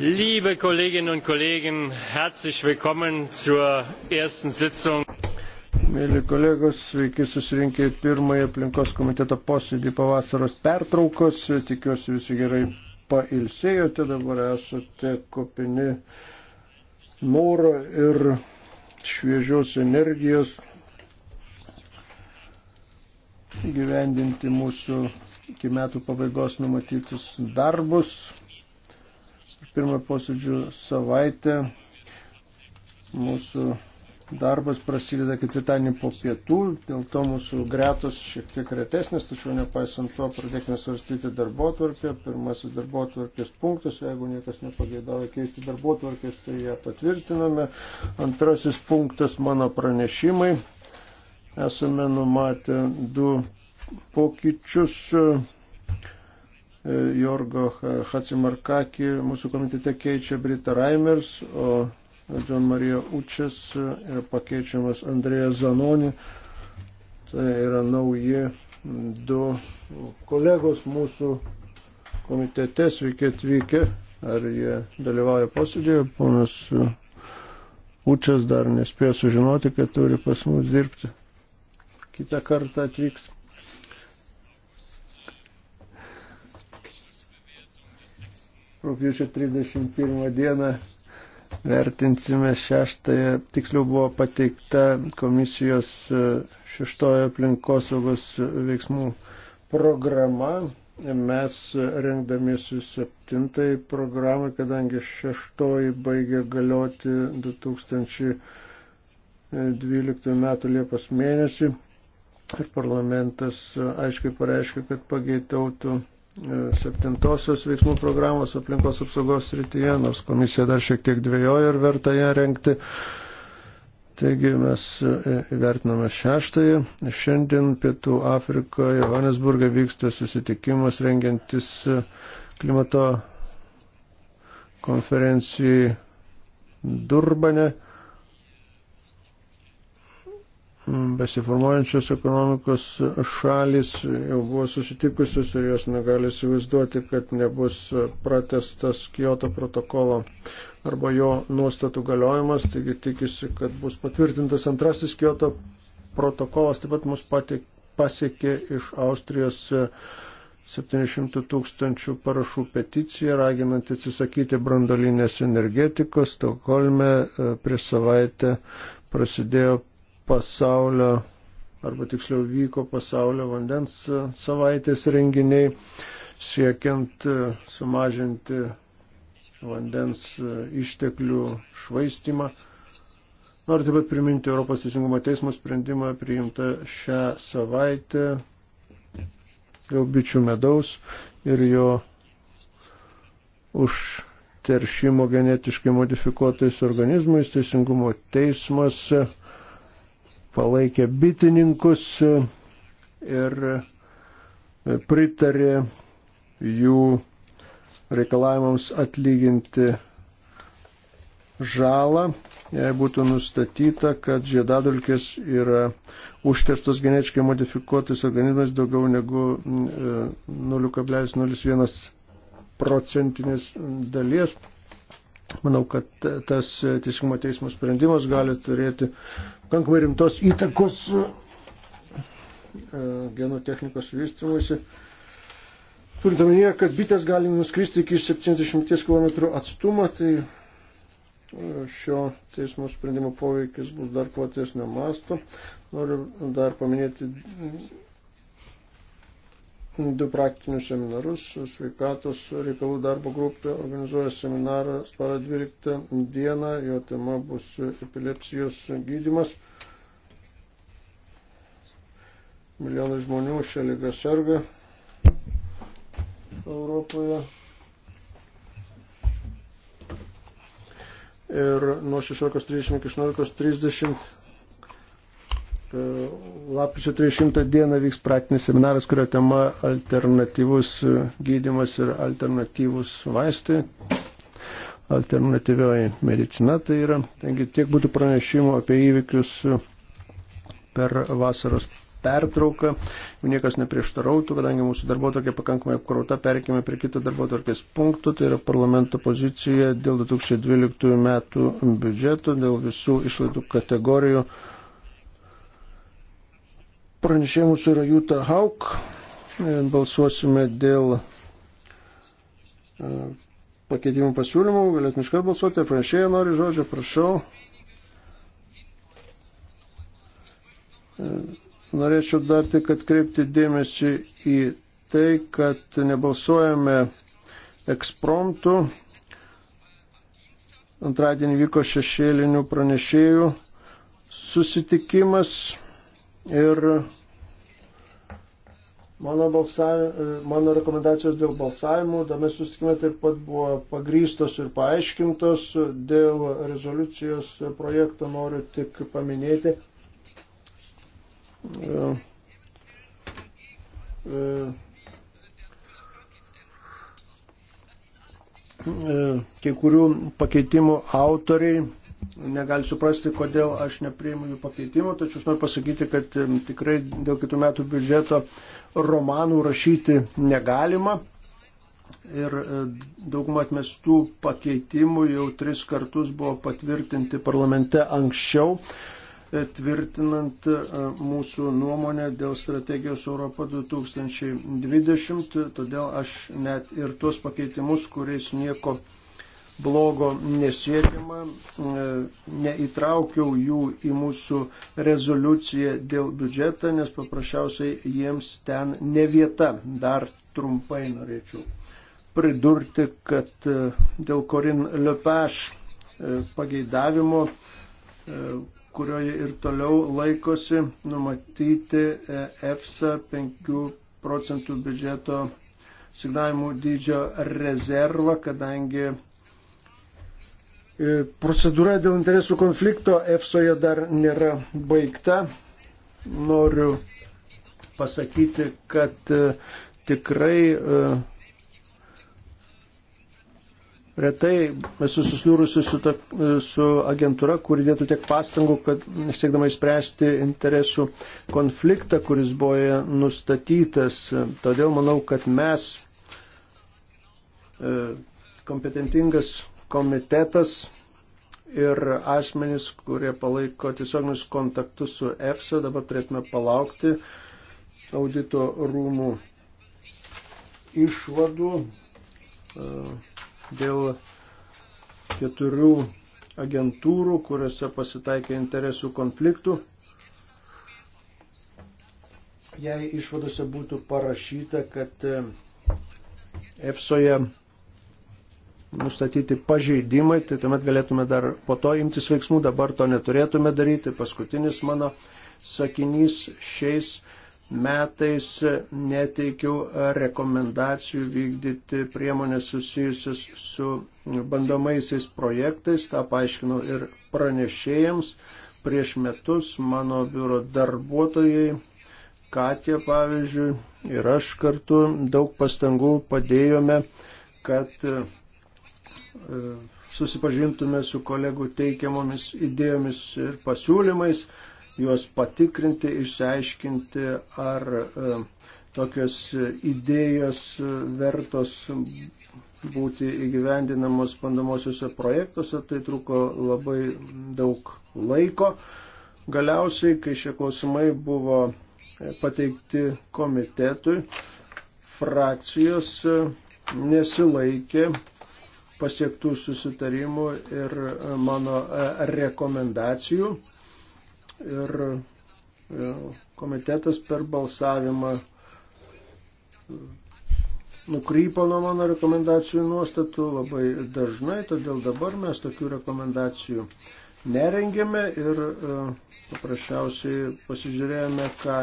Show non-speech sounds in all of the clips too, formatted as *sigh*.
Liebe Kolleginnen und Kollegen, herzlich willkommen zur ersten Sitzung. Mėly kolegos, sveiki susirinkę į pirmąją aplinkos komiteto posėdį pavasaros pertraukos. Tikiuosi visi gerai pailsėjote, dabar esate kopini noro ir šviežios energijos gyvendinti mūsų iki metų pabaigos numatytus darbus pirmą posėdžių savaitę. Mūsų darbas prasideda ketvirtadienį po pietų, dėl to mūsų gretos šiek tiek retesnės, tačiau nepaisant to pradėkime svarstyti darbo tvarkę. Pirmasis darbo tvarkės punktas, jeigu niekas nepageidavo keisti darbo tvarkės, tai ją patvirtiname. Antrasis punktas mano pranešimai. Esame numatę du pokyčius E, Jorgo Hatsimarkaki mūsų komitete keičia Brita Reimers, o John Marija Učes yra pakeičiamas Andrėja Zanoni. Tai yra nauji du kolegos mūsų komitete, sveiki atvykę. Ar jie dalyvauja posėdėje? Ponas Učes dar nespėjo sužinoti, kad turi pas mus dirbti. Kita kartą atvyks. rūpiučio 31 dieną vertinsime šeštąją, tiksliau buvo pateikta komisijos e, šeštojo aplinkosaugos veiksmų programa. Mes e, rengdami su septintai programai, kadangi šeštoji baigė galioti 2012 m. Liepos mėnesį ir parlamentas e, aiškiai pareiškė, kad pageitautų septintosios veiksmų programos aplinkos apsaugos srityje, nors komisija dar šiek tiek dvėjojo ir verta ją renkti. Taigi mes e, įvertiname šeštąjį. Šiandien Pietų Afrikoje, Johannesburgė vyksta susitikimas rengiantis e, klimato konferencijai Durbane. Mm, besiformuojančios ekonomikos šalis jau buvo susitikusios ir jos negali įsivaizduoti, kad nebus pratestas Kyoto protokolo arba jo nuostatų galiojimas, taigi tikisi, kad bus patvirtintas antrasis Kyoto protokolas, taip pat mus pati, pasiekė iš Austrijos 700 tūkstančių parašų peticiją, raginant atsisakyti brandolinės energetikos. Stokholme e, prieš savaitę prasidėjo pasaulio, arba tiksliau vyko pasaulio vandens savaitės renginiai, siekiant e, sumažinti vandens e, išteklių švaistimą. Noriu taip pat priminti Europos Teisingumo teismo sprendimą priimtą šią savaitę dėl bičių medaus ir jo užteršimo genetiškai modifikuotais organizmais. Teisingumo teismas palaikė bitininkus ir pritarė jų reikalavimams atlyginti žalą, jei būtų nustatyta, kad žiedadulkės yra užtestas genetiškai modifikuotas organizmas daugiau negu 0,01 mm, e, procentinės dalies Manau, kad tas teisingumo teismo sprendimas gali turėti pakankamai rimtos įtakos e, genų technikos vystymuisi. Turint omenyje, kad bitės gali nuskristi iki 70 km atstumą, tai e, šio teismo sprendimo poveikis bus dar platesnio masto. Noriu dar paminėti du praktinius seminarus. Sveikatos reikalų darbo grupė organizuoja seminarą spalio 12 dieną. Jo tema bus epilepsijos gydimas. Milijonai žmonių šią lygą serga Europoje. Ir nuo 16.30 iki 18.30 E, lapkričio 300 dieną vyks praktinis seminaras, kurio tema alternatyvus e, gydimas ir alternatyvus vaistai. Alternatyvioji medicina tai yra. Taigi tiek būtų pranešimų apie įvykius e, per vasaros pertrauką. Niekas neprieštarautų, kadangi mūsų darbo tokia pakankamai apkrauta, perkime prie kito darbo tokias punktų. Tai yra parlamento pozicija dėl 2012 metų biudžeto, dėl visų išlaidų kategorijų. Pranešė mūsų yra Jūta Hauk. E, balsuosime dėl e, pakeitimų pasiūlymų. Galėtume iškart balsuoti. Pranešėja nori žodžio, prašau. E, norėčiau dar tik atkreipti dėmesį į tai, kad nebalsuojame ekspromptų. Antradienį vyko šešėlinių pranešėjų susitikimas. Ir mano, balsav... mano rekomendacijos dėl balsavimų, tame susitikime taip pat buvo pagrystos ir paaiškintos. Dėl rezoliucijos projekto noriu tik paminėti. E, e, e kai kurių pakeitimų autoriai negali suprasti, kodėl aš nepriimu jų pakeitimo, tačiau aš noriu pasakyti, kad tikrai dėl kitų metų biudžeto romanų rašyti negalima. Ir e, daugumą atmestų pakeitimų jau tris kartus buvo patvirtinti parlamente anksčiau, e, tvirtinant e, mūsų nuomonę dėl strategijos Europa 2020. Todėl aš net ir tuos pakeitimus, kuriais nieko blogo nesiekiama, e, neįtraukiau jų į mūsų rezoliuciją dėl biudžeto, nes paprasčiausiai jiems ten ne vieta. Dar trumpai norėčiau pridurti, kad e, dėl Korin Lepeš e, pageidavimo, kurioje ir toliau laikosi numatyti EFSA 5 procentų biudžeto signavimų dydžio rezervą, kadangi E, procedūra dėl interesų konflikto EFSOje dar nėra baigta. Noriu pasakyti, kad e, tikrai e, retai esu susidūrusi su, ta, su agentūra, kuri dėtų tiek pastangų, kad siekdama įspręsti interesų konfliktą, kuris buvo nustatytas. Todėl manau, kad mes kompetentingas komitetas ir asmenys, kurie palaiko tiesioginius kontaktus su EFSA, dabar turėtume palaukti audito rūmų išvadų e, dėl keturių agentūrų, kuriuose pasitaikė interesų konfliktų. Jei išvadose būtų parašyta, kad e, EFSOje nustatyti pažeidimai, tai tuomet galėtume dar po to imtis veiksmų, dabar to neturėtume daryti. Paskutinis mano sakinys šiais metais neteikiau rekomendacijų vykdyti priemonės susijusius su bandomaisiais projektais, tą paaiškinau ir pranešėjams. Prieš metus mano biuro darbuotojai, Katė pavyzdžiui, ir aš kartu daug pastangų padėjome, kad E, susipažintume su kolegų teikiamomis idėjomis ir pasiūlymais, juos patikrinti, išsiaiškinti, ar e, tokios idėjos vertos būti įgyvendinamos pandomosiuose projektuose, tai truko labai daug laiko. Galiausiai, kai šie klausimai buvo pateikti komitetui, frakcijos nesilaikė pasiektų susitarimų ir e, mano e, rekomendacijų. Ir e, komitetas per balsavimą nukrypo nuo mano rekomendacijų nuostatų labai dažnai, todėl dabar mes tokių rekomendacijų nerengėme ir paprasčiausiai pasižiūrėjome, ką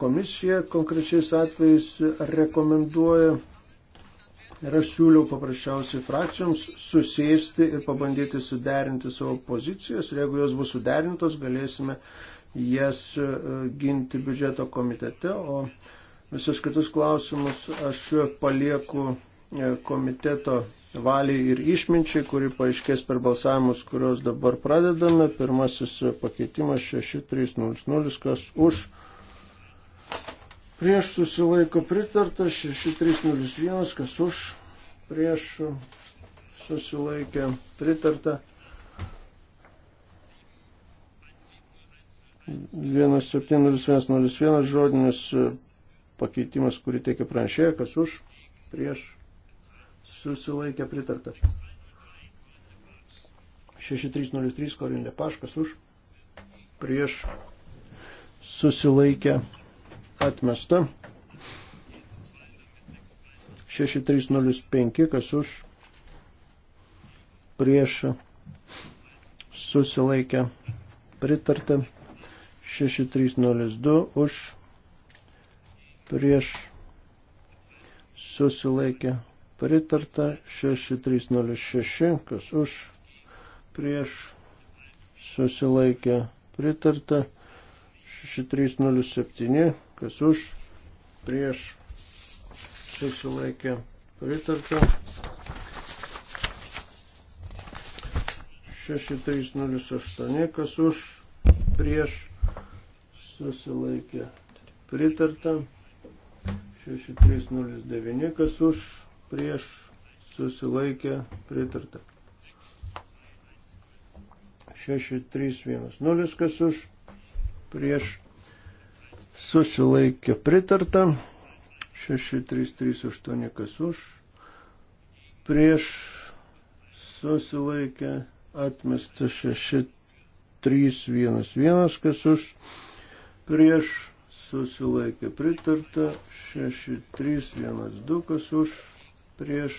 komisija konkrečiais atvejais rekomenduoja Ir aš siūliau paprasčiausiai frakcijoms susėsti ir pabandyti suderinti savo pozicijas. Ir jeigu jos bus suderintos, galėsime jas e, ginti biudžeto komitete. O visus kitus klausimus aš palieku e, komiteto valiai ir išminčiai, kuri paaiškės per balsavimus, kuriuos dabar pradedame. Pirmasis pakeitimas 6300, kas už prieš susilaiko pritarta, 6301, kas už, prieš susilaikė pritarta. 170101 žodinis pakeitimas, kurį teikia pranešėja, kas už, prieš, susilaikė pritarta. 6303 korindė paškas už, prieš, susilaikė pritarta atmesta. 6305, kas už, prieš, susilaikę, pritarta. 6302, už, prieš, susilaikę, pritarta. 6306, kas už, prieš, susilaikę, pritarta. 6307, kas už, prieš, susilaikė pritarta. 6308, kas už, prieš, susilaikė pritarta. 6309, kas už, prieš, susilaikė pritarta. 6310, kas už, prieš susilaikė pritarta, 6338 kas už, prieš susilaikė atmesta 6311 kas už, prieš susilaikė pritarta, 6312 kas už, prieš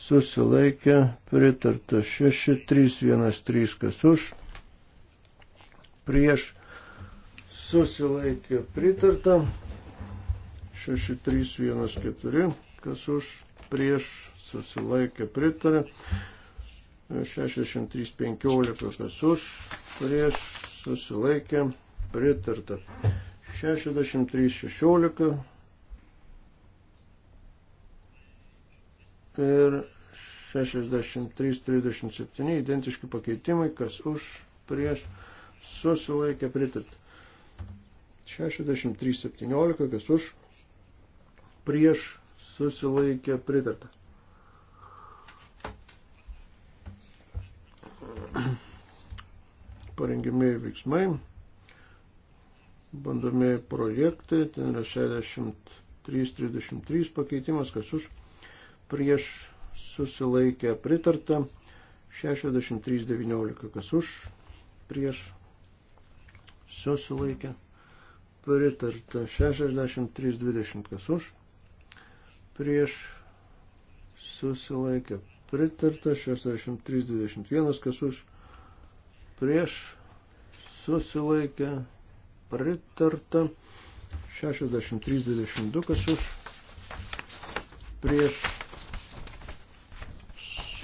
susilaikė pritarta, 6313 kas už, prieš susilaikė pritarta. 6314, kas už, prieš, susilaikė pritarė. 6315, kas už, prieš, susilaikė pritarta. 6316 ir 6337 identiški pakeitimai, kas už, prieš, susilaikė pritarta. 63.17, kas už, prieš susilaikė pritarta. *clears throat* Parengimiai veiksmai, bandomieji projektai, ten yra 63.33 pakeitimas, kas už, prieš susilaikė pritarta, 63.19, kas už, prieš susilaikė pritarta pritarta 63.20 kas už, prieš susilaikė pritarta 63.21 kas už, prieš susilaikė pritarta 63.22 kas už, prieš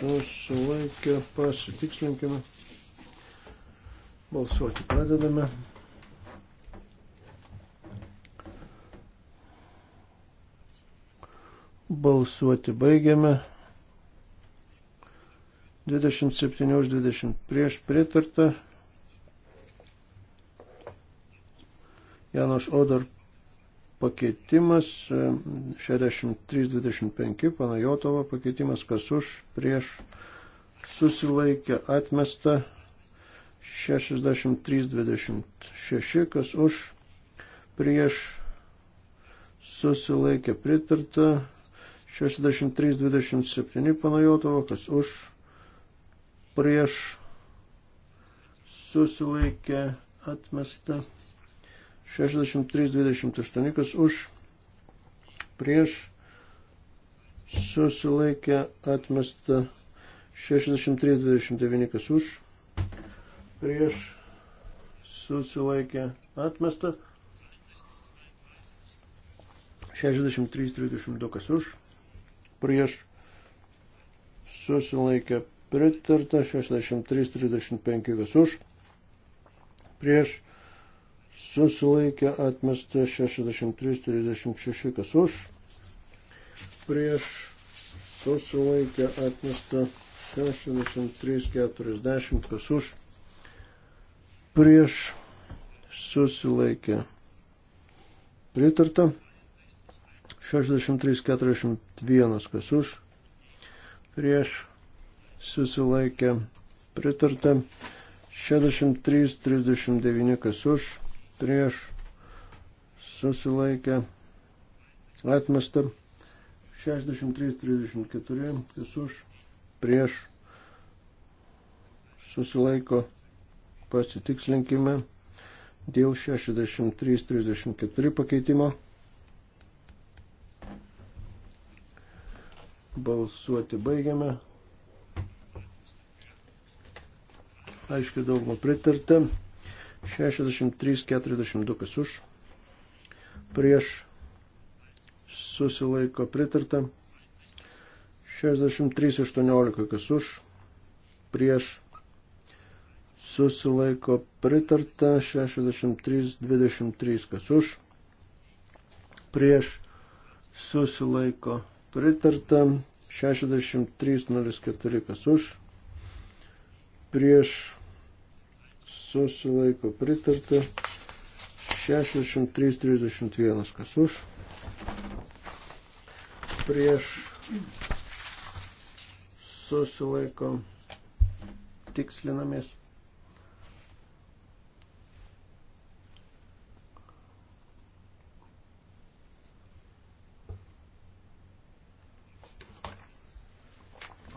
susilaikė pasitikslinkime. Balsuoti pradedame. Balsuoti baigiame. 27 už 20 prieš pritarta. Janoš Odor pakeitimas 63-25, Panajotova pakeitimas, kas už, prieš, susilaikė, atmesta 63-26, kas už, prieš, susilaikė, pritarta 63-27 panajotovo, kas už, prieš, susilaikė, atmesta. 63-28, kas už, prieš, susilaikė, atmesta. 63-29, kas už, prieš, susilaikė, atmesta. 63-32, kas už prieš susilaikė pritarta, 63-35 kas už, prieš susilaikė atmesta, 63-36 kas už, prieš susilaikė atmesta, 63-40 kas už, prieš susilaikė pritarta. 63-41, kas už, prieš, susilaikė, pritarta. 63-39, kas už, prieš, susilaikė, atmesta. 63-34, kas už, prieš, susilaiko, pasitikslinkime dėl 63-34 pakeitimo. Balsuoti baigiame. Aiškiai daugumą pritarta. 63-42 kas už. Prieš susilaiko pritarta. 63-18 kas už. Prieš susilaiko pritarta. 63-23 kas už. Prieš susilaiko pritarta pritarta 63.04 kas už, prieš susilaiko pritarta 63.31 kas už, prieš susilaiko tikslinamės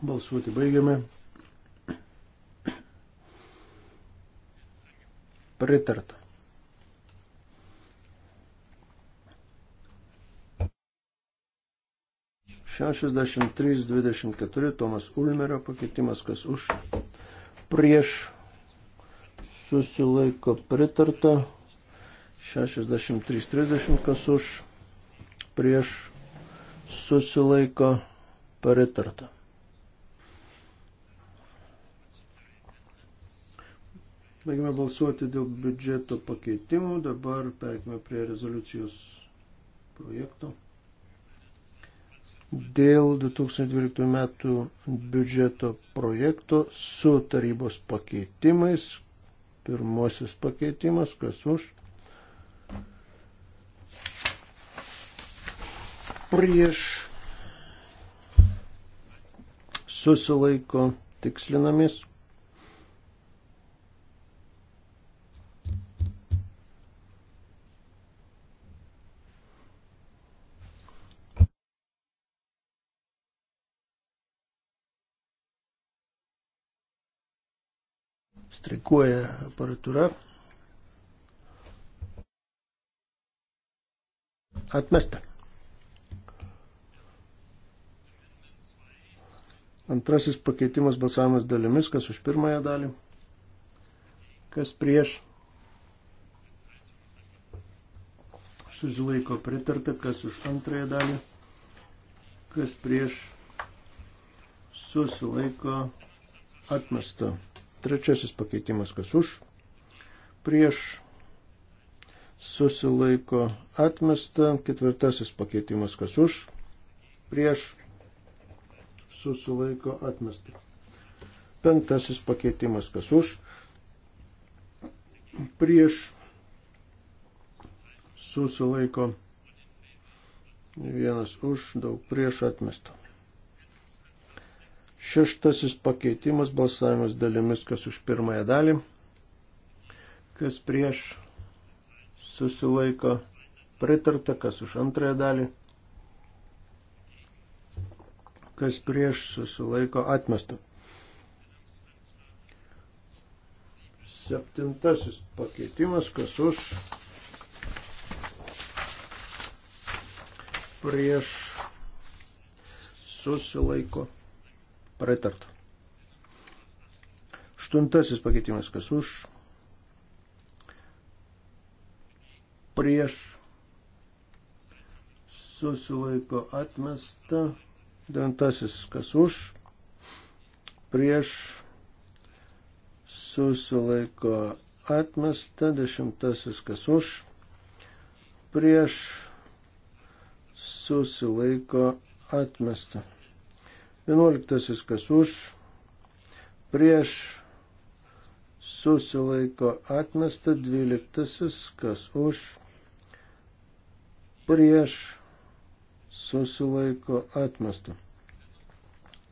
Balsuoti baigiame. Pritarta. Šešiasdešimt trys, dvidešimt keturi, Tomas Ulmerio pakeitimas, kas už, prieš, susilaiko pritarta, 63.30, kas už, prieš, susilaiko pritarta. Baigime balsuoti dėl biudžeto pakeitimų, dabar perkime prie rezoliucijos projekto. Dėl 2012 metų biudžeto projekto su tarybos pakeitimais, pirmasis pakeitimas, kas už, prieš susilaiko tikslinamis streikuoja aparatūra. Atmesta. Antrasis pakeitimas balsavimas dalimis, kas už pirmąją dalį, kas prieš. Susilaiko pritarta, kas už antrąją dalį, kas prieš. Susilaiko atmesta. Trečiasis pakeitimas, kas už, prieš, susilaiko atmesta. Ketvirtasis pakeitimas, kas už, prieš, susilaiko atmesta. Penktasis pakeitimas, kas už, prieš, susilaiko vienas už, daug prieš atmesta. Šeštasis pakeitimas balsavimas dalimis, kas už pirmąją dalį, kas prieš susilaiko pritarta, kas už antrąją dalį, kas prieš susilaiko atmesta. Septintasis pakeitimas, kas už prieš susilaiko pritarta Pritarta. Aštuntasis pakeitimas, kas už, prieš, susilaiko atmesta. Devintasis, kas už, prieš, susilaiko atmesta. Dešimtasis, kas už, prieš, susilaiko atmesta. Vienuoliktasis, kas už, prieš susilaiko atmesta. Dvyliktasis, kas už, prieš susilaiko atmesta.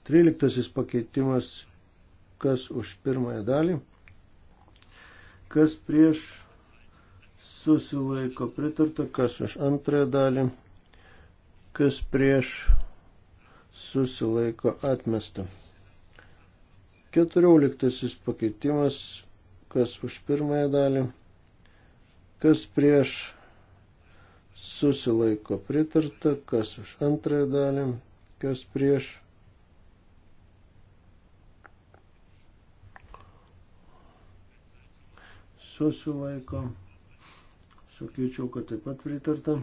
Tryliktasis pakeitimas, kas už pirmąją dalį, kas prieš susilaiko pritarta, kas už antrąją dalį, kas prieš susilaiko atmesta. Keturioliktasis pakeitimas, kas už pirmąją dalį, kas prieš susilaiko pritarta, kas už antrąją dalį, kas prieš. Susilaiko. Sakyčiau, kad taip pat pritarta.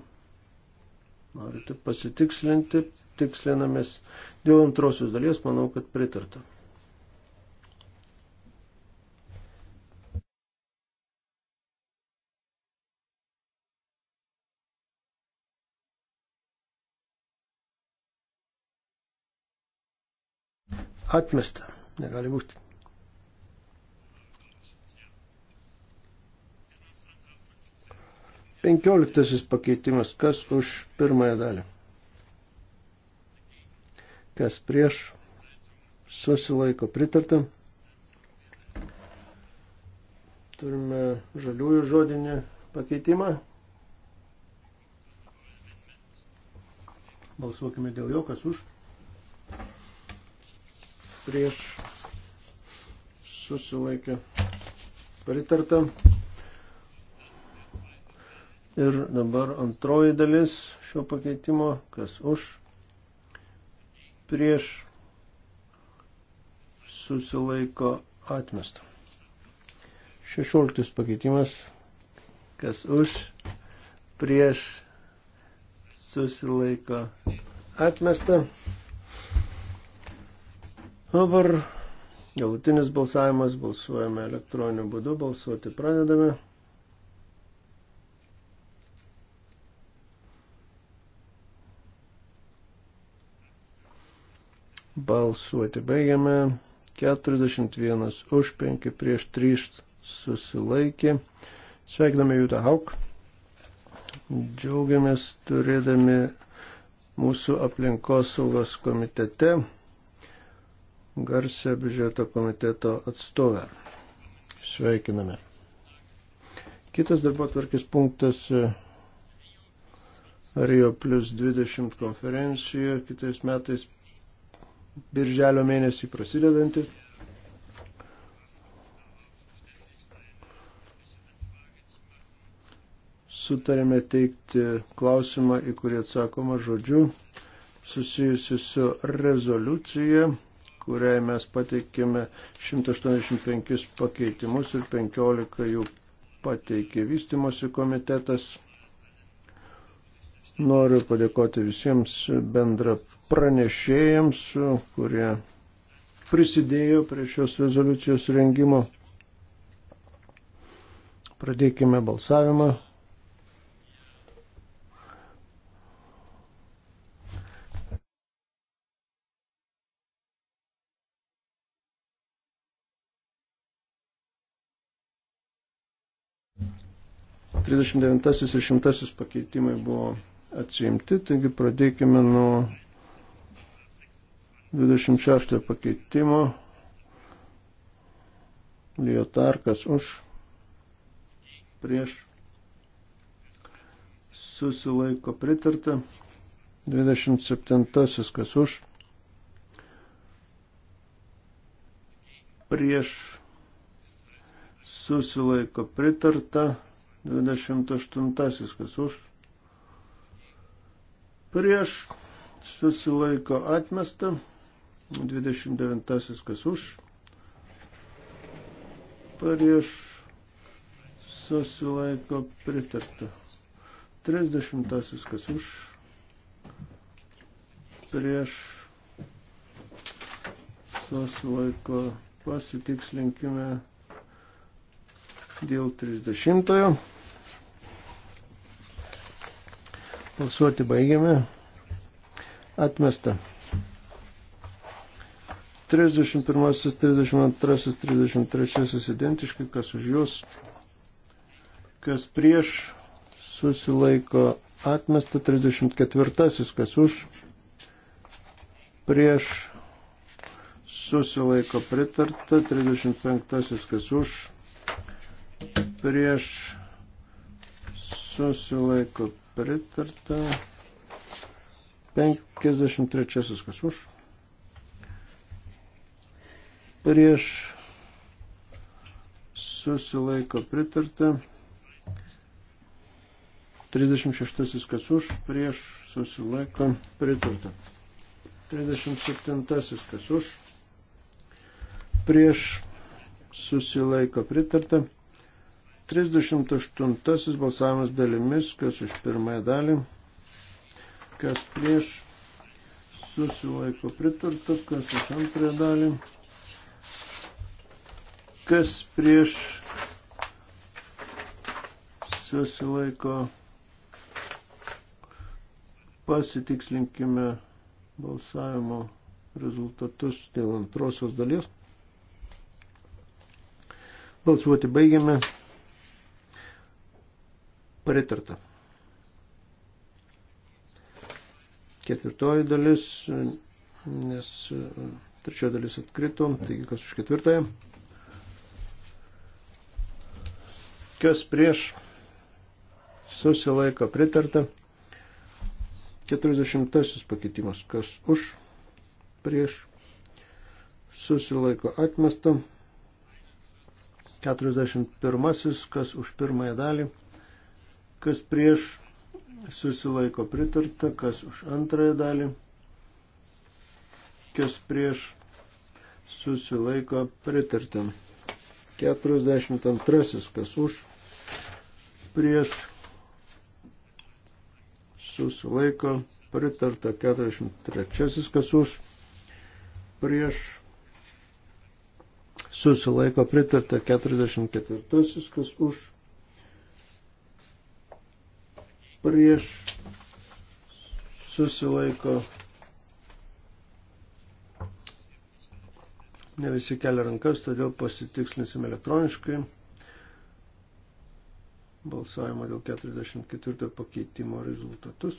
Norite pasitikslinti, tikslinamės. Dėl antrosios dalies manau, kad pritarta. Atmesta. Negali būti. Penkioliktasis pakeitimas. Kas už pirmąją dalį? kas prieš, susilaiko pritarta. Turime žaliųjų žodinį pakeitimą. Balsuokime dėl jo, kas už. Prieš susilaikė pritarta. Ir dabar antroji dalis šio pakeitimo, kas už prieš susilaiko atmestą. 16 pakeitimas, kas už, prieš susilaiko atmestą. Dabar galutinis balsavimas, balsuojame elektroniniu būdu, balsuoti pradedame. balsuoti. Baigiame 41 už 5 prieš 3 susilaikė. Sveikiname Jūtą Hauk. Džiaugiamės turėdami mūsų aplinkos saugos komitete garsę biudžeto komiteto atstovę. Sveikiname. Kitas darbo tvarkis punktas Rio plus 20 konferencijoje kitais metais birželio mėnesį prasidedanti. Sutarėme teikti klausimą, į kurį atsakoma žodžiu, susijusi su rezoliucija, kuriai mes pateikėme 185 pakeitimus ir 15 jų pateikė vystimosi komitetas. Noriu padėkoti visiems bendra pranešėjams, kurie prisidėjo prie šios rezoliucijos rengimo. Pradėkime balsavimą. Trisdešimt devintasis ir šimtasis pakeitimai buvo atsiimti. Taigi pradėkime nuo 26 pakeitimo. Liotarkas už prieš susilaiko pritarta. 27 kas už prieš susilaiko pritarta. 28 kas už prieš susilaiko atmesta, 29 kas už, prieš susilaiko pritarta, 30 kas už, prieš susilaiko pasitikslinkime dėl 30. -ojo. Balsuoti baigiame. Atmesta. 31, 32, 33 identiškai, kas už juos, kas prieš, susilaiko atmesta 34, kas už, prieš, susilaiko pritarta 35, kas už, prieš, susilaiko pritarta pritarta. 53 kas už. Prieš susilaiko pritarta. 36 kas už, prieš susilaiko pritarta. 37 kas už, prieš susilaiko pritarta. 38 balsavimas dalimis, kas už pirmąją dalį, kas prieš susilaiko pritarta, kas už antrąją dalį, kas prieš susilaiko pasitikslinkime balsavimo rezultatus dėl antrosios dalies. Balsuoti baigiame. Pritarta. Ketvirtoji dalis, nes e, trečioji dalis atkrito, taigi kas už ketvirtąją. Kas prieš susilaiko pritarta. 40 pakeitimas, kas už prieš susilaiko atmesta. 41, kas už pirmąją dalį kas prieš susilaiko pritarta, kas už antrąją dalį, kas prieš susilaiko pritarta. 42. kas už prieš susilaiko pritarta. 43. kas už prieš susilaiko pritarta. 44. kas už prieš prieš susilaiko. Ne visi kelia rankas, todėl pasitikslinsim elektroniškai. Balsavimo dėl 44 pakeitimo rezultatus.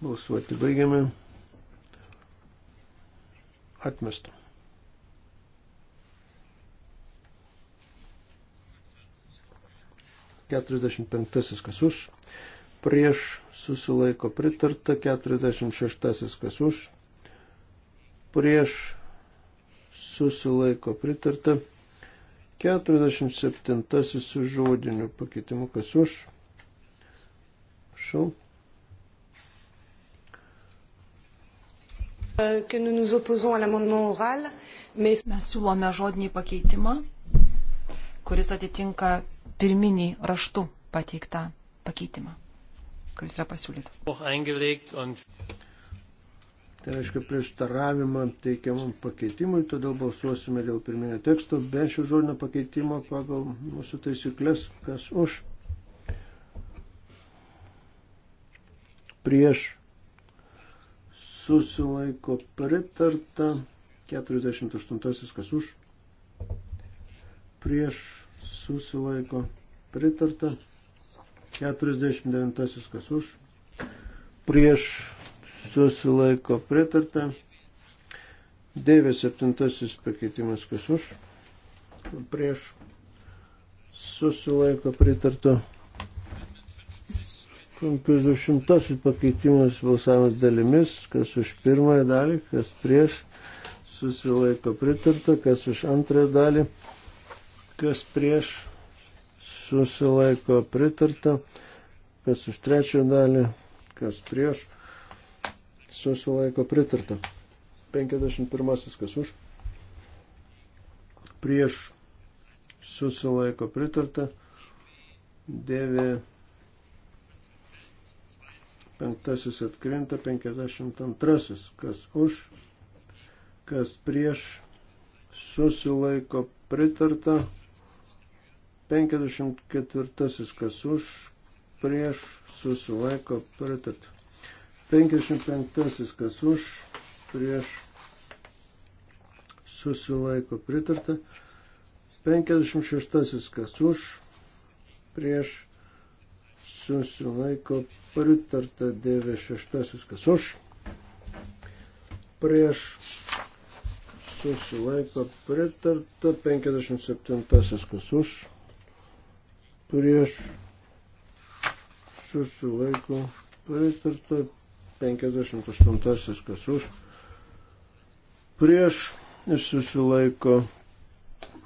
Balsuoti baigiame. Atmestam. 45 kas už, prieš susilaiko pritarta, 46 kas už, prieš susilaiko pritarta, 47 su žodiniu pakeitimu kas už, šau. Euh, que nous nous opposons à l'amendement oral, mais mes siūlome žodinį pakeitimą, kuris atitinka pirminį raštų pateiktą pakeitimą, kuris yra pasiūlytas. Tai reiškia prieštaravimą teikiamam pakeitimui, todėl balsuosime dėl pirminio teksto be šio žodinio pakeitimo pagal mūsų taisyklės, kas už, prieš, susilaiko pritarta, 48 kas už, prieš, susilaiko pritarta. 49 kas už, prieš susilaiko pritarta. 97 pakeitimas kas už, prieš susilaiko pritarta. 50 pakeitimas balsavimas dalimis, kas už pirmąją dalį, kas prieš, susilaiko pritarta, kas už antrąją dalį, kas prieš susilaiko pritarta, kas už trečią dalį, kas prieš susilaiko pritarta. 51. kas už, prieš susilaiko pritarta, 9. Penktasis atkrinta, 52. Kas už, kas prieš, susilaiko pritarta, 54 kas už, prieš, susilaiko, pritart. 55 kas už, prieš, susilaiko, pritarta. 56 kas už, prieš, susilaiko, pritarta. 96 kas už, prieš, susilaiko, pritarta. 57 kas už prieš susilaiko pritarta 58 kas už prieš susilaiko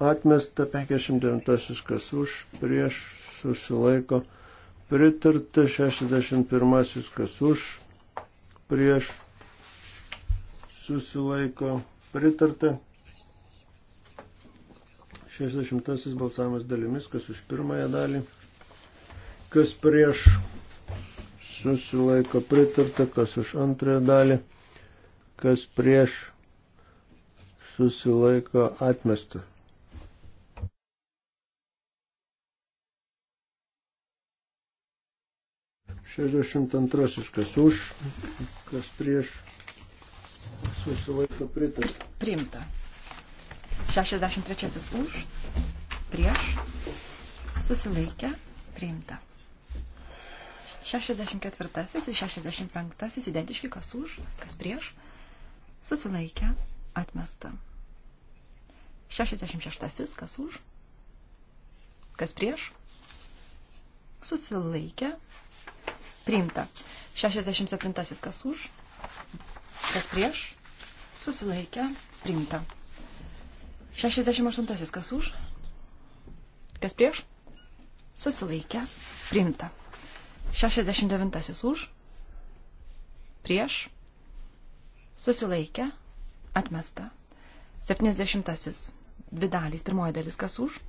atmesta 59 kas už prieš susilaiko pritarta 61 kas už prieš susilaiko pritarta 60 balsavimas dalimis, kas už pirmąją dalį, kas prieš susilaiko pritarta, kas už antrąją dalį, kas prieš susilaiko atmesta. Šešdešimt antrasis, kas už, kas prieš, susilaiko pritarta. Primta. 63 už, prieš, susilaikę, priimta. 64 ir 65 identiški, kas už, kas prieš, susilaikę, atmesta. 66 kas už, kas prieš, susilaikę, priimta. 67 kas už, kas prieš, susilaikę, priimta. 68. Kas už? Kas prieš? Susilaikę. Priimta. 69. Už. Prieš. Susilaikę. Atmesta. 70. Dvi dalys. Pirmoji dalis. Kas už?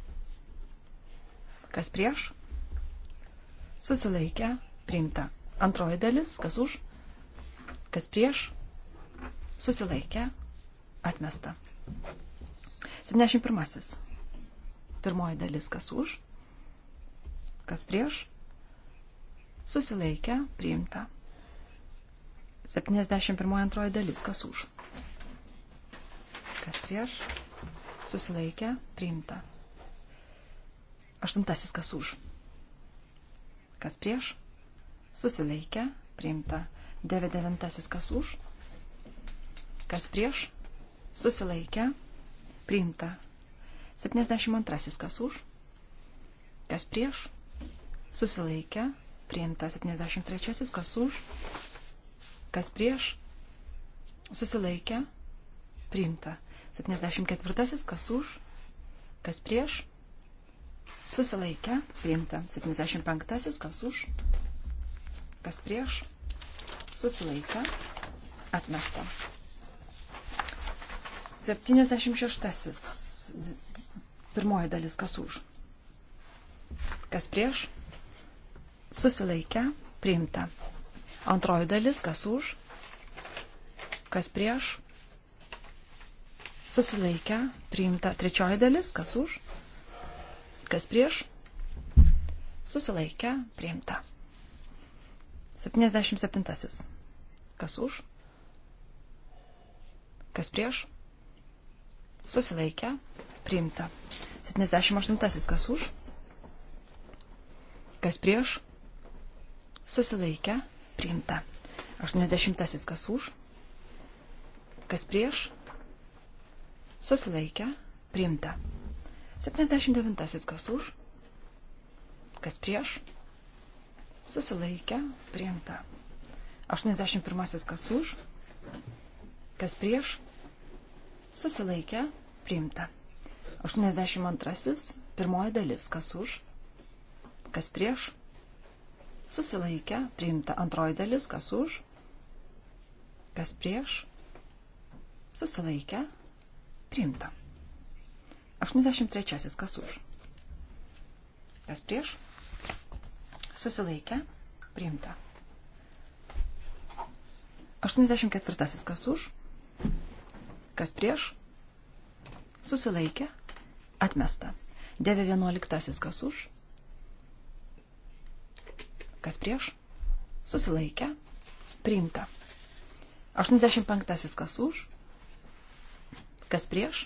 Kas prieš? Susilaikę. Priimta. Antroji dalis. Kas už? Kas prieš? Susilaikę. Atmesta. 71. Pirmoji dalis, kas už, kas prieš, susilaikę, priimta. 71 antroji dalis, kas už, kas prieš, susilaikę, priimta. Aštuntasis, kas už, kas prieš, susilaikę, priimta. 99 kas už, kas prieš, susilaikę, priimta priimta. 72 kas už, kas prieš, susilaikė, priimta. 73 kas už, kas prieš, susilaikė, priimta. 74 kas už, kas prieš, susilaikė, priimta. 75 kas už, kas prieš, susilaikė, atmesta. 76. Pirmoji dalis, kas už. Kas prieš? Susilaikę, priimta. Antroji dalis, kas už. Kas prieš? Susilaikę, priimta. Trečioji dalis, kas už. Kas prieš? Susilaikę, priimta. 77. Kas už? Kas prieš? Susilaikę. Priimta. 78. Kas už? Kas prieš? Susilaikę. Priimta. 80. Kas už? Kas prieš? Susilaikę. Priimta. 79. Kas už? Kas prieš? Susilaikę. Priimta. 81. Kas už? Kas prieš? susilaikė, priimta. 82. Pirmoji dalis, kas už, kas prieš, susilaikė, priimta. Antroji dalis, kas už, kas prieš, susilaikė, priimta. 83. Kas už, kas prieš, susilaikė, priimta. 84. Kas už, Kas prieš? Susilaikė. Atmesta. 9.11. Kas už? Kas prieš? Susilaikė. Priimta. 85. Kas už? Kas prieš?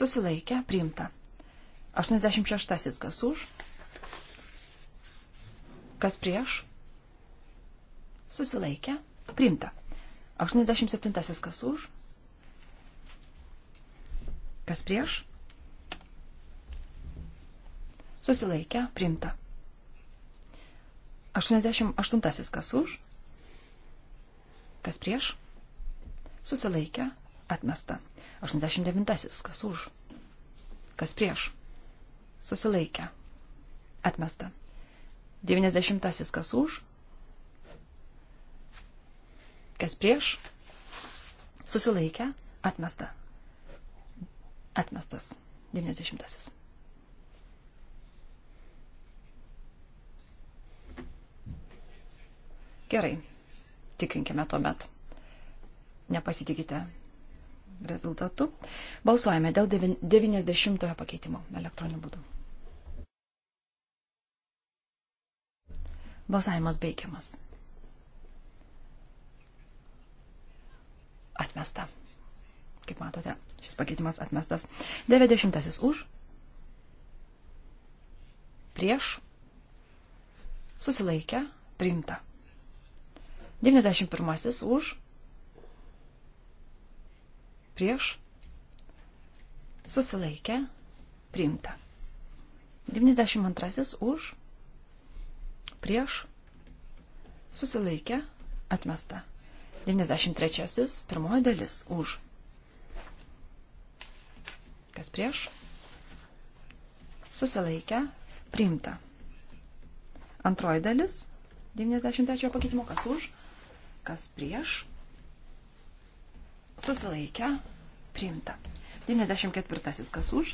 Susilaikė. Priimta. 86. Kas už? Kas prieš? Susilaikė. Priimta. 87 kas už? Kas prieš? Susilaikę, primta. 88 kas už? Kas prieš? Susilaikę, atmesta. 89 kas už? Kas prieš? Susilaikę, atmesta. 90 kas už? Kas prieš? Susilaikę. Atmesta. Atmestas. 90. Gerai. Tikrinkime tuomet. Nepasitikite rezultatu. Balsuojame dėl 90 pakeitimo elektroniniu būdu. Balsavimas baigiamas. atmesta. Kaip matote, šis pakeitimas atmestas. 90 už. Prieš. Susilaikę. Priimta. 91 už. Prieš. Susilaikę. Priimta. 92 už. Prieš. Susilaikę. Atmesta. 93. Pirmoji dalis už. Kas prieš? Susilaikę. Priimta. Antroji dalis 93 pakeitimo. Kas už? Kas prieš? Susilaikę. Priimta. 94. Kas už?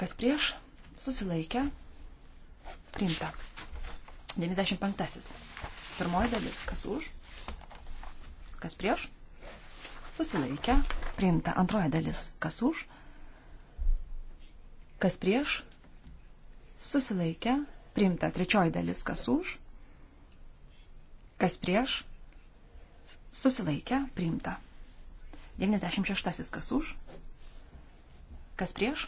Kas prieš? Susilaikę. Priimta. 95. Pirmoji dalis. Kas už? Kas prieš? Susilaikę. Priimta. Antroji dalis. Kas už? Kas prieš? Susilaikę. Priimta. Trečioji dalis. Kas už? Kas prieš? Susilaikę. Priimta. 96. Kas už? Kas prieš?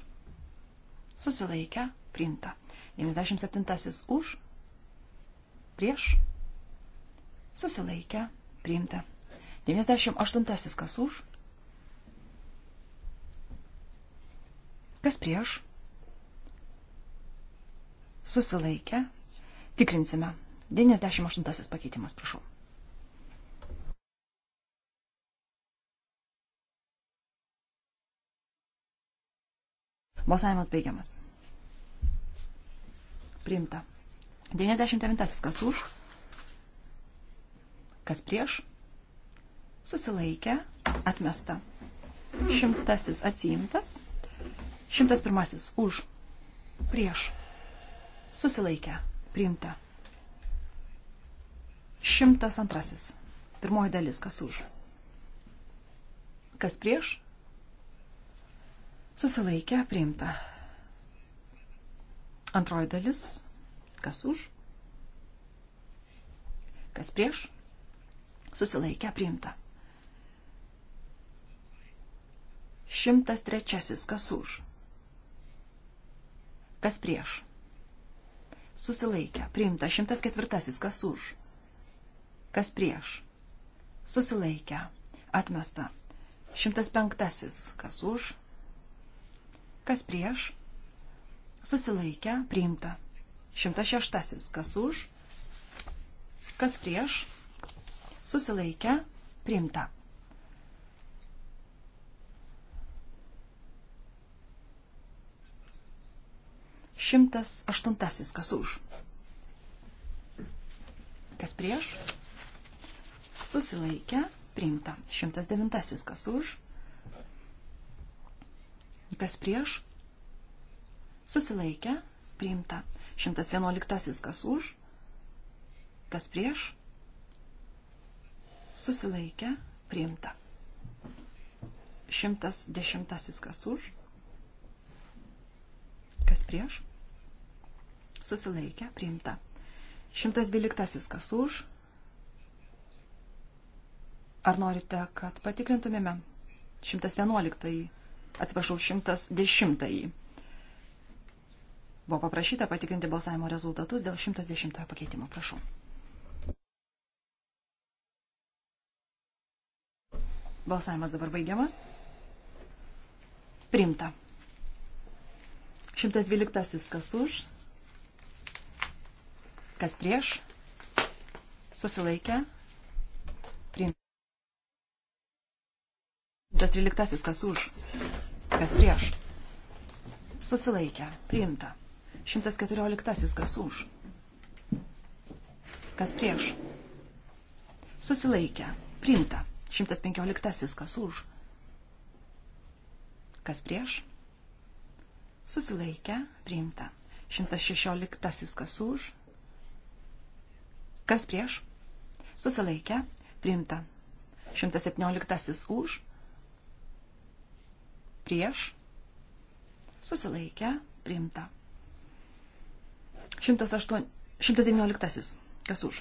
Susilaikę. Priimta. 97. Už? Prieš? Susilaikę. Priimta. 98. Kas už? Kas prieš? Susilaikę. Tikrinsime. 98 pakeitimas, prašau. Balsavimas baigiamas. Priimta. 99. Kas už? Kas prieš? Susilaikę. Atmesta. Šimtasis atsiimtas. Šimtas pirmasis už. Prieš. Susilaikę. Priimta. Šimtas antrasis. Pirmoji dalis. Kas už? Kas prieš? Susilaikę. Priimta. Antroji dalis. Kas už? Kas prieš? susilaikę priimta. 103. Kas už? Kas prieš? Susilaikę. Priimta. 104. Kas už? Kas prieš? Susilaikę. Atmesta. 105. Kas už? Kas prieš? Susilaikę. Priimta. 106. Kas už? Kas prieš? susilaikę, priimta. Šimtas aštuntasis, kas už. Kas prieš? Susilaikę, priimta. Šimtas devintasis, kas už. Kas prieš? Susilaikę, priimta. Šimtas vienuoliktasis, kas už. Kas prieš? susilaikę, priimta. 110 kas už, kas prieš, susilaikę, priimta. 112 kas už. Ar norite, kad patikrintumėme? 111, atsiprašau, 110. Buvo paprašyta patikrinti balsavimo rezultatus dėl 110 pakeitimo, prašau. Balsavimas dabar baigiamas. Primta. 112. Kas už? Kas prieš? Susilaikę. Primta. 113. Kas už? Kas prieš? Susilaikę. Priimta. 114. Kas už? Kas prieš? Susilaikę. Priimta. 115. Kas už? Kas prieš? Susilaikę, priimta. 116. Kas už? Kas prieš? Susilaikę, priimta. 117. Už? Prieš? Susilaikę, priimta. 108, 119. Kas už?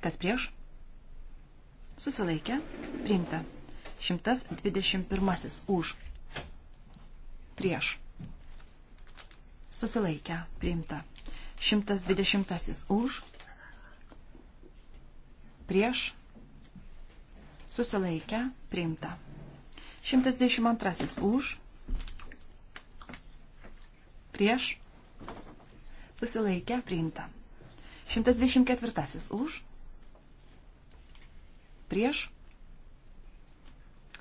Kas prieš? Susilaikė. Priimta. 121. Už. Prieš. Susilaikė. Priimta. 120. Už. Prieš. Susilaikė. Priimta. 122. Už. Prieš. Susilaikė. Priimta. 124. Už prieš,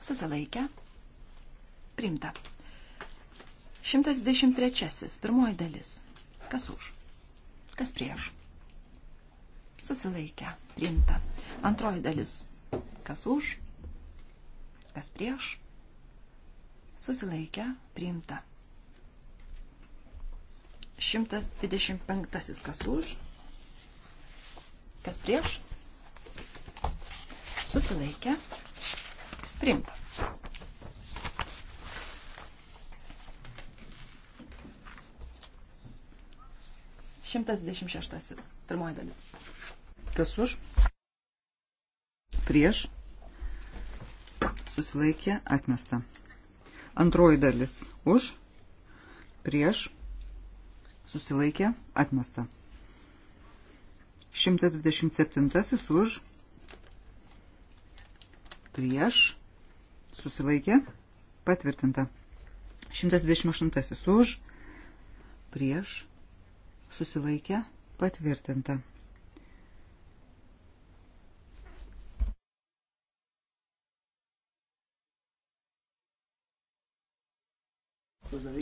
susilaikę, priimta. 123. Pirmoji dalis. Kas už? Kas prieš? Susilaikę, priimta. Antroji dalis. Kas už? Kas prieš? Susilaikę, priimta. 125. Kas už? Kas prieš? susilaikė, priimta. Šimtas dvidešimt šeštasis, pirmoji dalis. Kas už? Prieš. Susilaikė, atmesta. Antroji dalis už, prieš, susilaikė, atmesta. 127 už, prieš, susilaikė, patvirtinta. 128 už, prieš, susilaikė, patvirtinta.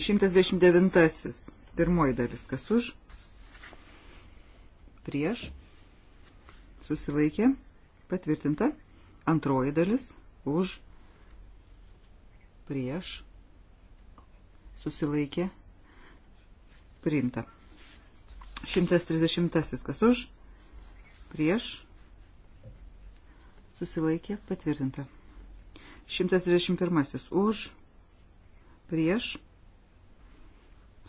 Šimtas dvidešimt devintasis. Pirmoji dalis. Kas už? Prieš. Susilaikė. Patvirtinta. Antroji dalis už prieš susilaikė priimta. 130 kas už prieš susilaikė patvirtinta. 131 už prieš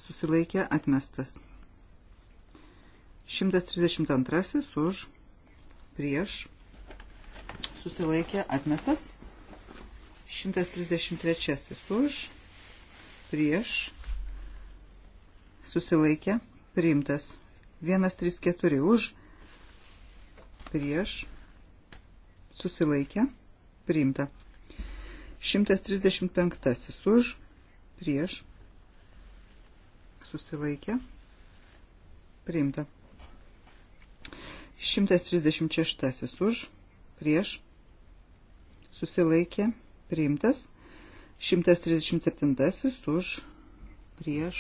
susilaikė atmestas. 132 už prieš susilaikė atmestas. 133 už, prieš, susilaikė, priimtas. 134 už, prieš, susilaikė, priimta. 135 už, prieš, susilaikė, priimta. 136 už, prieš, susilaikė, priimtas. 137 už, prieš,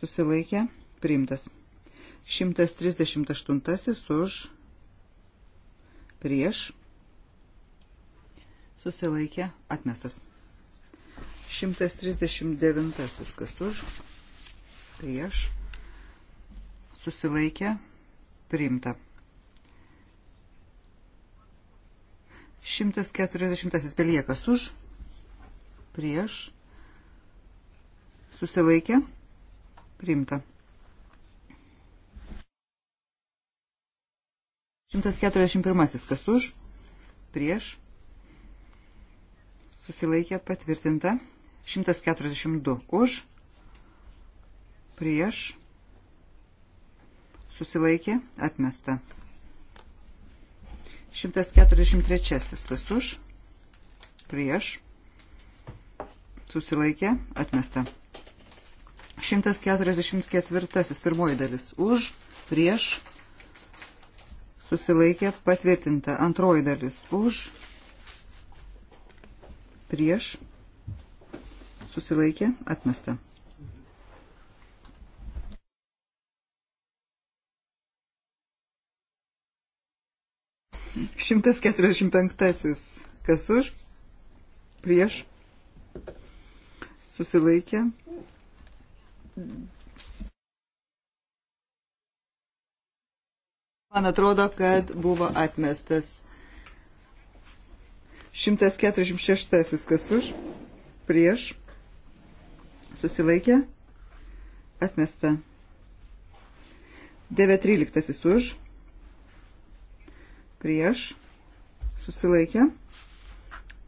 susilaikė, priimtas. 138 už, prieš, susilaikė, atmestas. 139 kas už, prieš, susilaikė, priimta. 140 beliekas už, prieš, susilaikė, priimta. 141 kas už, prieš, susilaikė, patvirtinta. 142 už, prieš, susilaikė, atmesta. 143. Kas už? Prieš. Susilaikė. Atmesta. 144. Pirmoji dalis. Už. Prieš. Susilaikė. Patvirtinta. Antroji dalis. Už. Prieš. Susilaikė. Atmesta. 145. Kas už? Prieš? Susilaikė? Man atrodo, kad buvo atmestas. 146 kas už, prieš, susilaikė, atmesta. 913 už, prieš, susilaikė,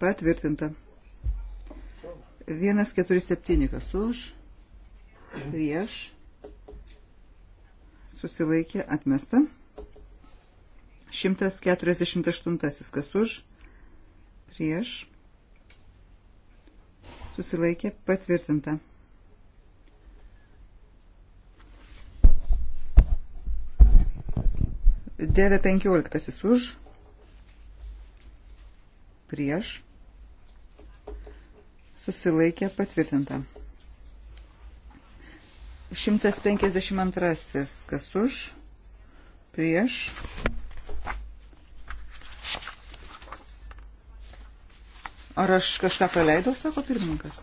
patvirtinta. 147 kas už, prieš, susilaikė, atmesta. 148 kas už, prieš, susilaikė, patvirtinta. 9.15 už, prieš, susilaikė patvirtinta. 152 kas už, prieš, Ar aš kažką praleidau, sako pirmininkas?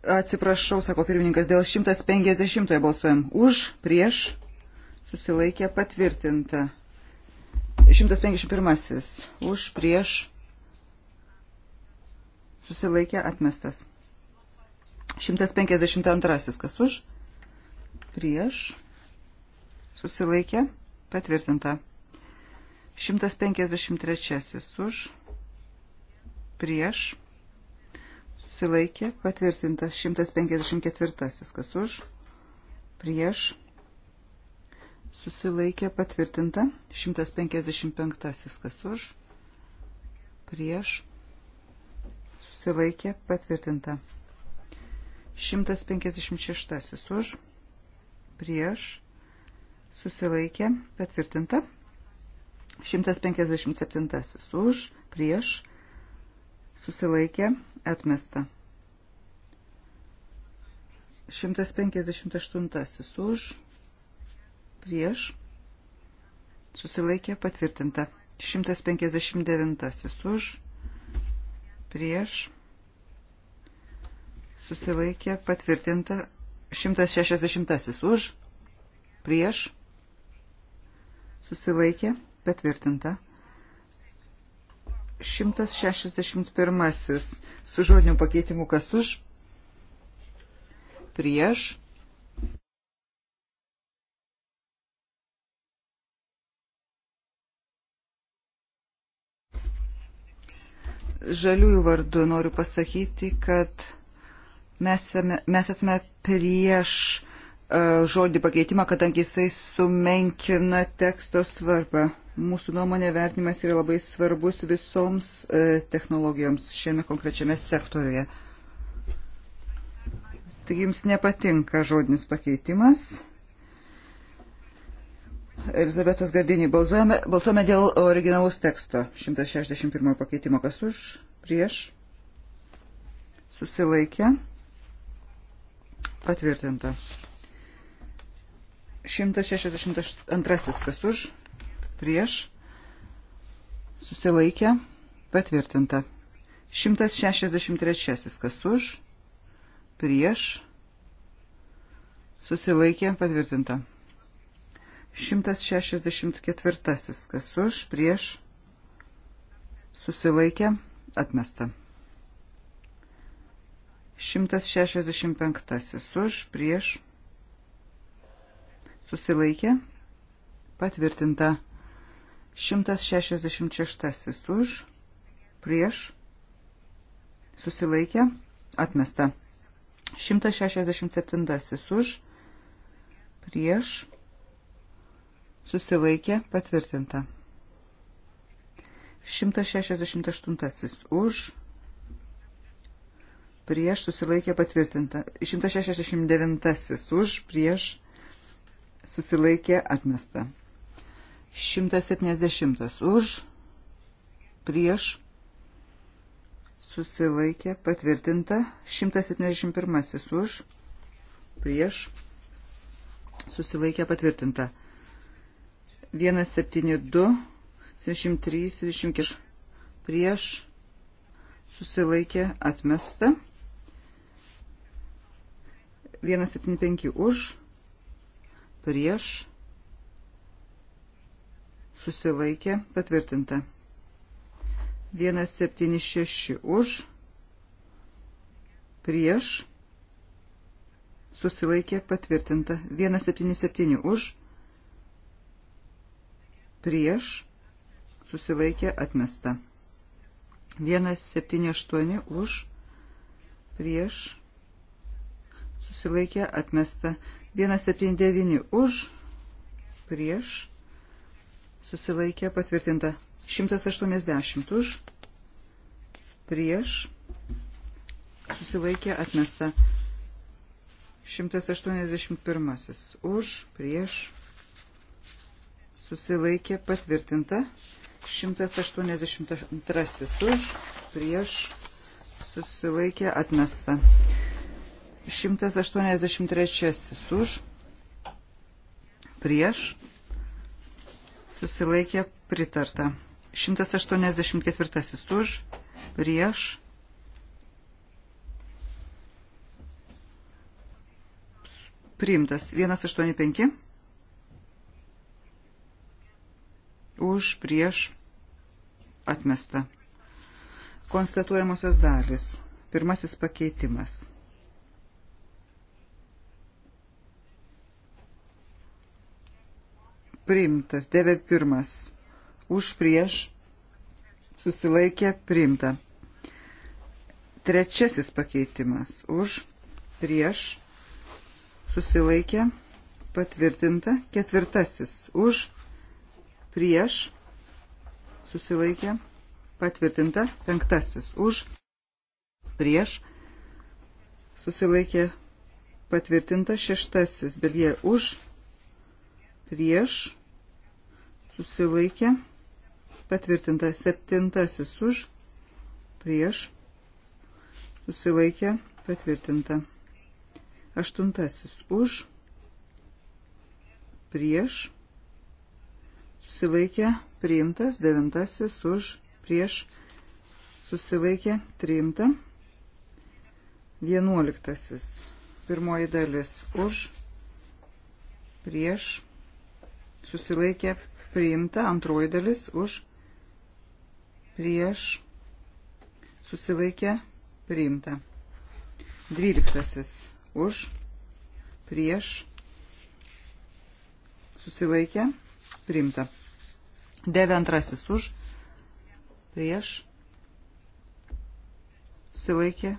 Atsiprašau, sako pirmininkas, dėl 150 balsuojam. Už, prieš, susilaikė patvirtinta. 151. Už, prieš, susilaikė atmestas. 152. Kas už, prieš, susilaikė patvirtinta. 153. Už, prieš, susilaikė, patvirtintas 154, kas už, prieš, susilaikė, patvirtinta 155, kas už, prieš, susilaikė, patvirtinta 156 už, prieš, susilaikė, patvirtinta 157 už, prieš, susilaikė, patvirtinta Atmesta. 158 už, prieš, susilaikė patvirtinta. 159 už, prieš, susilaikė patvirtinta. 160 už, prieš, susilaikė patvirtinta. 161 su žodiniu pakeitimu kas už, prieš. Žaliųjų vardu noriu pasakyti, kad mes esame, mes esame prieš uh, žodį pakeitimą, kadangi jisai sumenkina teksto svarbą. Uh, Mūsų nuomonė vertinimas yra labai svarbus visoms e, technologijoms šiame konkrečiame sektoriuje. Taigi jums nepatinka žodinis pakeitimas. Elizabetos Gardinį balsuojame, balsuojame dėl originalaus teksto 161 pakeitimo. Kas už? Prieš? Susilaikė? Patvirtinta. 162 kas už? prieš, susilaikė, patvirtinta. 163 kas už, prieš, susilaikė, patvirtinta. 164 kas už, prieš, susilaikė, atmesta. 165 už, prieš, susilaikė, patvirtinta. 166 už, prieš, susilaikė, atmesta. 167 už, prieš, susilaikė, patvirtinta. 168 už, prieš, susilaikė, patvirtinta. 169 už, prieš, susilaikė, atmesta. 170 už, prieš, susilaikė, patvirtinta, 171 už, prieš, susilaikė, patvirtinta, 172, 73, 24, prieš, susilaikė, atmesta, 175 už, prieš, susilaikė patvirtinta. 176 už, prieš, susilaikė patvirtinta. 177 už, prieš, susilaikė atmesta. 178 už, prieš, susilaikė atmesta. 179 už, prieš, susilaikė patvirtinta. 180 už, prieš, susilaikė atmesta. 181 už, prieš, susilaikė patvirtinta. 182 už, prieš, susilaikė atmesta. 183 už, prieš, susilaikė pritarta. 184 už, prieš. Priimtas 185. Už, prieš, atmesta. Konstatuojamosios dalis. Pirmasis pakeitimas. priimtas. 91. Už prieš susilaikė priimta. Trečiasis pakeitimas. Už prieš susilaikė patvirtinta. Ketvirtasis. Už prieš susilaikė patvirtinta. Penktasis. Už prieš susilaikė patvirtinta. Šeštasis. Belie už prieš susilaikė, patvirtinta septintasis už, prieš, susilaikė, patvirtinta aštuntasis už, prieš, susilaikė, priimtas, devintasis už, prieš, susilaikė, priimta, vienuoliktasis, pirmoji dalis už, prieš, susilaikė, priimta priimta, antroji dalis už prieš susilaikę priimta. Dvyliktasis už prieš susilaikę priimta. Devintrasis už prieš susilaikė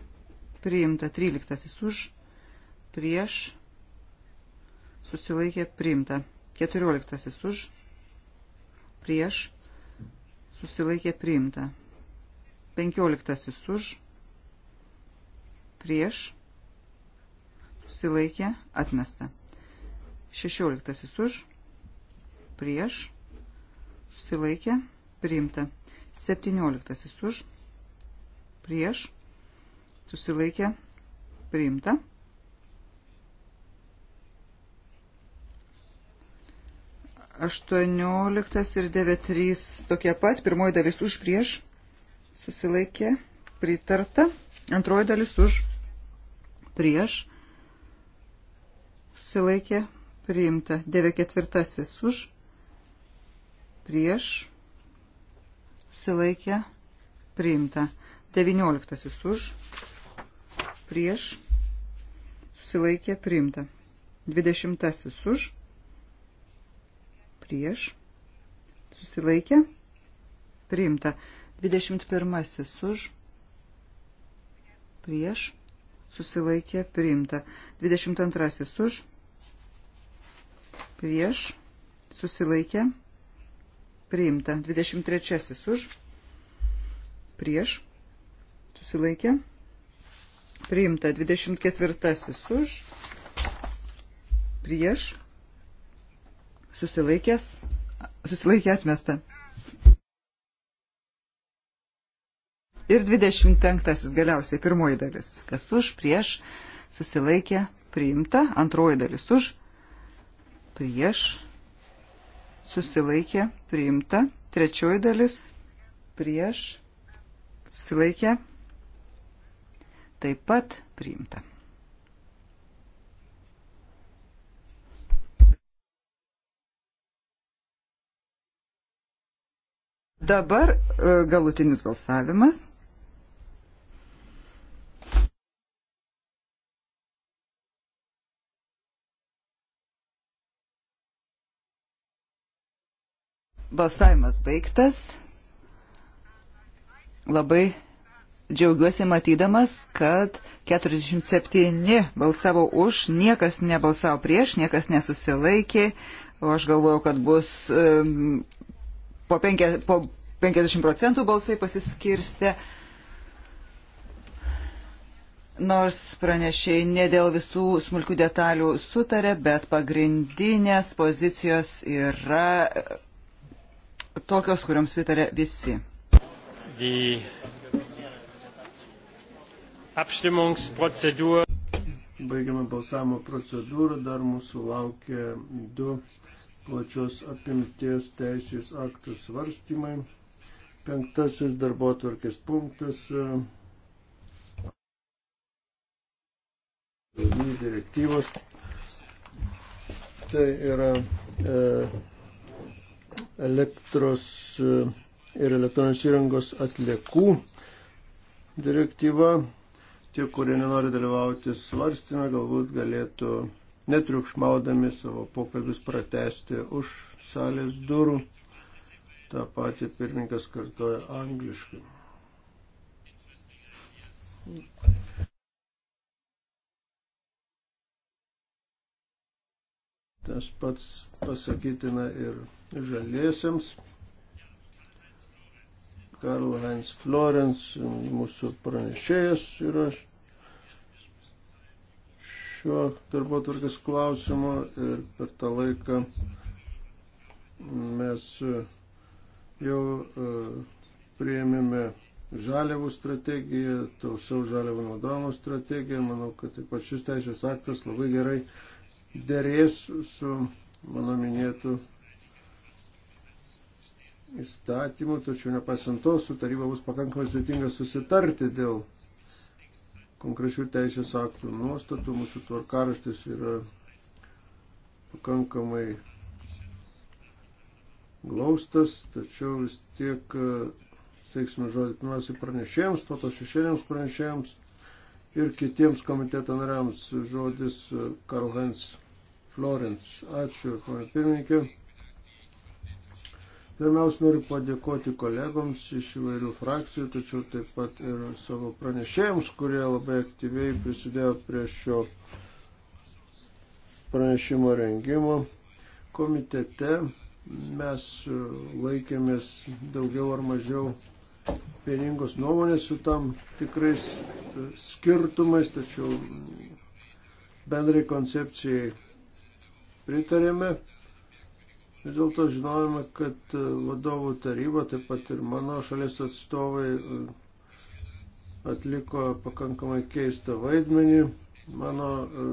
priimta. Tryliktasis už prieš susilaikė priimta. Keturioliktasis už prieš prieš susilaikė priimta. 15 už prieš susilaikė atmesta. 16 už prieš susilaikė priimta. 17 už prieš susilaikė priimta. 18 ir 93 tokie pat. Pirmoji dalis už prieš susilaikė pritarta. Antroji dalis už prieš susilaikė priimta. 94 už prieš susilaikė priimta. 19 už prieš susilaikė priimta. 20 už prieš prieš, susilaikė, priimta. 21 už, prieš, susilaikė, priimta. 22 už, prieš, susilaikė, priimta. 23 už, prieš, susilaikė, priimta. 24 už, prieš, susilaikęs, susilaikė atmesta. Ir 25 galiausiai pirmoji dalis, kas už, prieš, susilaikė, priimta, antroji dalis už, prieš, susilaikė, priimta, trečioji dalis, prieš, susilaikė, taip pat priimta. Dabar e, galutinis balsavimas. Balsavimas baigtas. Labai džiaugiuosi matydamas, kad 47 balsavo už, niekas nebalsavo prieš, niekas nesusilaikė, o aš galvojau, kad bus um, po, penkia, po 50 procentų balsai pasiskirstė. Nors pranešiai ne dėl visų smulkių detalių sutarė, bet pagrindinės pozicijos yra e, tokios, kuriams pritarė visi. Die Abstimmungsprozedur. Baigiame balsavimo procedūrą, dar mūsų laukia du plačios apimties teisės aktų svarstymai. Penktasis darbo atvarkės punktas. E, direktyvos. Tai yra e, elektros e, ir elektroninės įrangos atliekų direktyva. Tie, kurie nenori dalyvauti svarstymę, galbūt galėtų netriukšmaudami savo pokalbius pratesti už salės durų. Ta pati pirmininkas kartoja angliškai. Tas pats pasakytina ir žaliesiams. Karl Heinz Florens, mūsų pranešėjas yra šiuo darbo tvarkės klausimu ir per tą laiką mes e, jau e, prieimėme žaliavų strategiją, tausiau žaliavų naudojimo strategiją. Manau, kad taip pat šis teisės aktas labai gerai dėrės su mano minėtų įstatymų, tačiau nepaisant to, su taryba bus pakankamai sudėtinga susitarti dėl konkrečių teisės aktų nuostatų. Mūsų tvarkaraštis yra pakankamai glaustas, tačiau vis tiek e, steiksime žodį pirmiausiai pranešėjams, po to šešėliams pranešėjams ir kitiems komiteto nariams žodis e, Karl Heinz Florence. Ačiū, ponė pirmininkė. Pirmiausia, noriu padėkoti kolegoms iš įvairių frakcijų, tačiau taip pat ir savo pranešėjams, kurie labai aktyviai prisidėjo prie šio pranešimo rengimo. Komitete mes laikėmės daugiau ar mažiau vieningos nuomonės su tam tikrais skirtumais, tačiau bendrai koncepcijai pritarėme Vis dėlto žinojame, kad e, vadovų taryba, taip pat ir mano šalies atstovai e, atliko pakankamai keistą vaidmenį. Mano e,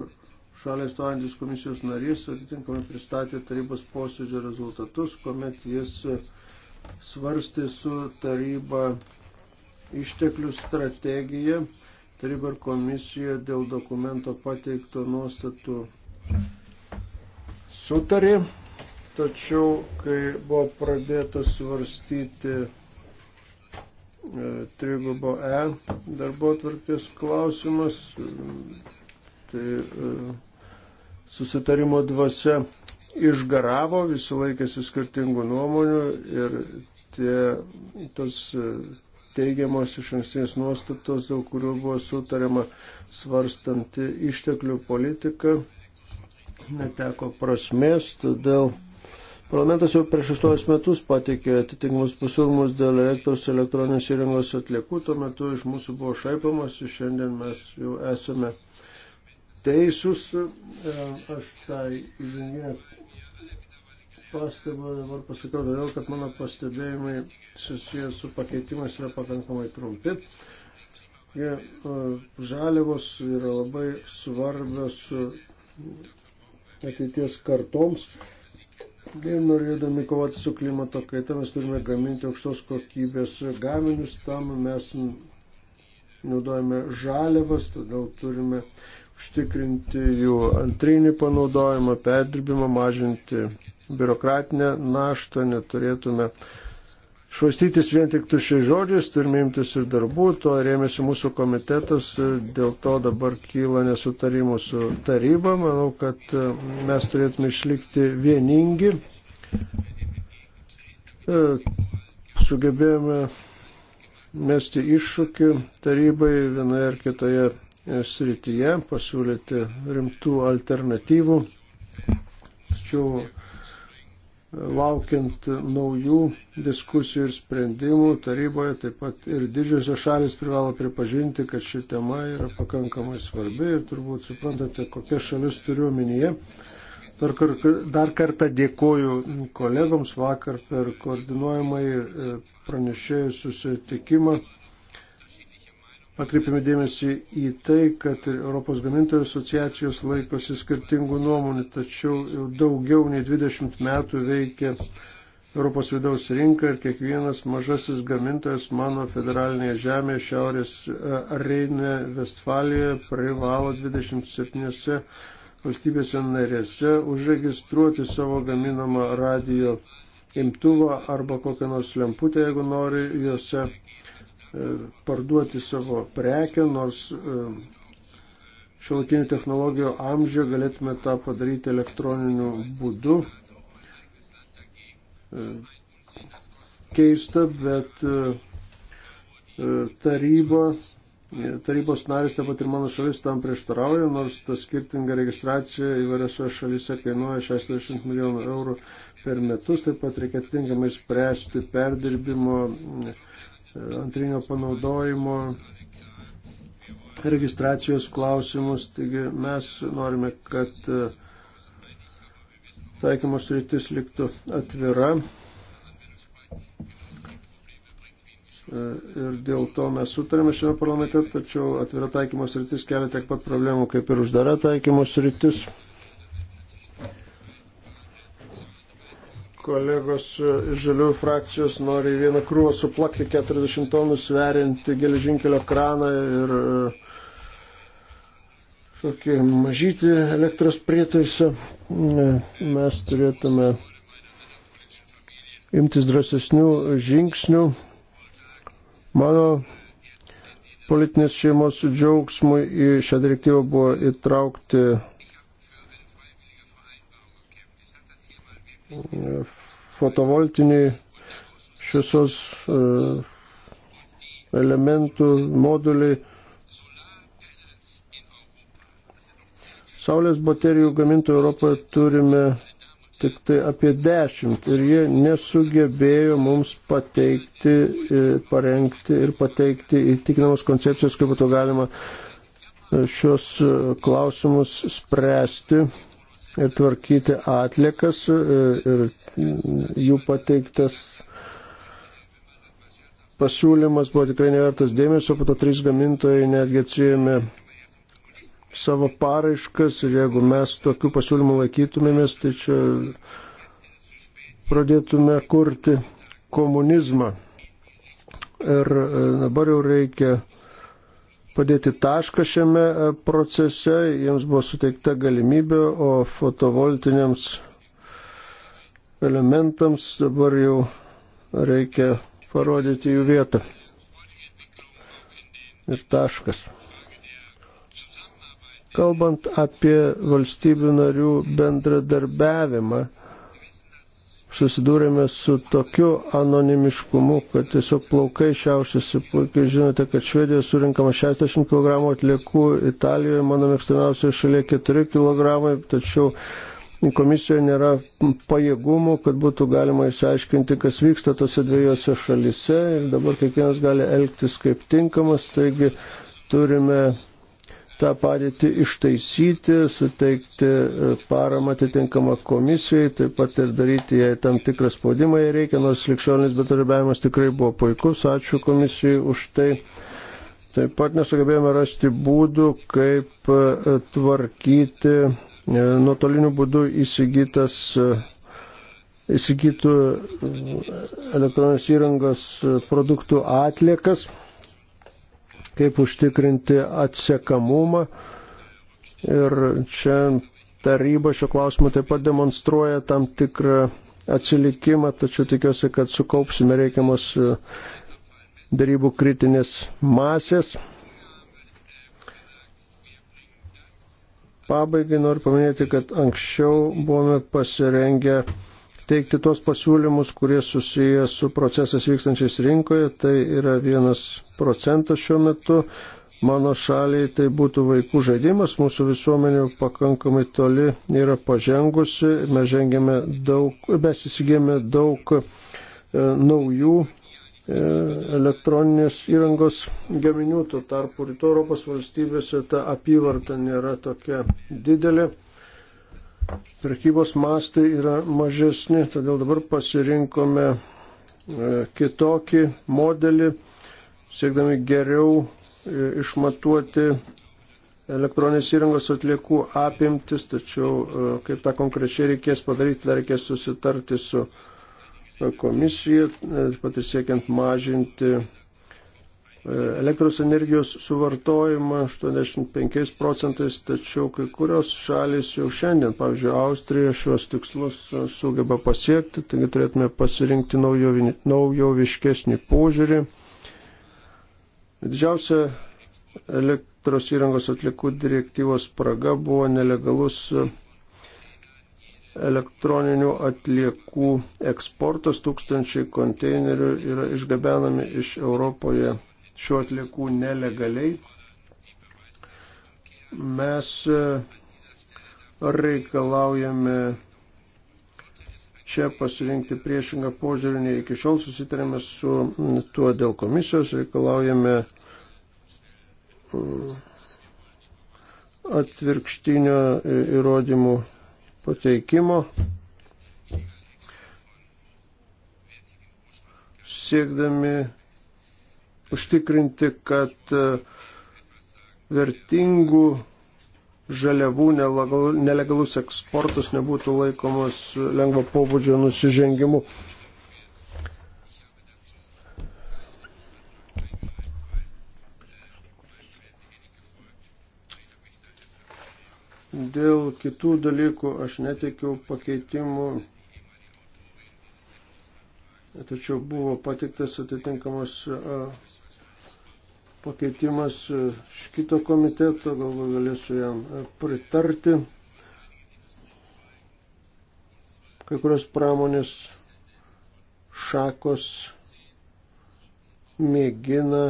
šalies stojantis komisijos narys atitinkamai pristatė tarybos posėdžio rezultatus, kuomet jis svarstė su taryba išteklių strategiją. Taryba ir komisija dėl dokumento pateikto nuostatų sutarė Tačiau, kai buvo pradėta svarstyti e, trigubo E darbo tvarkės klausimas, tai e, susitarimo dvasia išgaravo, visi laikėsi skirtingų nuomonių ir tie, tos e, teigiamos iš ankstinės nuostatos, dėl kurių buvo sutariama svarstanti išteklių politiką, neteko prasmės, todėl Parlamentas jau prieš 8 metus pateikė atitinkamus pasiūlymus dėl elektros elektroninės įrengos atliekų, tuo metu iš mūsų buvo šaipamas, šiandien mes jau esame teisūs. E, aš tą įžanginę pastabą dabar pasakiau, todėl kad mano pastebėjimai susijęs su pakeitimais yra pakankamai trumpi e, žaliavos yra labai svarbios ateities kartoms Ir norėdami kovoti su klimato kaita, mes turime gaminti aukštos kokybės gaminius, tam mes naudojame žaliavas, todėl turime užtikrinti jų antrinį panaudojimą, perdirbimą, mažinti biurokratinę naštą, neturėtume uh, švastytis vien tik tušiai žodžiais, turime imtis ir darbų, to rėmėsi mūsų komitetas, dėl to dabar kyla nesutarimų su taryba. Manau, kad e, mes turėtume išlikti vieningi. E, sugebėjome mesti iššūkį tarybai vienoje ar kitoje e, srityje, pasiūlyti rimtų alternatyvų. Tačiau laukiant naujų diskusijų ir sprendimų taryboje, taip pat ir didžiosios šalis privalo pripažinti, kad ši tema yra pakankamai svarbi ir turbūt suprantate, kokias šalis turiu omenyje. Dar, kar, dar kartą dėkoju kolegoms vakar per koordinuojamai e, pranešėjų susitikimą atkreipėme dėmesį į tai, kad Europos gamintojų asociacijos laikosi skirtingų nuomonių, tačiau jau daugiau nei 20 metų veikia Europos vidaus rinka ir kiekvienas mažasis gamintojas mano federalinėje žemėje Šiaurės e, Reinė Vestfalijoje privalo 27 valstybėse narėse užregistruoti savo gaminamą radio imtuvą arba kokią nors lemputę, jeigu nori juose E, parduoti savo prekę, nors e, šiolakinių technologijų amžiuje galėtume tą padaryti elektroniniu būdu. E, keista, bet taryba, tarybos narys, taip pat ir mano šalis tam prieštarauja, nors ta skirtinga registracija įvairiose šalise kainuoja 60 milijonų eurų per metus, taip pat reikia atitinkamai spręsti perdirbimo antrinio panaudojimo registracijos klausimus. Taigi mes norime, kad e, taikymos rytis liktų atvira. E, ir dėl to mes sutarėme šiame parlamente, tačiau atvira taikymos rytis kelia tiek pat problemų kaip ir uždara taikymos rytis. Kolegos iš žaliųjų frakcijos nori vieną krūvą suplakti 40 tonų sverinti geležinkelio kraną ir tokį e, mažytį elektros prietaisą. E, mes turėtume imtis drąsesnių žingsnių. Mano politinės šeimos džiaugsmui į šią direktyvą buvo įtraukti fotovoltiniai šviesos e, elementų moduliai. Saulės baterijų gamintojų Europoje turime tik tai apie 10 ir jie nesugebėjo mums pateikti, e, parengti ir pateikti įtikinamos koncepcijos, kaip būtų galima e, šios klausimus spręsti ir tvarkyti atliekas ir jų pateiktas pasiūlymas buvo tikrai nevertas dėmesio, po to trys gamintojai netgi atsijėmė savo paraiškas ir jeigu mes tokių pasiūlymų laikytumėmės, tai čia pradėtume kurti komunizmą. Ir e, dabar jau reikia padėti tašką šiame e, procese, jiems buvo suteikta galimybė, o fotovoltiniams elementams, dabar jau reikia parodyti jų vietą. Ir taškas. Kalbant apie valstybių narių bendradarbiavimą, susidūrėme su tokiu anonimiškumu, kad tiesiog plaukai šiaušiasi. Puikiai žinote, kad Švedijoje surinkama 60 kg atliekų, Italijoje, mano mėgstamiausioje šalyje, 4 kg, tačiau komisijoje nėra pajėgumų, kad būtų galima išaiškinti, kas vyksta tose dviejose šalise ir dabar kiekvienas gali elgtis kaip tinkamas, taigi turime tą padėtį ištaisyti, suteikti e, paramą atitinkamą komisijai, taip pat ir daryti jai tam tikrą spaudimą, jei reikia, nors likščioninis betarbiavimas tikrai buvo puikus, ačiū komisijai už tai. Taip pat nesugebėjome rasti būdų, kaip e, tvarkyti E, nuotoliniu būdu įsigytas, e, įsigytų elektroninės įrangos produktų atliekas, kaip užtikrinti atsekamumą. Ir čia taryba šio klausimo taip pat demonstruoja tam tikrą atsilikimą, tačiau tikiuosi, kad sukaupsime reikiamos e, darybų kritinės masės Pabaigai noriu paminėti, kad anksčiau buvome pasirengę teikti tos pasiūlymus, kurie susiję su procesas vykstančiais rinkoje. Tai yra vienas procentas šiuo metu. Mano šaliai tai būtų vaikų žaidimas, mūsų visuomenė pakankamai toli yra pažengusi, mes, daug, mes įsigėme daug e, naujų E, elektroninės įrangos gaminių, tuo tarpu rytų Europos valstybėse ta apyvarta nėra tokia didelė. Prekybos mastai yra mažesni, todėl dabar pasirinkome e, kitokį modelį, siekdami geriau e, išmatuoti elektroninės įrangos atliekų apimtis, tačiau kaip tą konkrečiai reikės padaryti, dar reikės susitarti su uh, komisija, e, pat ir siekiant mažinti e, elektros energijos suvartojimą 85 procentais, tačiau kai kurios šalis jau šiandien, pavyzdžiui, Austrija šios tikslus sugeba pasiekti, taigi turėtume pasirinkti naujoviškesnį požiūrį. Didžiausia elektros įrangos atlikų direktyvos spraga buvo nelegalus elektroninių atliekų eksportas, tūkstančiai konteinerių yra išgabenami iš Europoje šių atliekų nelegaliai. Mes e, reikalaujame čia pasirinkti priešingą požiūrį, nei iki šiol susitarėme su tuo dėl komisijos, reikalaujame atvirkštinio e, įrodymų pateikimo siekdami užtikrinti, kad e, vertingų žaliavų nelegalus eksportas nebūtų laikomas lengvo pobūdžio nusižengimu. Dėl kitų dalykų aš netikiu pakeitimų, tačiau buvo patiktas atitinkamas pakeitimas iš kito komiteto, galbūt galėsiu jam pritarti. Kai kurios pramonės šakos mėgina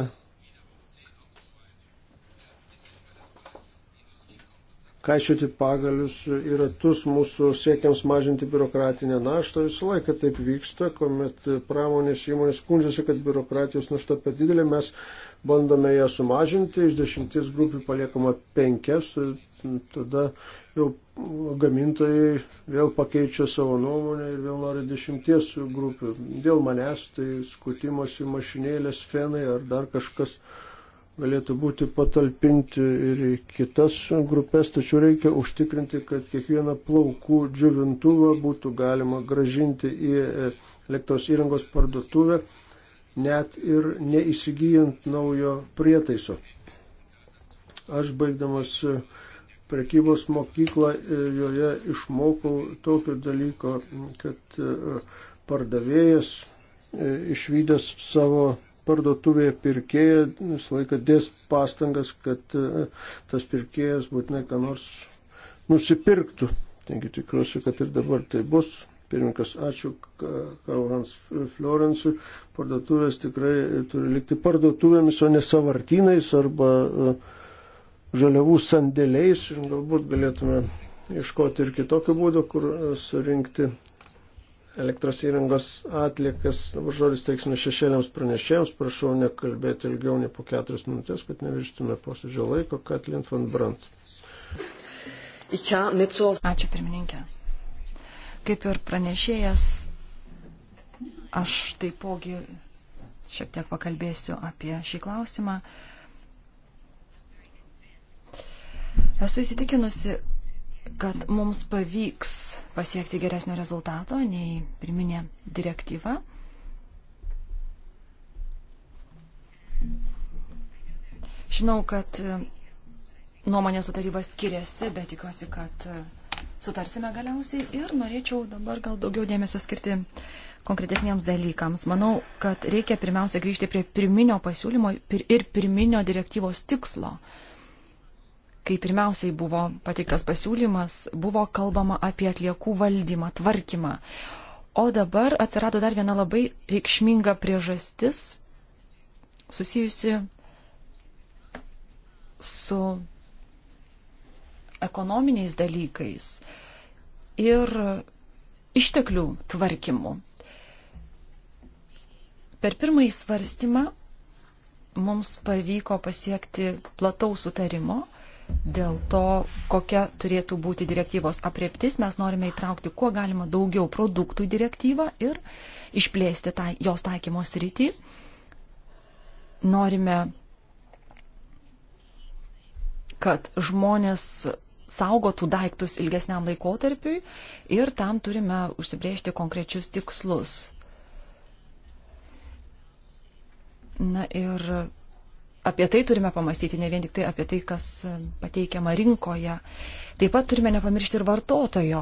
kaičiuoti pagalius į ratus mūsų siekiams mažinti biurokratinę naštą. Visą laiką taip vyksta, kuomet pramonės įmonės skundžiasi, kad biurokratijos našta per didelė, mes bandome ją sumažinti, iš dešimties grupių paliekama penkias, tada jau gamintojai vėl pakeičia savo nuomonę ir vėl nori dešimties grupių. Dėl manęs tai skutimosi mašinėlės, fenai ar dar kažkas galėtų būti patalpinti ir į kitas grupės, tačiau reikia užtikrinti, kad kiekvieną plaukų džiuvintuvą būtų galima gražinti į e, elektros įrangos parduotuvę, net ir neįsigijant naujo prietaiso. Aš baigdamas e, prekybos mokyklą e, joje išmokau tokio dalyko, kad pardavėjas išvykęs savo parduotuvėje pirkėją, visą laiką dės pastangas, kad e, tas pirkėjas būtinai ką nors nusipirktų. Taigi tikiuosi, kad ir dabar tai bus. Pirmininkas, ačiū Karlhans Florensui. Parduotuvės tikrai turi likti parduotuvėmis, o ne savartynais arba e, žaliavų sandėliais. Ir galbūt galėtume ieškoti ir kitokio būdo, kur e, surinkti elektros įrangos atliekas. Dabar žodis teiksime šešėliams pranešėjams. Prašau nekalbėti ilgiau nei po keturias minutės, kad nevirštume posėdžio laiko. Katlin van Brandt. Ačiū pirmininkė. Kaip ir pranešėjas, aš taipogi šiek tiek pakalbėsiu apie šį klausimą. Esu įsitikinusi, kad mums pavyks pasiekti geresnio rezultato nei pirminė direktyva. Žinau, kad e, nuomonės sutarybas skiriasi, bet tikiuosi, kad e, sutarsime galiausiai ir norėčiau dabar gal daugiau dėmesio skirti konkretesniems dalykams. Manau, kad reikia pirmiausia grįžti prie pirminio pasiūlymo ir pirminio direktyvos tikslo. Uh, kai pirmiausiai buvo pateiktas pasiūlymas, buvo kalbama apie atliekų valdymą, tvarkymą. O dabar atsirado dar viena labai reikšminga priežastis susijusi su ekonominiais dalykais ir išteklių tvarkymu. Per pirmąjį svarstymą mums pavyko pasiekti plataus sutarimo dėl to, kokia turėtų būti direktyvos apreptis. Mes norime įtraukti kuo galima daugiau produktų į direktyvą ir išplėsti tai, jos taikymo sritį. Norime, kad žmonės saugotų daiktus ilgesniam laikotarpiui ir tam turime užsibriežti konkrečius tikslus. Na ir apie tai turime pamastyti, ne vien tik tai apie tai, kas pateikiama rinkoje. Taip pat turime nepamiršti ir vartotojo,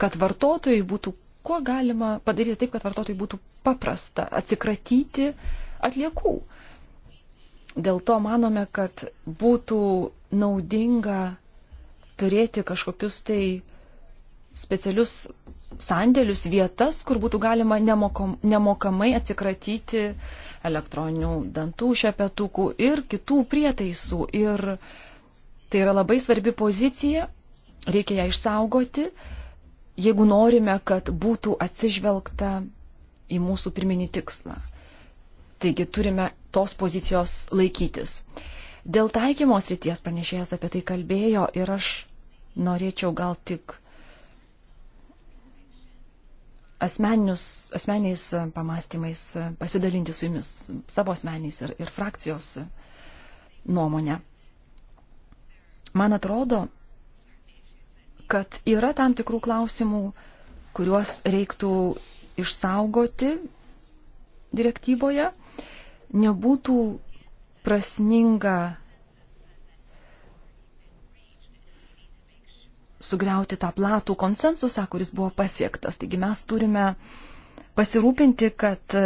kad vartotojai būtų, kuo galima padaryti taip, kad vartotojai būtų paprasta atsikratyti atliekų. Dėl to manome, kad būtų naudinga turėti kažkokius tai specialius sandėlius vietas, kur būtų galima nemokom, nemokamai atsikratyti elektroninių dantų šepetukų ir kitų prietaisų. Ir tai yra labai svarbi pozicija, reikia ją išsaugoti, jeigu norime, kad būtų atsižvelgta į mūsų pirminį tikslą. Taigi turime tos pozicijos laikytis. Dėl taikymos ryties pranešėjas apie tai kalbėjo ir aš norėčiau gal tik asmeniais pamastymais pasidalinti su jumis savo asmeniais ir, ir frakcijos nuomonę. Man atrodo, kad yra tam tikrų klausimų, kuriuos reiktų išsaugoti direktyboje. Nebūtų prasminga sugriauti tą platų konsensusą, kuris buvo pasiektas. Taigi mes turime pasirūpinti, kad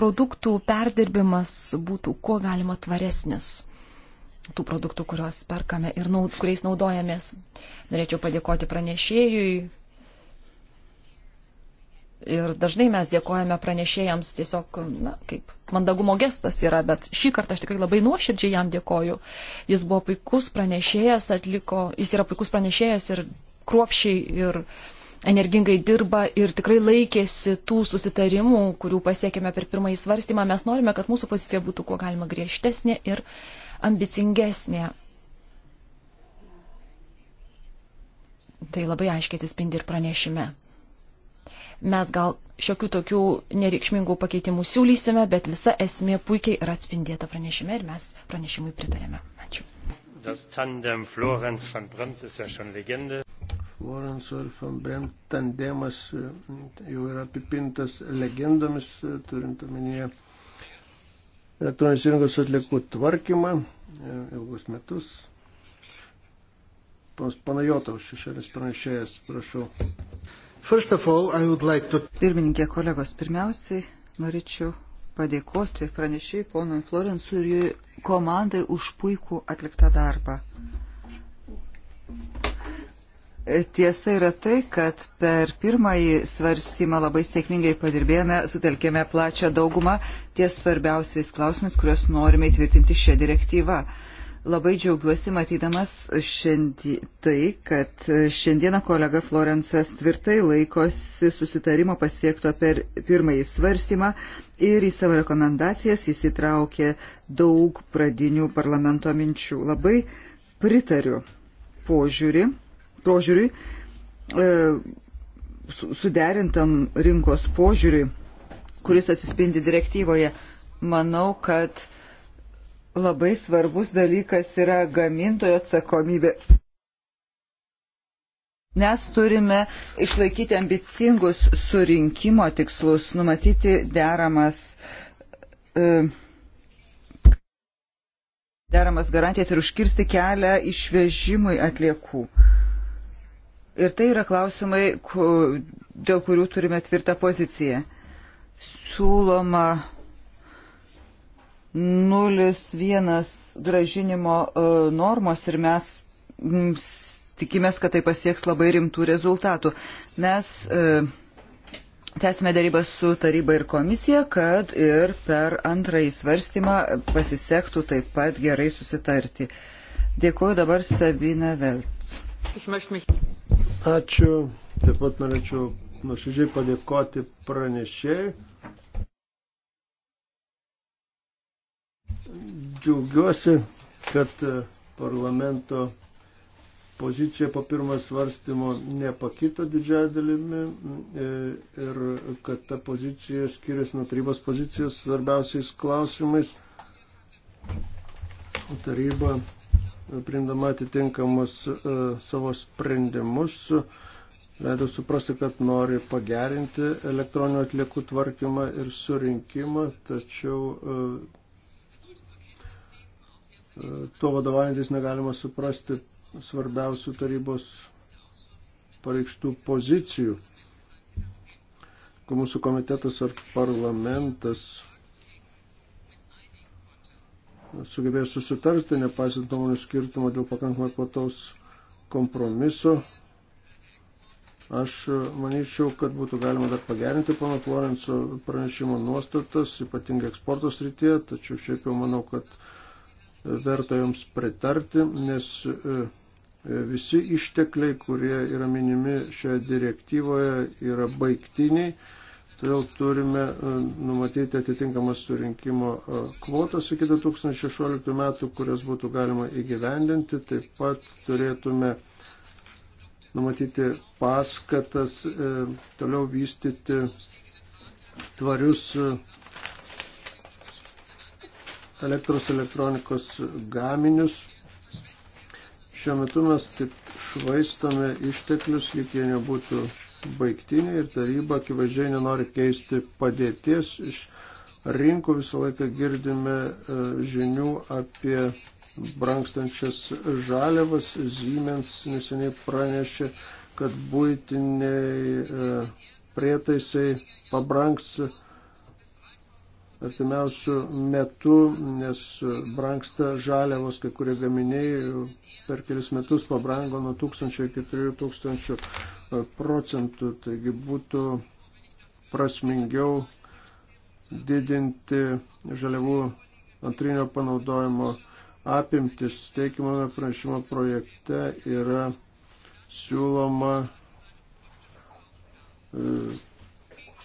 produktų perdirbimas būtų kuo galima tvaresnis tų produktų, kuriuos perkame ir naud, kuriais naudojamės. Norėčiau padėkoti pranešėjui, Ir dažnai mes dėkojame pranešėjams tiesiog, na, kaip mandagumo gestas yra, bet šį kartą aš tikrai labai nuoširdžiai jam dėkoju. Jis buvo puikus pranešėjas, atliko, jis yra puikus pranešėjas ir kruopšiai ir energingai dirba ir tikrai laikėsi tų susitarimų, kurių pasiekėme per pirmąjį svarstymą. Mes norime, kad mūsų pozicija būtų kuo galima griežtesnė ir ambicingesnė. Tai labai aiškiai atsispindi ir pranešime. Mes gal šiokių tokių nereikšmingų pakeitimų siūlysime, bet visa esmė puikiai yra atspindėta pranešime ir mes pranešimui pritarėme. Ačiū. Das tandem Florenz van Bremt ist ja schon Legende. Florenzo ir Van Bremt tandemas e, jau yra apipintas legendomis, e, turint omenyje elektroninės rinkos atliekų tvarkymą e, ilgus metus. Panajotau šešėlis pranešėjas, prašau. All, like to... Pirmininkė kolegos, pirmiausiai norėčiau padėkoti pranešėjai ponui Florensui ir jų komandai už puikų atliktą darbą. Tiesa yra tai, kad per pirmąjį svarstymą labai sėkmingai padirbėjome, sutelkėme plačią daugumą ties svarbiausiais klausimais, kuriuos norime įtvirtinti šią direktyvą. Labai džiaugiuosi matydamas šiandie, tai, kad šiandieną kolega Florencas tvirtai laikosi susitarimo pasiekto per pirmąjį svarstymą ir į savo rekomendacijas įsitraukė daug pradinių parlamento minčių. Labai pritariu požiūrį, požiūrį e, suderintam rinkos požiūriui, kuris atsispindi direktyvoje. Manau, kad e, labai svarbus dalykas yra gamintojo atsakomybė. Mes turime išlaikyti ambicingus surinkimo tikslus, numatyti deramas, e, deramas garantijas ir užkirsti kelią išvežimui atliekų. Ir tai yra klausimai, dėl kurių turime tvirtą poziciją. Siūloma 0,1 gražinimo e, normos ir mes tikimės, kad tai pasieks labai rimtų rezultatų. Mes e, tęsime darybą su taryba ir komisija, kad ir per antrąjį svarstymą pasisektų taip pat gerai susitarti. Dėkuoju dabar Sabina Velts. Ačiū. Taip pat norėčiau nuoširdžiai padėkoti pranešėjai. Džiaugiuosi, kad e, parlamento pozicija po pirmo svarstymo nepakito didžiąją dalimi e, ir kad ta pozicija skiriasi nuo tarybos pozicijos svarbiausiais klausimais. Taryba, e, priimdama atitinkamus savo sprendimus, leido suprasti, kad nori pagerinti elektroninių atliekų tvarkymą ir surinkimą, tačiau tuo vadovaujantis negalima suprasti svarbiausių tarybos pareikštų pozicijų. Kai mūsų komitetas ar parlamentas sugebėjo susitarti, nepaisant nuomonių skirtumo dėl pakankamai plataus kompromiso, Aš manyčiau, kad būtų galima dar pagerinti pana Florenco pranešimo nuostatas, ypatingai eksporto srityje, tačiau šiaip jau manau, kad verta joms pritarti, nes e, e, visi ištekliai, kurie yra minimi šioje direktyvoje, yra baigtiniai. Todėl turime e, numatyti atitinkamas surinkimo kvotas iki 2016 metų, kurias būtų galima įgyvendinti. Taip pat turėtume numatyti paskatas toliau vystyti tvarius elektros elektronikos gaminius. Šiuo metu mes taip švaistome išteklius, lyg jie nebūtų baigtiniai ir taryba akivaizdžiai nenori keisti padėties. Iš rinkų visą laiką girdime e, žinių apie brangstančias žaliavas. Siemens neseniai pranešė, kad būtiniai e, prietaisai pabrangs artimiausių metų, nes branksta žaliavos, kai kurie gaminiai per kelis metus pabrango nuo 1000 iki 3000 procentų. Taigi būtų prasmingiau didinti žaliavų antrinio panaudojimo apimtis. Teikimame pranešimo projekte yra siūloma e,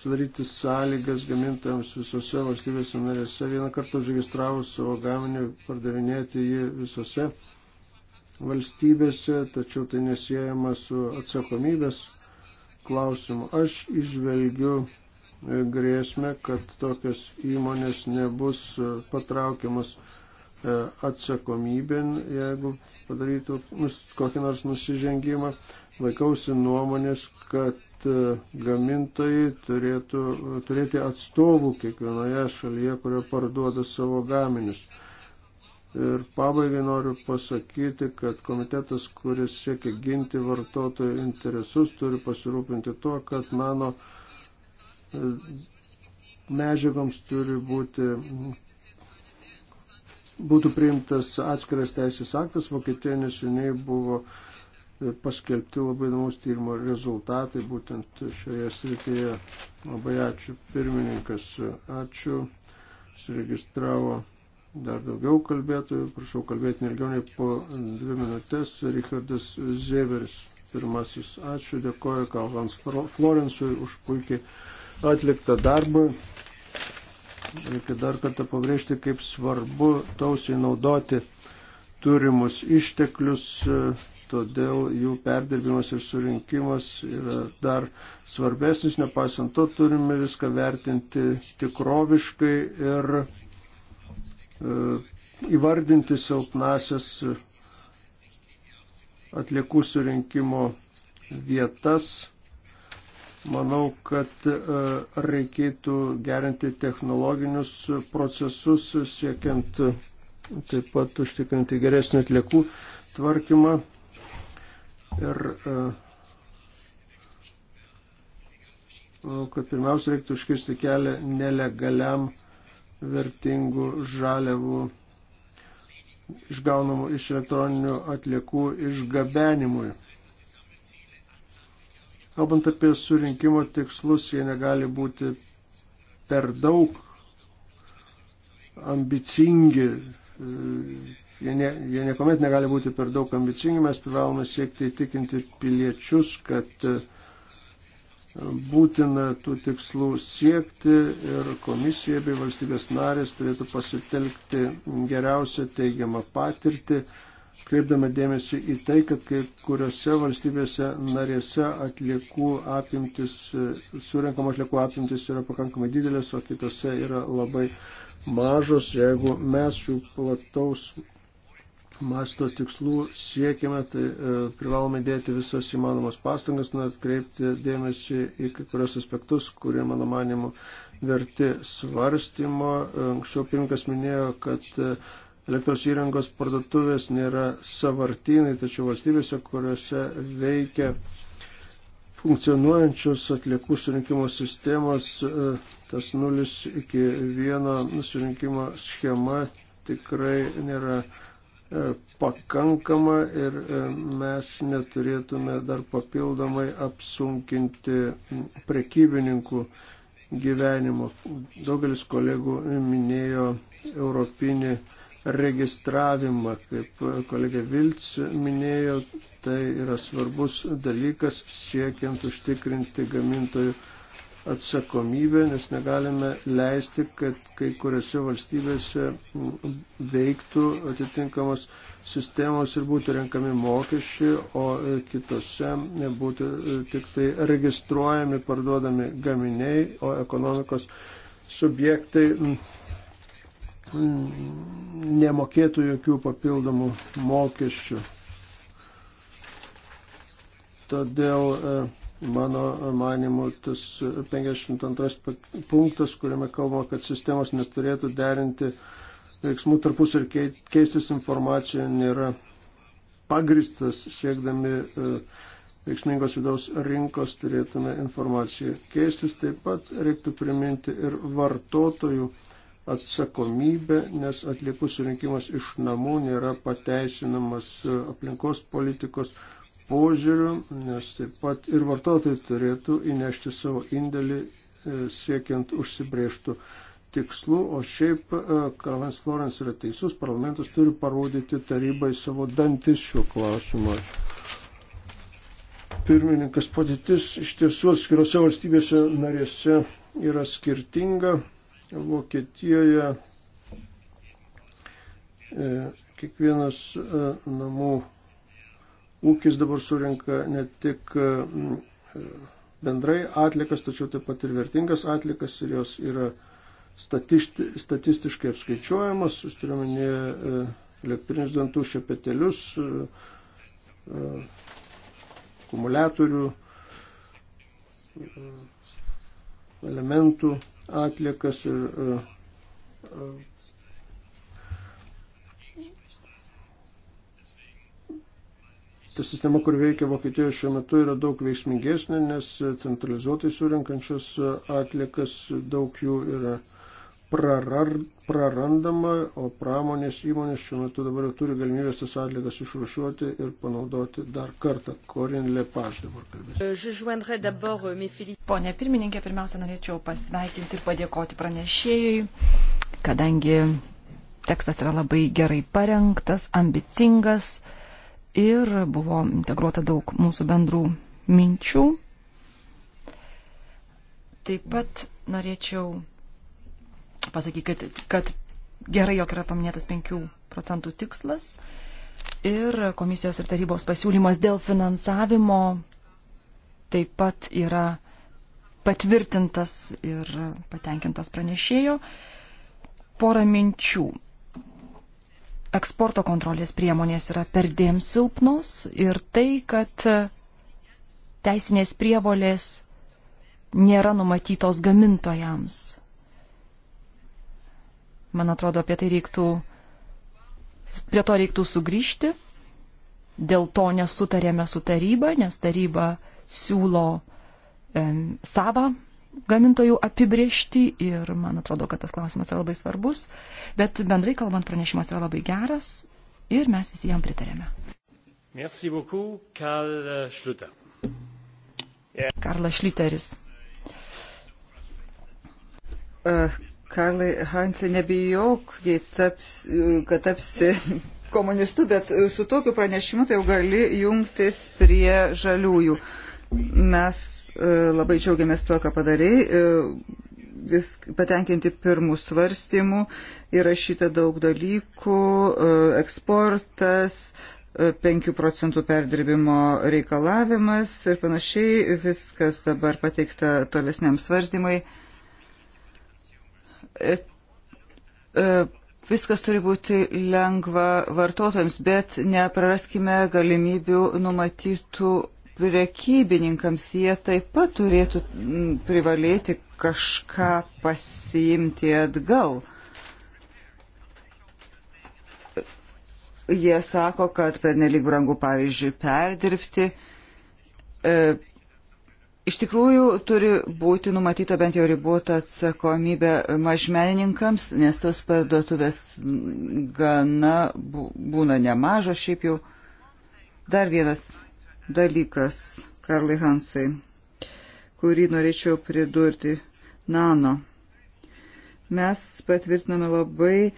sudaryti sąlygas gamintojams visose valstybėse narėse vieną kartą užregistravus savo gaminį pardavinėti jį visose valstybėse, tačiau tai nesijama su atsakomybės klausimu. Aš išvelgiu e, grėsmę, kad tokios įmonės nebus e, patraukiamas e, atsakomybėn, jeigu padarytų kokį nors nusižengimą. Laikausi nuomonės, kad E, gamintojai turėtų turėti atstovų kiekvienoje šalyje, kurio parduoda savo gaminius. Ir pabaigai noriu pasakyti, kad komitetas, kuris siekia ginti vartotojų interesus, turi pasirūpinti tuo, kad nano e, medžiagoms turi būti būtų priimtas atskiras teisės aktas, Vokietija neseniai buvo uh, paskelbti labai įdomus tyrimo rezultatai būtent šioje srityje. Labai ačiū pirmininkas, ačiū. Suregistravo dar daugiau kalbėtojų, prašau kalbėti nelgiau nei po dvi minutės. Richardas Zėveris, pirmasis, ačiū, dėkoju Kalvans Florensui už puikiai atliktą darbą. Reikia dar kartą pabrėžti, kaip svarbu tausiai naudoti turimus išteklius todėl jų perdirbimas ir surinkimas yra dar svarbesnis, nepaisant to turime viską vertinti tikroviškai ir e, įvardinti silpnasias atliekų surinkimo vietas. Manau, kad e, reikėtų gerinti technologinius procesus, siekiant taip pat užtikrinti geresnį atliekų tvarkymą Ir e, manau, kad pirmiausia reiktų užkirsti kelią nelegaliam vertingų žaliavų išgaunamų iš elektroninių atliekų išgabenimui. Kalbant apie surinkimo tikslus, jie negali būti per daug ambicingi, e, jie, ne, jie niekuomet negali būti per daug ambicingi, mes privalome siekti įtikinti piliečius, kad e, būtina tų tikslų siekti ir komisija bei valstybės narės turėtų pasitelkti geriausią teigiamą patirtį, kreipdama dėmesį į tai, kad kai kuriuose valstybėse narėse atliekų apimtis, e, surinkamo atliekų apimtis yra pakankamai didelės, o kitose yra labai mažos. Jeigu mes šių plataus masto tikslų siekiame, tai e, privalome dėti visas įmanomas pastangas, nu, atkreipti dėmesį į kai kurios aspektus, kurie, mano manimu, verti svarstymo. E, anksčiau pirmkas minėjo, kad e, elektros įrangos parduotuvės nėra savartinai, tačiau valstybėse, kuriuose veikia funkcionuojančios atliekų surinkimo sistemos, e, tas nulis iki vieno surinkimo schema tikrai nėra E, pakankama ir e, mes neturėtume dar papildomai apsunkinti prekybininkų gyvenimo. Daugelis kolegų minėjo europinį registravimą, kaip kolegė Vilts minėjo, tai yra svarbus dalykas siekiant užtikrinti gamintojų atsakomybė, nes negalime leisti, kad kai kuriuose valstybėse veiktų atitinkamos sistemos ir būtų renkami mokesčiai, o kitose būtų tik tai registruojami, parduodami gaminiai, o ekonomikos subjektai nemokėtų jokių papildomų mokesčių. Todėl Mano manimu, tas 52 punktas, kuriame kalbama, kad sistemos neturėtų derinti veiksmų tarpus ir keistis informacija, nėra pagristas siekdami e, veiksmingos vidaus rinkos turėtume informaciją keistis. Taip pat reiktų priminti ir vartotojų atsakomybę, nes atlikus surinkimas iš namų nėra pateisinamas e, aplinkos politikos požiūriu, nes taip pat ir vartotojai turėtų įnešti savo indėlį e, siekiant užsibrieštų tikslų, o šiaip e, Karlas Florence yra teisus, parlamentas turi parodyti tarybai savo dantis šiuo klausimu. Pirmininkas padėtis iš tiesų atskirose valstybėse narėse yra skirtinga. Vokietijoje e, kiekvienas namų ūkis dabar surinka ne tik e, bendrai atlikas, tačiau taip pat ir vertingas atlikas ir jos yra statisti, statistiškai apskaičiuojamas, jūs turiuomenė e, elektrinius dantų šepetelius, e, akumuliatorių, elementų atlikas ir ta sistema, kur veikia Vokietijoje šiuo metu, yra daug veiksmingesnė, nes centralizuotai surinkančios atlikas daug jų yra prarar, prarandama, o pramonės įmonės šiuo metu dabar jau turi galimybės tas atlikas išrušiuoti ir panaudoti dar kartą. Korin Lepaš dabar kalbės. Euh, euh, Pone pirmininkė, pirmiausia, norėčiau pasveikinti ir padėkoti pranešėjui, kadangi tekstas yra labai gerai parengtas, ambicingas ir buvo integruota daug mūsų bendrų minčių. Taip pat norėčiau pasakyti, kad, kad gerai, jog yra paminėtas 5 procentų tikslas ir komisijos ir tarybos pasiūlymas dėl finansavimo taip pat yra patvirtintas ir patenkintas pranešėjo. Porą minčių eksporto kontrolės priemonės yra perdėm silpnos ir tai, kad teisinės prievolės nėra numatytos gamintojams. Man atrodo, apie tai reiktų, prie to reiktų sugrįžti. Dėl to nesutarėme su taryba, nes taryba siūlo um, e, savo gamintojų apibriešti ir man atrodo, kad tas klausimas yra labai svarbus, bet bendrai kalbant pranešimas yra labai geras ir mes visi jam pritarėme. Merci beaucoup, Karl uh, Schlüter. Yeah. Karlas Šliteris. Uh, Karlai Hansė, nebijok, taps, uh, kad tapsi *laughs* komunistu, bet uh, su tokiu pranešimu tai jau gali jungtis prie žaliųjų. Mes E, labai džiaugiamės tuo, ką padarėjai. E, vis patenkinti pirmų svarstymų, įrašyta daug dalykų, e, eksportas, 5 procentų perdirbimo reikalavimas ir panašiai, viskas dabar pateikta tolesniam svarstymui. Viskas turi būti lengva vartotojams, bet nepraraskime galimybių numatytų prekybininkams jie taip pat turėtų mm, privalėti kažką pasiimti atgal. Jie sako, kad per nelik brangų, pavyzdžiui, perdirbti. E, iš tikrųjų, turi būti numatyta bent jau ribota atsakomybė mažmenininkams, nes tos parduotuvės mm, gana būna nemažos šiaip jau. Dar vienas dalykas, Karlai Hansai, kurį norėčiau pridurti - nano. Mes patvirtiname labai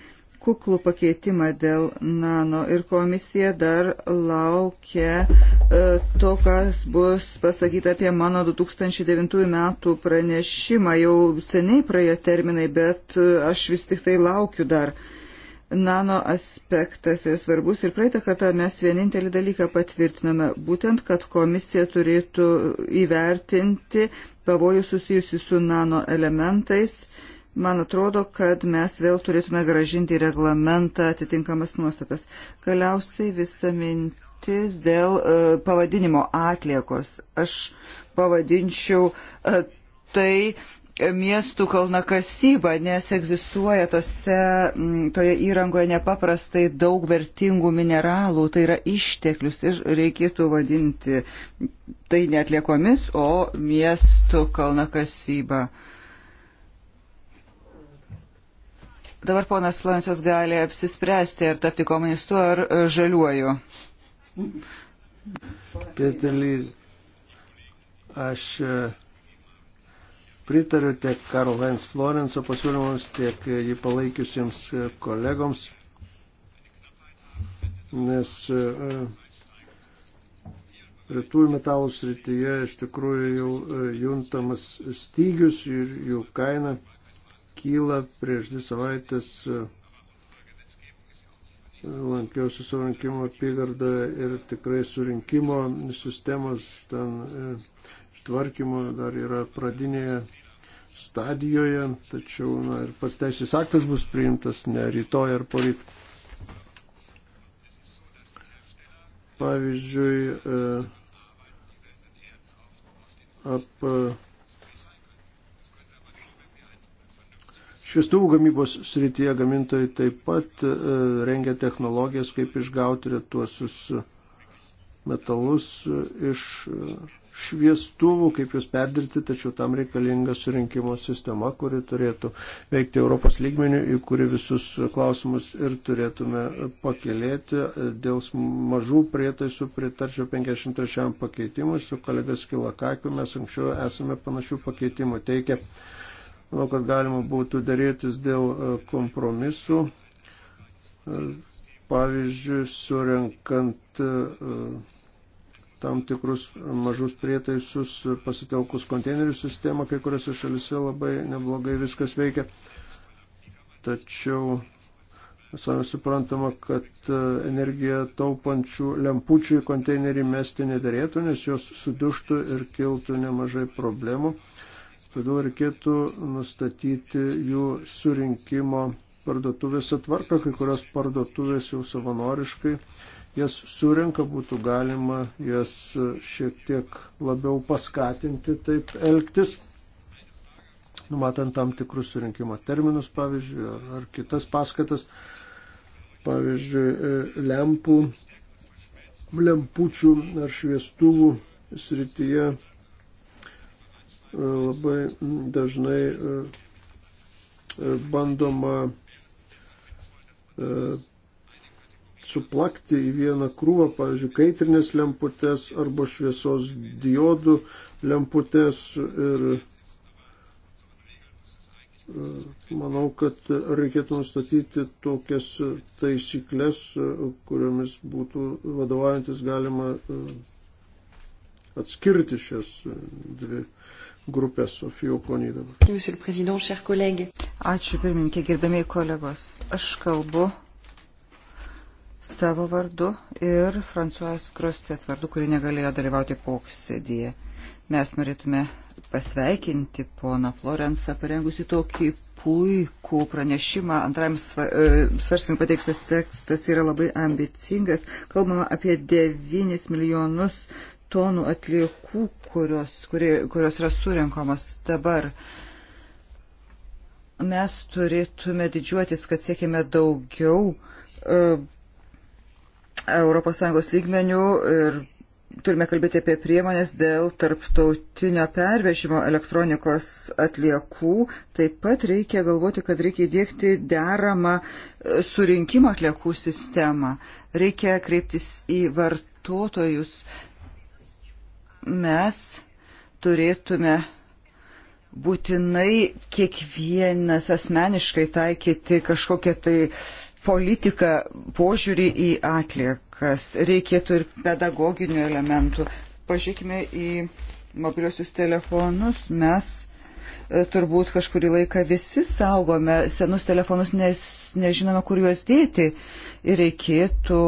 kuklų pakeitimą dėl nano ir komisija dar laukia e, to, kas bus pasakyta apie mano 2009 metų pranešimą. Jau seniai praėjo terminai, bet e, aš vis tik tai laukiu dar. Uh, nano aspektas yra svarbus ir praeitą kartą mes vienintelį dalyką patvirtiname, būtent, kad komisija turėtų įvertinti pavojų susijusi su nano elementais. Man atrodo, kad mes vėl turėtume gražinti į reglamentą atitinkamas nuostatas. Galiausiai visa mintis dėl uh, pavadinimo atliekos. Aš pavadinčiau uh, tai uh, miestų kalnakasybą, nes egzistuoja tose, toje įrangoje nepaprastai daug vertingų mineralų, tai yra išteklius ir reikėtų vadinti tai netliekomis, o miestų kalnakasybą. Dabar ponas Lansas gali apsispręsti, ar tapti komunistu, ar e, žaliuoju. Pietelį, aš. Uh pritariu tiek Karl Heinz Florenco pasiūlymams, tiek jį palaikiusiems kolegoms, nes e, retųjų metalų srityje iš tikrųjų jau e, juntamas stygius ir jų kaina kyla prieš dvi savaitės. E, lankiausi surinkimo apygardoje ir tikrai surinkimo sistemos ten ištvarkymo dar yra pradinėje stadijoje, tačiau na, ir pats teisės aktas bus priimtas ne rytoj ar poryt. Pavyzdžiui, e, ap e, Šviestuvų gamybos srityje gamintojai taip pat e, rengia technologijas, kaip išgauti retuosius metalus iš šviestuvų, kaip jūs perdirbti, tačiau tam reikalinga surinkimo sistema, kuri turėtų veikti Europos lygmenių, į kuri visus klausimus ir turėtume pakelėti. Dėl mažų prietaisų pritarčiau 53 pakeitimui su kolegas Kilakakiu, mes anksčiau esame panašių pakeitimų teikę. Manau, kad galima būtų darytis dėl kompromisų pavyzdžiui, surinkant uh, tam tikrus mažus prietaisus pasitelkus konteinerių sistemą, kai kuriuose šalise labai neblogai viskas veikia. Tačiau visame suprantama, kad e, energiją taupančių lempučių į konteinerį mesti nederėtų, nes jos suduštų ir kiltų nemažai problemų. Todėl reikėtų nustatyti jų surinkimo parduotuvėse tvarką, kai kurios parduotuvės jau savanoriškai uh, jas surenka, būtų galima jas šiek tiek labiau paskatinti taip elgtis, numatant tam tikrus surinkimo terminus, pavyzdžiui, ar, ar kitas paskatas, pavyzdžiui, e, lempų, lempučių ar šviestuvų srityje e, labai dažnai e, bandoma suplakti į vieną krūvą, pavyzdžiui, kaitrinės lemputės arba šviesos diodų lemputės ir e, manau, kad reikėtų nustatyti tokias taisyklės, e, kuriomis būtų vadovaujantis galima e, atskirti šias dvi grupės Sofijų Konydavas. Ačiū pirmininkė, gerbėmiai kolegos. Aš kalbu savo vardu ir Fransuas Grostet vardu, kuri negalėjo dalyvauti posėdėje. Mes norėtume pasveikinti poną Florensą, parengusi tokį puikų pranešimą. Antrajam e, svarstymui pateikstas tekstas yra labai ambicingas. Kalbama apie 9 milijonus tonų atliekų, kurios, kurie, kurios yra surinkamos dabar. Mes turėtume didžiuotis, kad siekime daugiau. Uh, ES lygmenių ir turime kalbėti apie priemonės dėl tarptautinio pervežimo elektronikos atliekų. Taip pat reikia galvoti, kad reikia įdėkti deramą e, surinkimo atliekų sistemą. Reikia kreiptis į vartotojus. Mes turėtume būtinai kiekvienas asmeniškai taikyti kažkokią tai uh, politiką, požiūrį į atliekas. Reikėtų ir pedagoginių elementų. Pažiūrėkime į mobiliosius telefonus. Mes e, turbūt kažkurį laiką visi saugome senus telefonus, nes nežinome, kur juos dėti. Ir reikėtų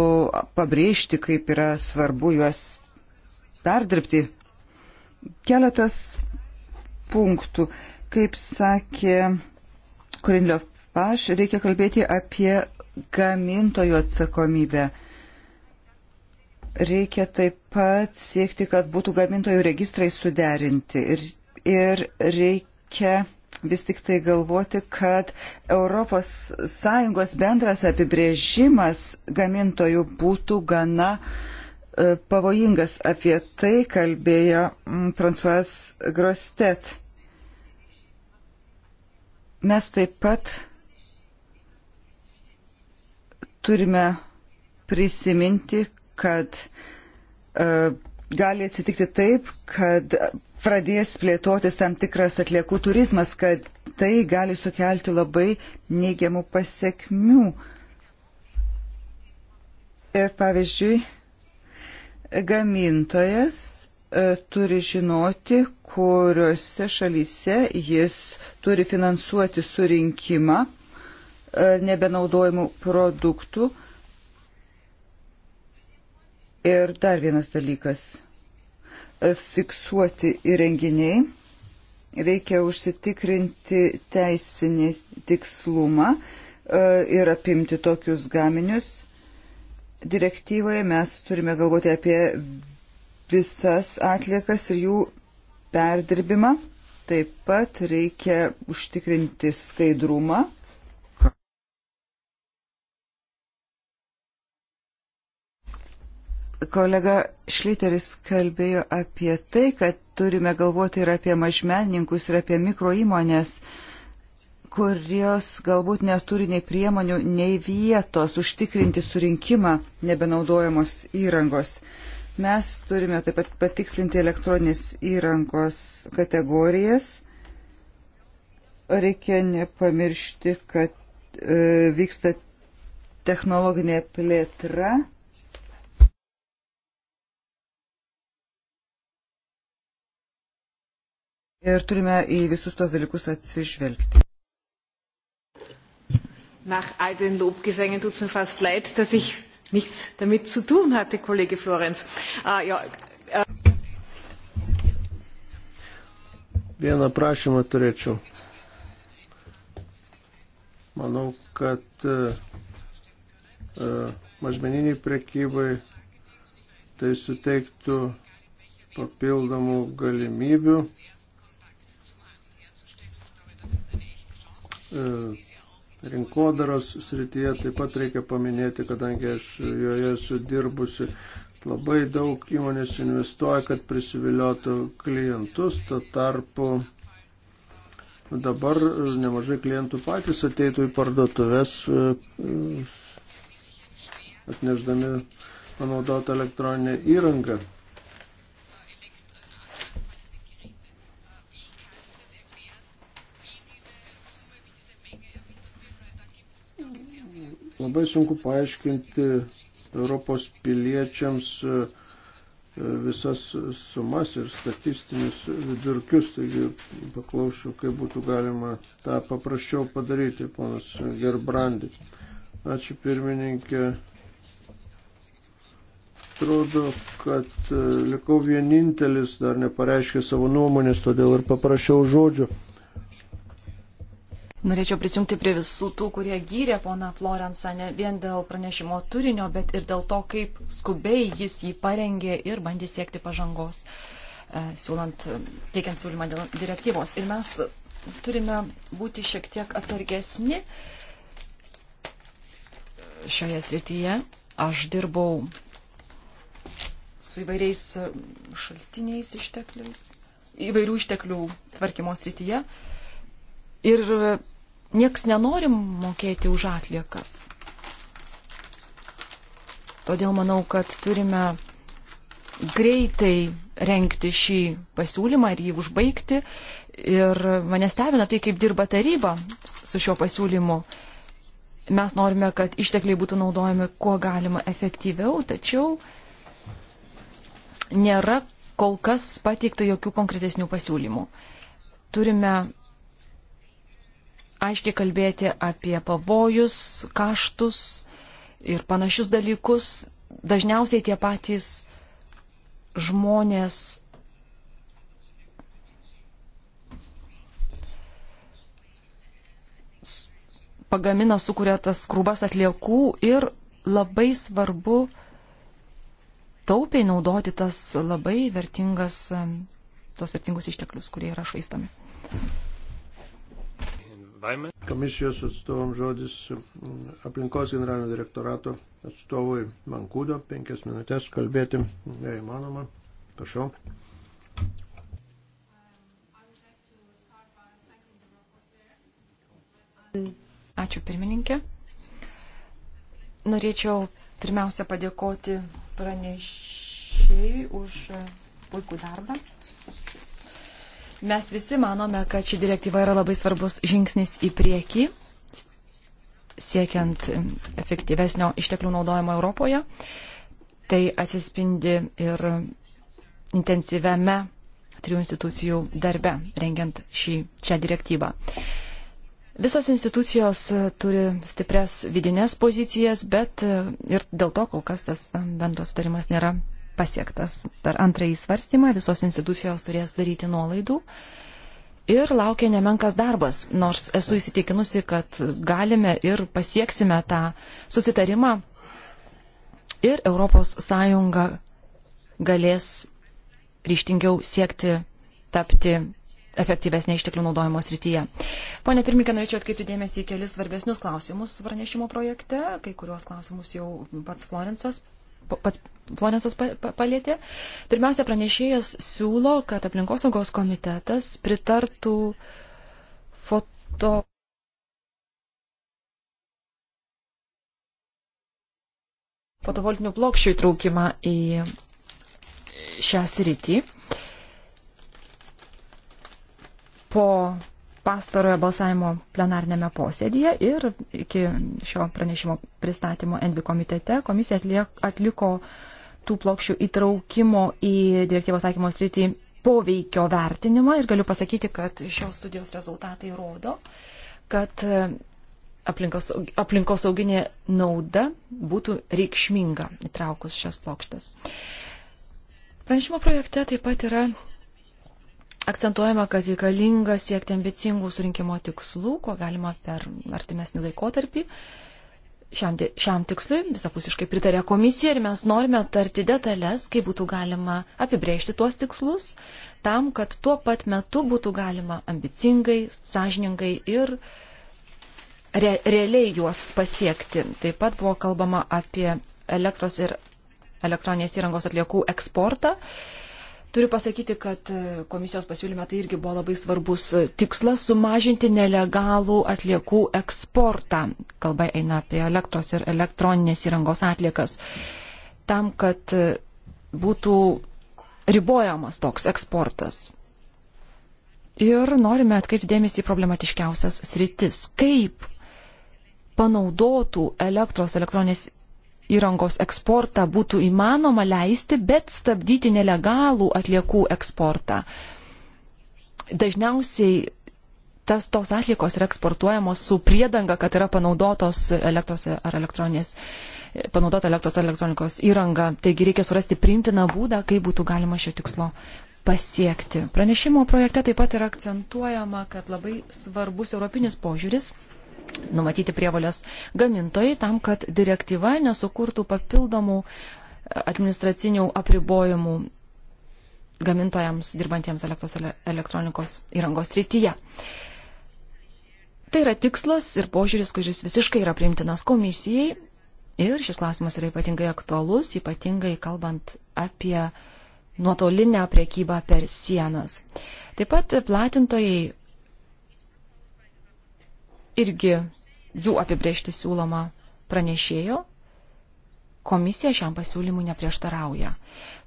pabrėžti, kaip yra svarbu juos perdirbti. Keletas punktų. Kaip sakė Korinlio Paš, reikia kalbėti apie gamintojų atsakomybę. Reikia taip pat siekti, kad būtų gamintojų registrai suderinti ir, ir reikia vis tik tai galvoti, kad ES bendras apibrėžimas gamintojų būtų gana e, pavojingas. Apie tai kalbėjo mm, Fransuas Grostet. Mes taip pat turime prisiminti, kad e, gali atsitikti taip, kad pradės plėtotis tam tikras atliekų turizmas, kad tai gali sukelti labai neigiamų pasiekmių. Ir pavyzdžiui, gamintojas e, turi žinoti, kuriuose šalyse jis turi finansuoti surinkimą E, nebenaudojimų produktų. Ir dar vienas dalykas e, - fiksuoti įrenginiai. Reikia užsitikrinti teisinį tikslumą e, ir apimti tokius gaminius. Direktyvoje mes turime galvoti apie visas atliekas ir jų perdirbimą. Taip pat reikia užtikrinti skaidrumą Kolega Šliteris kalbėjo apie tai, kad turime galvoti ir apie mažmenininkus, ir apie mikroįmonės, kurios galbūt neturi nei priemonių, nei vietos užtikrinti surinkimą nebenaudojamos įrangos. Mes turime taip pat patikslinti elektroninės įrangos kategorijas. Reikia nepamiršti, kad e, vyksta technologinė plėtra Ir turime į visus tuos dalykus atsižvelgti. Nach all den Lobgesängen tut es mir fast leid, dass ich nichts damit zu tun hatte, Kollege Florenz. Uh, ja, uh. Vieną prašymą turėčiau. Manau, kad uh, mažmeniniai prekybai tai suteiktų papildomų galimybių E, rinkodaros srityje taip pat reikia paminėti, kadangi aš joje esu dirbusi, labai daug įmonės investuoja, kad prisiviliotų klientus, tuo tarpu dabar e, nemažai klientų patys ateitų į parduotuvės e, atnešdami panaudotą elektroninę įrangą. Labai sunku paaiškinti Europos piliečiams e, e, visas sumas ir statistinius vidurkius, taigi paklausiu, kaip būtų galima tą paprasčiau padaryti, ponas Gerbrandi. Ačiū pirmininkė atrodo, kad e, likau vienintelis, dar nepareiškė savo nuomonės, todėl ir paprašiau žodžio. Norėčiau prisijungti prie visų tų, kurie gyrė poną Florensą ne vien dėl pranešimo turinio, bet ir dėl to, kaip skubiai jis jį parengė ir bandė siekti pažangos, e, siūlant, teikiant siūlymą dėl direktyvos. Ir mes turime būti šiek tiek atsargesni šioje srityje. Aš dirbau su įvairiais šaltiniais ištekliais, įvairių išteklių tvarkymo srityje. Ir nieks nenori mokėti už atliekas. Todėl manau, kad turime greitai renkti šį pasiūlymą ir jį užbaigti. Ir mane stebina tai, kaip dirba taryba su šiuo pasiūlymu. Mes norime, kad ištekliai būtų naudojami kuo galima efektyviau, tačiau nėra kol kas pateikta jokių konkretesnių pasiūlymų. Turime aiškiai kalbėti apie pavojus, kaštus ir panašius dalykus. Dažniausiai tie patys žmonės pagamina, sukuria tas krūvas atliekų ir labai svarbu taupiai naudoti tas labai vertingas, tos vertingus išteklius, kurie yra švaistomi. Environment. Komisijos atstovam žodis aplinkos generalinio direktorato atstovui Mankūdo, penkias minutės kalbėti, jei įmanoma. Prašau. Ačiū pirmininkė. Norėčiau pirmiausia padėkoti pranešėjai už puikų darbą. Mes visi manome, kad ši direktyva yra labai svarbus žingsnis į priekį, siekiant efektyvesnio išteklių naudojimo Europoje. Tai atsispindi ir intensyviame trijų institucijų darbe, rengiant šį, šią direktyvą. Visos institucijos turi stiprias vidinės pozicijas, bet ir dėl to kol kas tas bendros sutarimas nėra pasiektas per antrąjį svarstymą, visos institucijos turės daryti nuolaidų. Ir laukia nemenkas darbas, nors esu įsitikinusi, kad galime ir pasieksime tą susitarimą ir ES galės ryštingiau siekti tapti efektyvesnė išteklių naudojimo srityje. Pone pirmininkė, norėčiau atkreipti dėmesį į kelis svarbesnius klausimus pranešimo projekte, kai kuriuos klausimus jau pats Florencas pats Flonesas palėtė. Pirmiausia, pranešėjas siūlo, kad aplinkosaugos komitetas pritartų foto. fotovoltinių plokščių įtraukimą į šią sritį. Po pastarojo balsavimo plenarnėme posėdėje ir iki šio pranešimo pristatymo NB komitete komisija atliek, atliko tų plokščių įtraukimo į direktyvos taikymo sritį poveikio vertinimą ir galiu pasakyti, kad šios studijos rezultatai rodo, kad e, aplinkos, aplinkosauginė nauda būtų reikšminga įtraukus šias plokštas. Pranešimo projekte taip pat yra Akcentuojama, kad reikalinga siekti ambicingų surinkimo tikslų, kuo galima per artimesnį laikotarpį. Šiam, šiam tikslui visapusiškai pritarė komisija ir mes norime aptarti detalės, kaip būtų galima apibrėžti tuos tikslus, tam, kad tuo pat metu būtų galima ambicingai, sąžiningai ir re, realiai juos pasiekti. Taip pat buvo kalbama apie elektros ir elektroninės įrangos atliekų eksportą. Uh, Turiu pasakyti, kad e, komisijos pasiūlyme tai irgi buvo labai svarbus e, tikslas sumažinti nelegalų atliekų eksportą. Kalba eina apie elektros ir elektroninės įrangos atliekas. Tam, kad e, būtų ribojamas toks eksportas. Ir norime atkreipti dėmesį į problematiškiausias sritis. Kaip panaudotų elektros, elektroninės įrangos eksportą būtų įmanoma leisti, bet stabdyti nelegalų atliekų eksportą. Dažniausiai tas tos atliekos yra eksportuojamos su priedanga, kad yra panaudotos elektros ar elektroninės panaudota elektros ar elektronikos įranga. Taigi reikia surasti priimtiną būdą, kaip būtų galima šio tikslo pasiekti. Pranešimo projekte taip pat yra akcentuojama, kad labai svarbus europinis požiūris numatyti prievalės gamintojai tam, kad direktyva nesukurtų papildomų administracinių apribojimų gamintojams dirbantiems elektros elektronikos įrangos srityje. Tai yra tikslas ir požiūris, kuris visiškai yra priimtinas komisijai ir šis klausimas yra ypatingai aktualus, ypatingai kalbant apie nuotolinę priekybą per sienas. Taip pat platintojai irgi jų apibriežti siūloma pranešėjo, komisija šiam pasiūlymui neprieštarauja.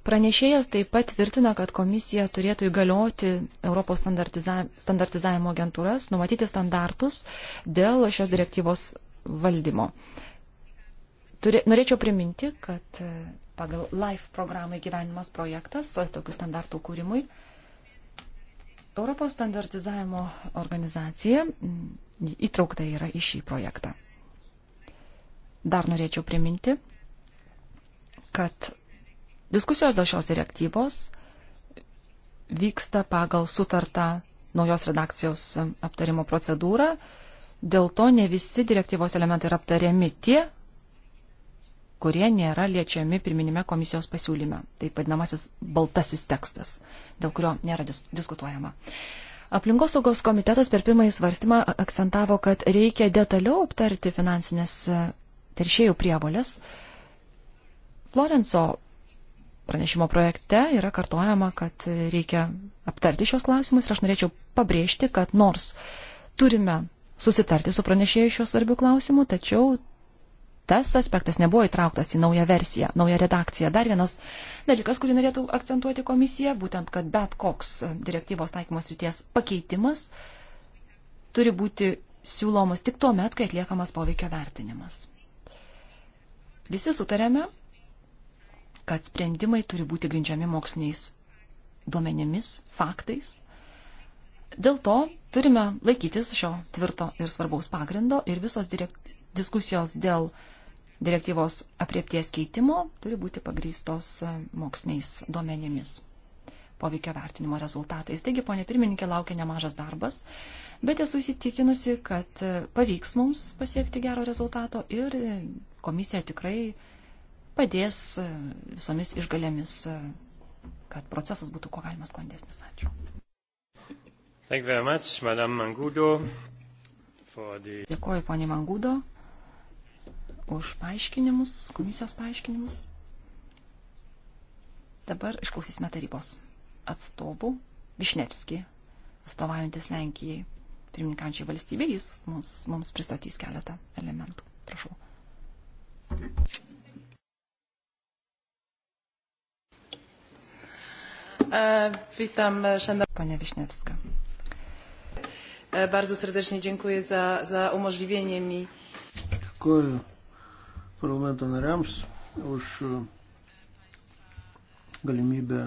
Pranešėjas taip pat tvirtina, kad komisija turėtų įgalioti Europos standartizavimo agentūras, numatyti standartus dėl šios direktyvos valdymo. Turė, norėčiau priminti, kad e, pagal LIFE programai gyvenimas projektas e, tokių standartų kūrimui Europos standartizavimo organizacija įtraukta yra į šį projektą. Dar norėčiau priminti, kad diskusijos dėl šios direktyvos vyksta pagal sutartą naujos redakcijos aptarimo procedūrą. Dėl to ne visi direktyvos elementai yra aptariami tie, kurie nėra liečiami pirminime komisijos pasiūlyme. Taip vadinamasis baltasis tekstas, dėl kurio nėra dis diskutuojama. Aplinkosaugos komitetas per pirmąjį svarstymą akcentavo, kad reikia detaliau aptarti finansinės e, teršėjų prievolės. Florenco pranešimo projekte yra kartojama, kad reikia aptarti šios klausimus ir aš norėčiau pabrėžti, kad nors turime susitarti su pranešėjais šios svarbių klausimų, tačiau tas aspektas nebuvo įtrauktas į naują versiją, naują redakciją. Dar vienas dalykas, kurį norėtų akcentuoti komisija, būtent, kad bet koks direktyvos taikymos ryties pakeitimas turi būti siūlomas tik tuo met, kai atliekamas poveikio vertinimas. Visi sutarėme, kad sprendimai turi būti grindžiami moksliniais duomenimis, faktais. Dėl to turime laikytis šio tvirto ir svarbaus pagrindo ir visos direkt diskusijos dėl direktyvos apriepties keitimo turi būti pagrystos e, moksliniais duomenimis poveikio vertinimo rezultatais. Taigi, ponė pirmininkė, laukia nemažas darbas, bet esu įsitikinusi, kad e, pavyks mums pasiekti gero rezultato ir e, komisija tikrai padės visomis išgalėmis, kad procesas būtų kuo galima sklandesnis. Ačiū. Much, the... Dėkuoju, ponė Mangudo, už paaiškinimus, komisijos paaiškinimus. Dabar išklausysime tarybos atstovų Višnevski, atstovaujantis Lenkijai, pirmininkančiai valstybė, jis mums, mums pristatys keletą elementų. Prašau. E, witam e, szanowni. Panie Wiśniewska. E, bardzo serdecznie dziękuję za, za umożliwienie mi. Dziękuję parlamento nariams už e, galimybę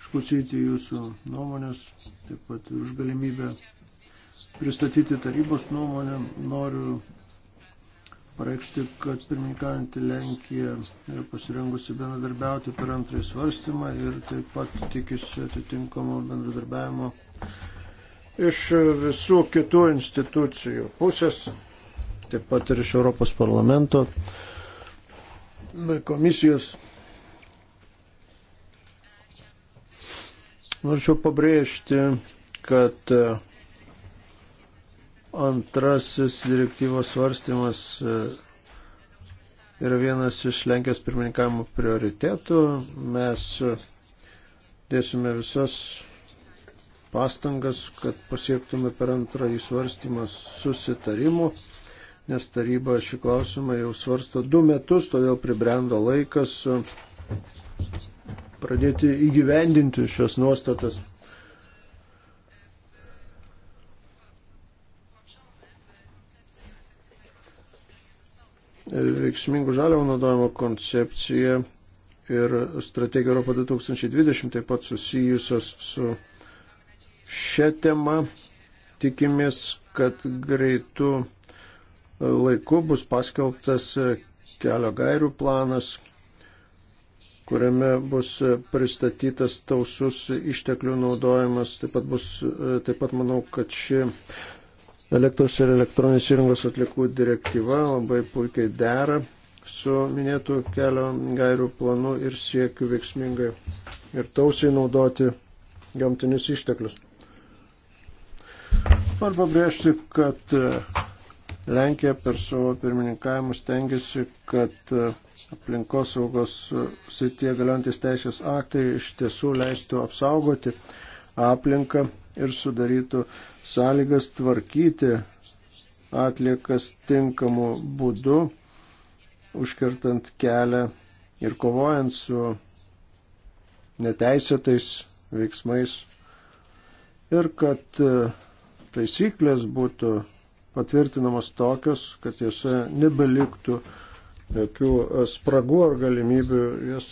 išklausyti jūsų nuomonės, taip pat ir už galimybę pristatyti tarybos nuomonę. Noriu pareikšti, kad pirmininkaujantį Lenkiją yra pasirengusi bendradarbiauti per antrąjį svarstymą ir taip pat tikisi atitinkamo bendradarbiavimo iš visų kitų institucijų pusės, taip pat ir iš Europos parlamento komisijos. Norėčiau pabrėžti, kad e, antrasis direktyvos svarstymas e, yra vienas iš Lenkijos pirmininkavimo prioritėtų. Mes e, dėsime visas pastangas, kad pasiektume per antrąjį svarstymą susitarimų nes taryba šį klausimą jau svarsto du metus, todėl pribrendo laikas e, pradėti įgyvendinti šios nuostatas. Veiksmingų žaliavų naudojimo koncepcija ir strategija Europa 2020 taip pat susijusios su šia tema. Tikimės, kad greitų laiku bus paskelbtas kelio gairių planas, kuriame bus pristatytas tausus išteklių naudojimas. Taip pat, bus, taip pat manau, kad ši elektros ir elektroninės įrangos atlikų direktyva labai puikiai dera su minėtų kelio gairių planu ir siekiu veiksmingai ir tausiai naudoti gamtinius išteklius. Noriu pabrėžti, kad Lenkija per savo pirmininkavimą stengiasi, kad e, aplinkos saugos e, sitie galiantis teisės aktai iš tiesų leistų apsaugoti aplinką ir sudarytų sąlygas tvarkyti atliekas tinkamu būdu, užkirtant kelią ir kovojant su neteisėtais veiksmais ir kad e, taisyklės būtų patvirtinamos tokios, kad jose nebeliktų jokių e, spragų ar galimybių jas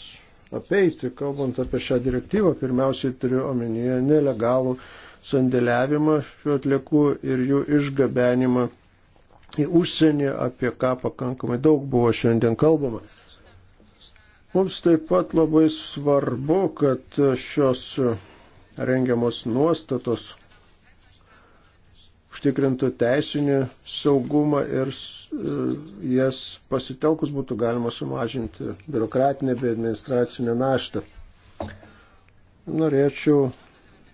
apeiti. Kalbant apie šią direktyvą, pirmiausiai turiu omenyje nelegalų sandėliavimą šių atliekų ir jų išgabenimą į užsienį, apie ką pakankamai daug buvo šiandien kalbama. Mums taip pat labai svarbu, kad šios rengiamos nuostatos užtikrintų teisinį saugumą ir e, jas pasitelkus būtų galima sumažinti biurokratinę bei administracinę naštą. Norėčiau,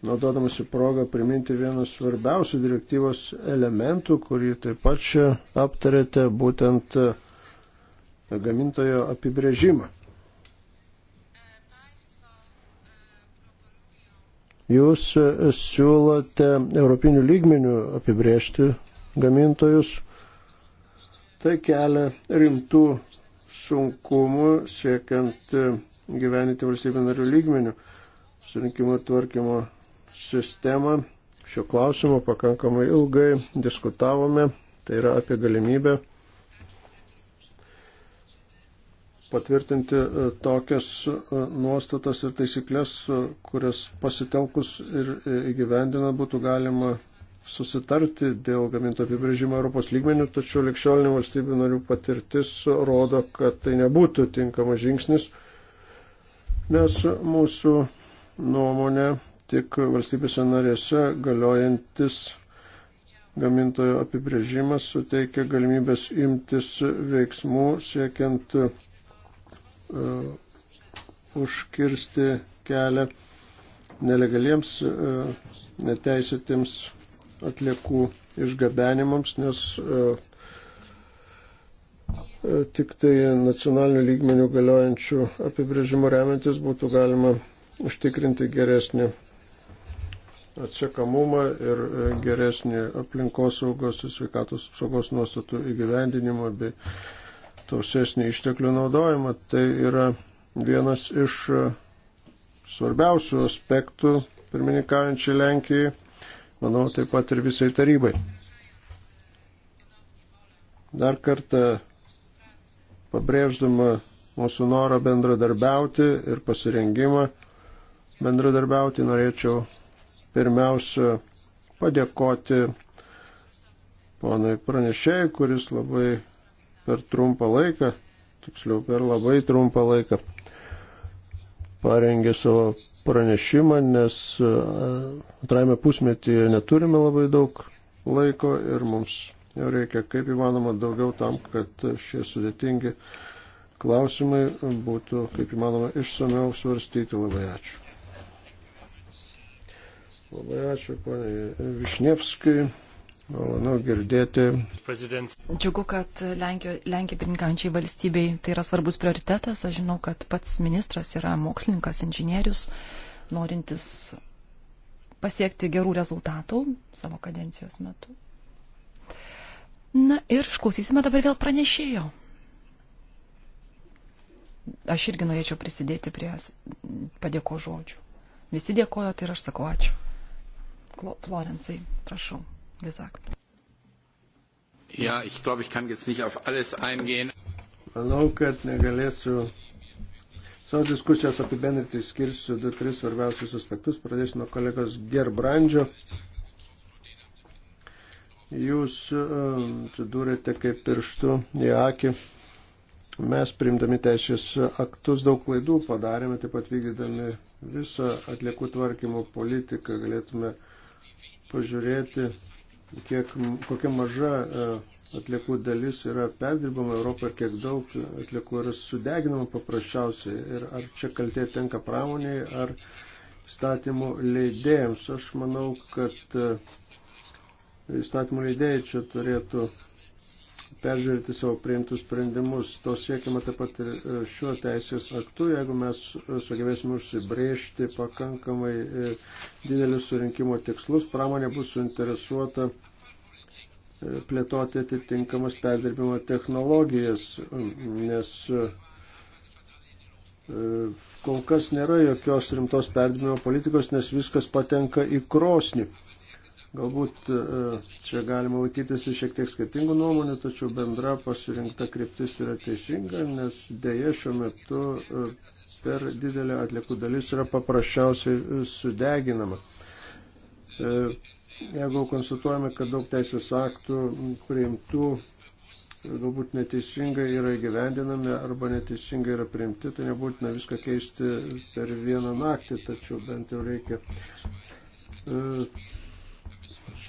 naudodamasi progą, priminti vieną svarbiausių direktyvos elementų, kurį taip pat čia aptarėte, būtent e, gamintojo apibrėžimą. Jūs e, siūlote europinių lygmenių apibrėžti gamintojus. Tai kelia rimtų sunkumų siekiant e, gyveninti valstybių narių lygmenių surinkimo tvarkymo sistemą. Šio klausimo pakankamai ilgai diskutavome, tai yra apie galimybę patvirtinti e, tokias e, nuostatas ir taisyklės, e, kurias pasitelkus ir įgyvendina būtų galima susitarti dėl gaminto apibrėžimo Europos lygmenių, tačiau likščiolinė valstybių narių patirtis rodo, kad tai nebūtų tinkamas žingsnis, nes mūsų nuomonė tik valstybėse narėse galiojantis gamintojo apibrėžimas suteikia galimybės imtis veiksmų siekiant E, užkirsti kelią nelegaliems e, neteisėtiems atliekų išgabenimams, nes e, tik tai nacionalinių lygmenių galiojančių apibrėžimų remiantis būtų galima užtikrinti geresnį atsiekamumą ir geresnį aplinkosaugos ir sveikatos apsaugos nuostatų įgyvendinimą bei tausesnį išteklių naudojimą. Tai yra vienas iš e, svarbiausių aspektų pirmininkaujančiai Lenkijai, manau, taip pat ir visai tarybai. Dar kartą pabrėždama mūsų norą bendradarbiauti ir pasirengimą bendradarbiauti, norėčiau pirmiausia padėkoti ponui pranešėjai, kuris labai per trumpą laiką, tiksliau per labai trumpą laiką, parengė savo pranešimą, nes e, antrajame pusmetyje neturime labai daug laiko ir mums jau reikia kaip įmanoma daugiau tam, kad šie sudėtingi klausimai būtų kaip įmanoma išsameu svarstyti. Labai ačiū. Labai ačiū, poniai Višnievskai. Malonu girdėti. Džiugu, kad Lenkija pirinkančiai valstybei tai yra svarbus prioritetas. Aš žinau, kad pats ministras yra mokslininkas, inžinierius, norintis pasiekti gerų rezultatų savo kadencijos metu. Na ir išklausysime dabar vėl pranešėjo. Aš irgi norėčiau prisidėti prie padėko žodžių. Visi dėkojo, tai ir aš sakau ačiū. Florencai, prašau gesagt. Ja, ich glaube, ich kann jetzt nicht auf alles eingehen. Manau, kad negalėsiu savo diskusijos apibendrinti, skirsiu du, tris svarbiausius aspektus. Pradėsiu nuo kolegos Gerbrandžio. Jūs um, atsidūrėte kaip pirštu į akį mes priimdami teisės aktus daug klaidų padarėme, taip pat vykdydami visą atliekų tvarkymo politiką galėtume pažiūrėti, kiek, kokia maža e, atliekų dalis yra perdirbama Europoje ir kiek daug atliekų yra sudeginama paprasčiausiai. Ir ar čia kaltė tenka pramoniai, ar statymų leidėjams. Aš manau, kad e, įstatymų leidėjai čia turėtų peržiūrėti savo priimtus sprendimus. To siekiama taip pat ir e, šiuo teisės aktu, jeigu mes e, sugebėsime užsibriežti pakankamai e, didelius surinkimo tikslus, pramonė bus suinteresuota plėtoti atitinkamas perdirbimo technologijas, nes kol kas nėra jokios rimtos perdirbimo politikos, nes viskas patenka į krosnį. Galbūt e, čia galima laikytis ir šiek tiek skirtingų nuomonių, tačiau bendra pasirinkta kryptis yra teisinga, nes dėja šiuo metu e, per didelė atliekų dalis yra paprasčiausiai e, sudeginama. Jeigu konsultuojame, kad daug teisės aktų priimtų galbūt neteisingai yra įgyvendinami arba neteisingai yra priimti, tai nebūtina viską keisti per vieną naktį, tačiau bent jau reikia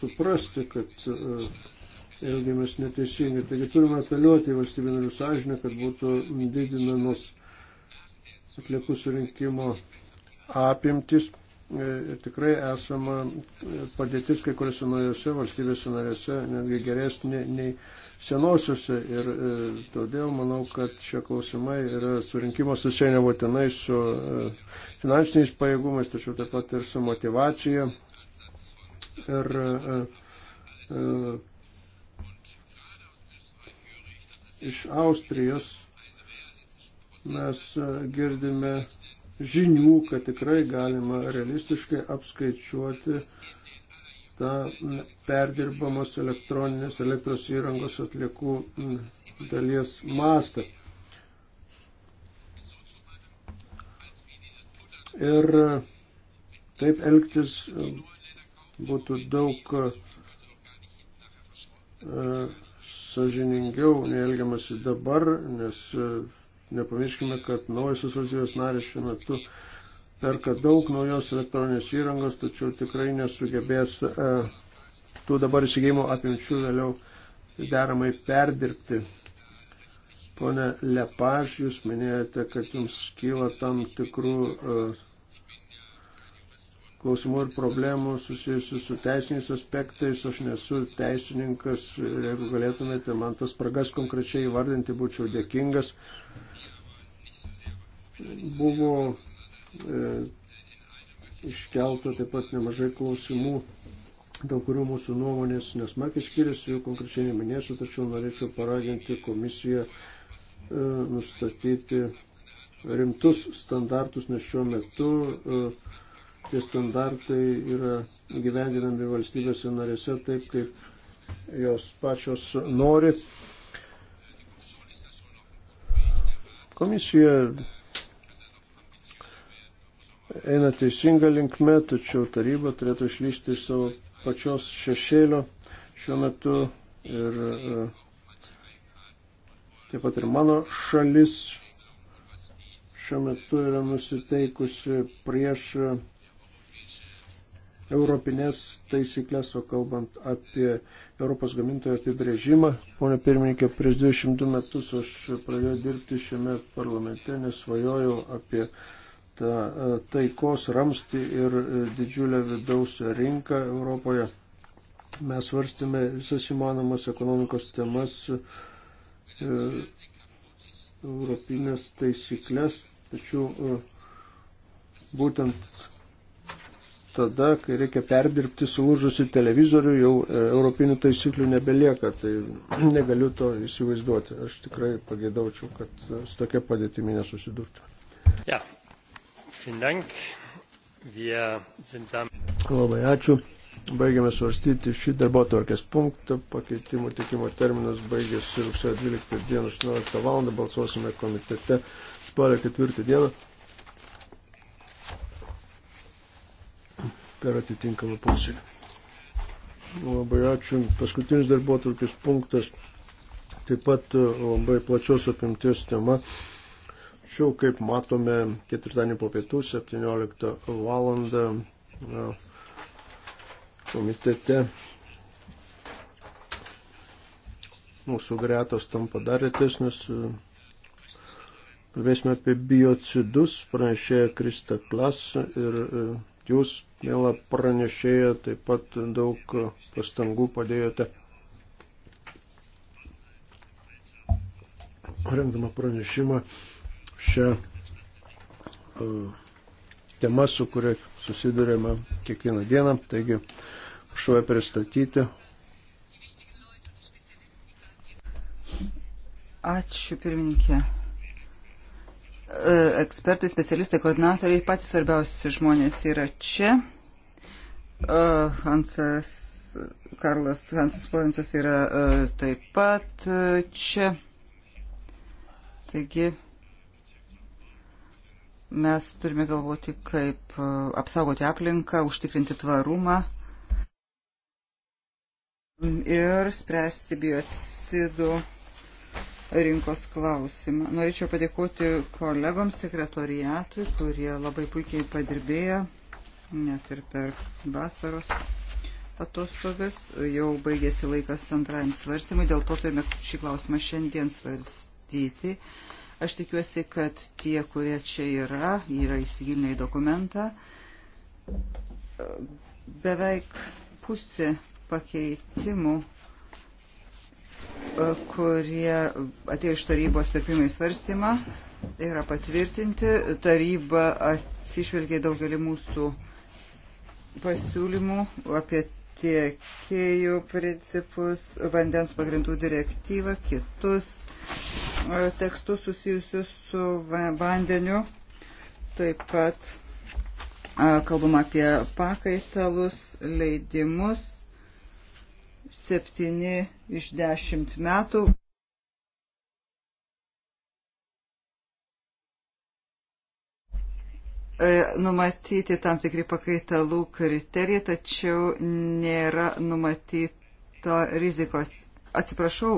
suprasti, kad e, elgiamės neteisingai. Taigi turime apeliuoti į valstybę narių sąžinę, kad būtų didinamos atliekų surinkimo apimtis. E, ir tikrai esama e, padėtis kai kuriuose naujose valstybėse narėse netgi geresnė nei senosiuose. Ir todėl manau, kad šie klausimai yra surinkimo susiję nebūtinai su finansiniais pajėgumais, tačiau taip pat ir su motivacija ir e, e, iš Austrijos mes e, girdime žinių, kad tikrai galima realistiškai apskaičiuoti tą perdirbamos elektroninės elektros įrangos atliekų dalies mastą. Ir taip elgtis būtų daug e, sažiningiau neelgiamasi dabar, nes e, nepamirškime, kad naujosios valstybės narės šiuo metu perka daug naujos elektroninės įrangos, tačiau tikrai nesugebės e, tų dabar įsigijimo apimčių vėliau deramai perdirbti. Pone Lepaš, jūs minėjote, kad jums kyla tam tikrų uh, klausimų ir problemų susijusių su teisiniais aspektais. Aš nesu teisininkas ir jeigu galėtumėte man tas spragas konkrečiai įvardinti, būčiau dėkingas. Buvo e, iškelta taip pat nemažai klausimų dėl kurių mūsų nuomonės nesmarkiai skiriasi, jų konkrečiai neminėsiu, tačiau norėčiau paraginti komisiją e, nustatyti rimtus standartus, nes šiuo metu e, tie standartai yra gyvendinami valstybėse narėse taip, kaip jos pačios nori. Komisija eina teisinga linkme, tačiau taryba turėtų išlysti iš savo pačios šešėlio šiuo metu ir e, taip pat ir mano šalis šiuo metu yra nusiteikusi prieš europinės taisyklės, o kalbant apie Europos gamintojo apibrėžimą. Pone pirmininkė, prieš 22 metus aš pradėjau dirbti šiame parlamente, nesvajojau apie tą e, taikos ramsti ir e, didžiulę vidaus rinką Europoje. Mes svarstėme visas įmanomas ekonomikos temas, e, europinės taisyklės, tačiau e, būtent tada, kai reikia perdirbti sulūžusių televizorių, jau e, europinių taisyklių nebelieka. Tai *clears throat* negaliu to įsivaizduoti. Aš tikrai pagėdaučiau, kad e, su tokia padėtimi nesusidurtų. Ja. Labai ačiū. Baigiame svarstyti šį darbo tvarkės punktą. Pakeitimų tikimo terminas baigėsi rugsėjo 12 dieną 18 val. Balsuosime komitete spalio 4 dieną. per atitinkamą posėdį. Labai ačiū. Paskutinis darbuotrukis punktas taip pat e, labai plačios apimties tema. Šiau, kaip matome, ketvirtadienį po pietų 17 valandą e, komitete mūsų gretos tampa dar retesnis. E, kalbėsime apie biocidus, pranešėja Krista Klas ir Jūs, mėla pranešėja, taip pat daug pastangų padėjote rengdama pranešimą šią e, temą, su kuria susidurėme kiekvieną dieną. Taigi, prašau ją pristatyti. Ačiū pirmininkė. E, ekspertai, specialistai, koordinatoriai, patys svarbiausi žmonės yra čia. E, Hansas, Karlas Hansas Florensas yra e, taip pat čia. Taigi mes turime galvoti, kaip apsaugoti aplinką, užtikrinti tvarumą ir spręsti biocidų rinkos klausimą. Norėčiau padėkoti kolegoms sekretoriatui, kurie labai puikiai padirbėjo, net ir per vasaros atostogas. Jau baigėsi laikas antrajam svarstymui, dėl to turime šį klausimą šiandien svarstyti. Aš tikiuosi, kad tie, kurie čia yra, yra įsigilinę į dokumentą. Beveik pusė pakeitimų E, kurie atėjo iš tarybos per pirmąjį svarstymą, tai yra patvirtinti. Taryba atsižvelgia daugelį mūsų pasiūlymų apie tiekėjų principus, vandens pagrindų direktyvą, kitus e, tekstus susijusius su vandeniu. Taip pat e, kalbam apie pakaitalus, leidimus, septyni iš dešimt metų. E, numatyti tam tikri pakaitalų kriterijai, tačiau nėra numatyto rizikos. Atsiprašau,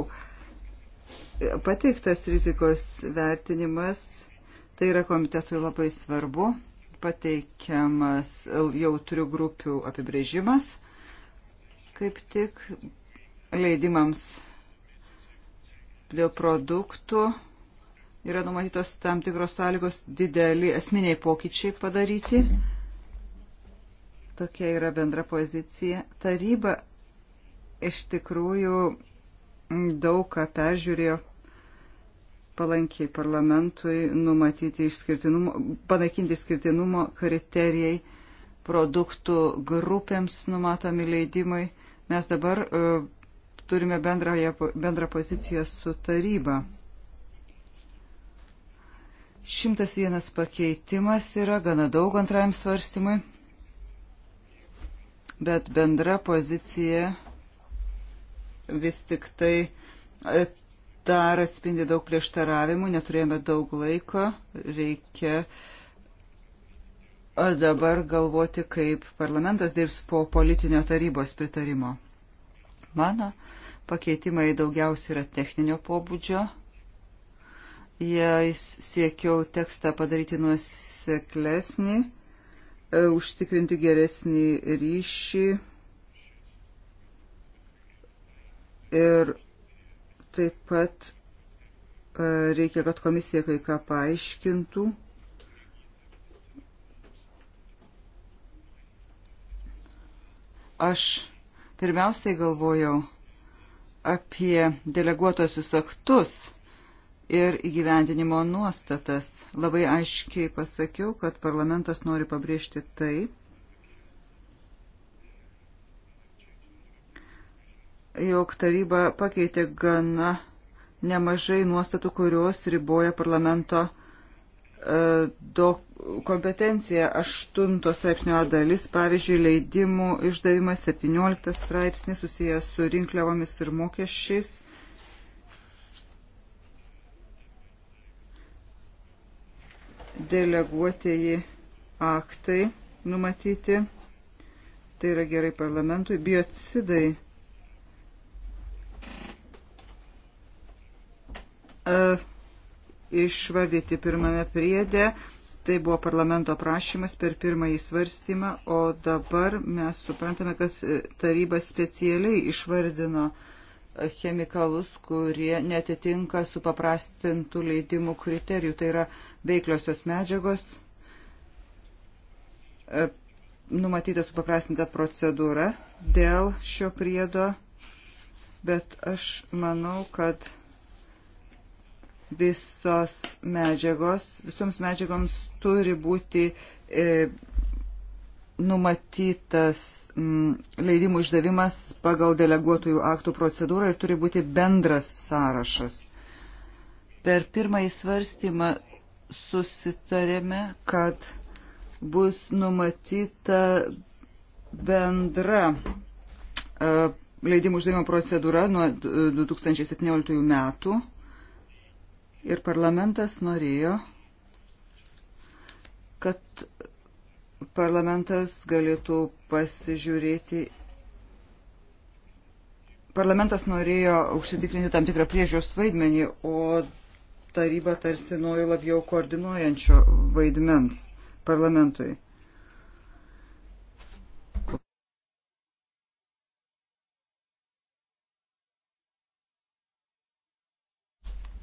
pateiktas rizikos vertinimas, tai yra komitetui labai svarbu, pateikiamas jautrių grupių apibrėžimas kaip tik leidimams dėl produktų yra numatytos tam tikros sąlygos dideli esminiai pokyčiai padaryti. Tokia yra bendra pozicija. Taryba iš tikrųjų daug ką peržiūrėjo palankiai parlamentui numatyti išskirtinumo, panaikinti išskirtinumo kriterijai, produktų grupėms numatomi leidimai. Mes dabar e, turime bendrąją, bendrą poziciją su taryba. 101 pakeitimas yra gana daug antrajam svarstymui, bet bendra pozicija vis tik tai e, dar atspindi daug prieštaravimų, neturėjome daug laiko, reikia e, dabar galvoti, kaip parlamentas dirbs po politinio tarybos pritarimo. Mano Pakeitimai daugiausiai yra techninio pobūdžio. Jais siekiau tekstą padaryti nuoseklesnį, e, užtikrinti geresnį ryšį ir taip pat e, reikia, kad komisija kai ką paaiškintų. Aš pirmiausiai galvojau apie deleguotosius aktus ir įgyvendinimo nuostatas. Labai aiškiai pasakiau, kad parlamentas nori pabrėžti tai, jog taryba pakeitė gana nemažai nuostatų, kurios riboja parlamento e, dok kompetencija 8 straipsnio dalis, pavyzdžiui, leidimų išdavimas 17 straipsnis susijęs su rinkliavomis ir mokesčiais. Deleguotieji aktai numatyti, tai yra gerai parlamentui, biocidai. Uh, išvardyti pirmame priedė, uh, Tai buvo parlamento prašymas per pirmąjį svarstymą, o dabar mes suprantame, kad taryba specialiai išvardino chemikalus, kurie netitinka su paprastintų leidimų kriterijų. Tai yra veikliosios medžiagos, e, numatyta supaprastinta procedūra dėl šio priedo, bet aš manau, kad Visos medžiagos, visoms medžiagoms turi būti e, numatytas m, mm, leidimų išdavimas pagal deleguotųjų aktų procedūrą ir turi būti bendras sąrašas. Per pirmąjį svarstymą susitarėme, kad bus numatyta bendra e, leidimų išdavimo procedūra nuo 2017 metų ir parlamentas norėjo, kad parlamentas galėtų pasižiūrėti. Parlamentas norėjo užsitikrinti tam tikrą priežiūros vaidmenį, o taryba tarsi nori labiau koordinuojančio vaidmens parlamentui.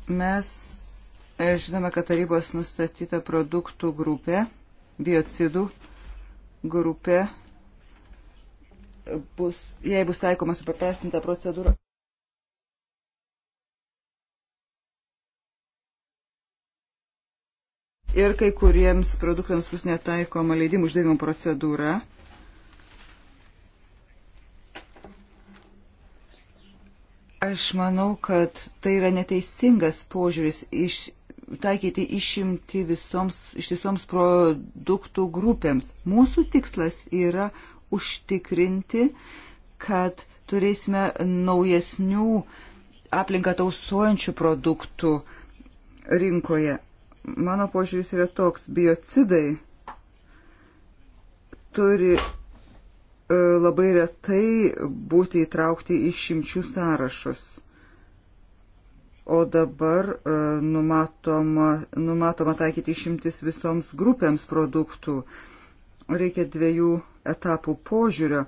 Mes E, žinome, kad tarybos nustatyta produktų grupė, biocidų grupė, bus, jei bus taikoma supaprastinta procedūra. Ir kai kuriems produktams bus netaikoma leidimų uždavimo procedūra. Aš manau, kad tai yra neteisingas požiūris iš taikyti išimti visoms ištisoms produktų grupėms. Mūsų tikslas yra užtikrinti, kad turėsime naujesnių aplinką tausojančių produktų rinkoje. Mano požiūris yra toks, biocidai turi e, labai retai būti įtraukti į šimčių sąrašus o dabar e, numatoma, numatoma taikyti išimtis visoms grupėms produktų. Reikia dviejų etapų požiūrio.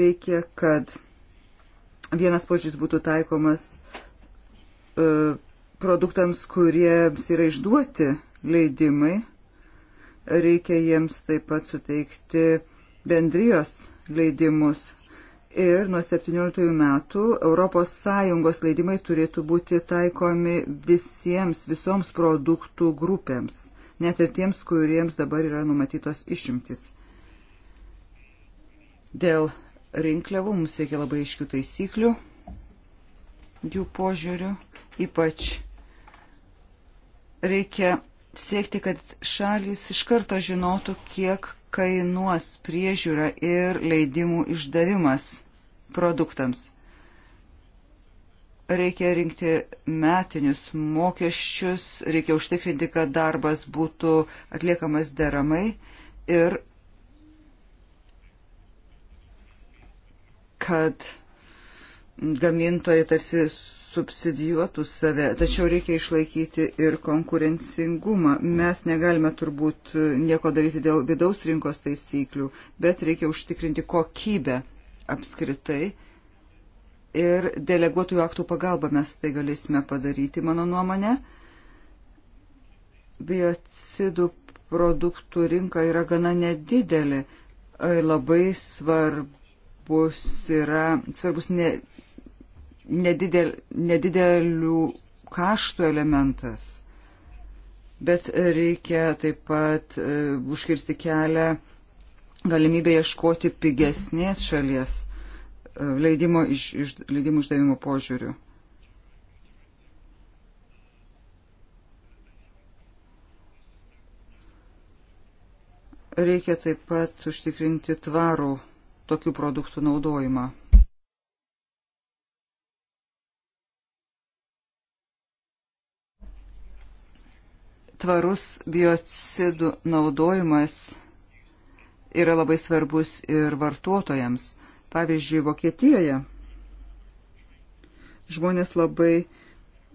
Reikia, kad vienas požiūris būtų taikomas e, produktams, kuriems yra išduoti leidimai. Reikia jiems taip pat suteikti bendrijos leidimus ir nuo 17 metų ES leidimai turėtų būti taikomi visiems, visoms produktų grupėms, net ir tiems, kuriems dabar yra numatytos išimtis. Dėl rinkliavų mums reikia labai iškių taisyklių, jų požiūrių, ypač reikia siekti, kad šalis iš karto žinotų, kiek kainuos priežiūra ir leidimų išdavimas produktams. Reikia rinkti metinius mokesčius, reikia užtikrinti, kad darbas būtų atliekamas deramai ir kad gamintojai tarsi subsidijuotų save, tačiau reikia išlaikyti ir konkurencingumą. Mes negalime turbūt nieko daryti dėl vidaus rinkos taisyklių, bet reikia užtikrinti kokybę apskritai. Ir deleguotųjų aktų pagalba mes tai galėsime padaryti, mano nuomonė. Biocidų produktų rinka yra gana nedidelė. E, labai svarbus yra, svarbus ne, nedidel, nedidelių kaštų elementas. Bet reikia taip pat uh, užkirsti kelią galimybė ieškoti pigesnės šalies e, leidimo, iš, iš, leidimų išdavimo požiūrių. Reikia taip pat užtikrinti tvarų tokių produktų naudojimą. Tvarus biocidų naudojimas yra labai svarbus ir vartotojams. Pavyzdžiui, Vokietijoje žmonės labai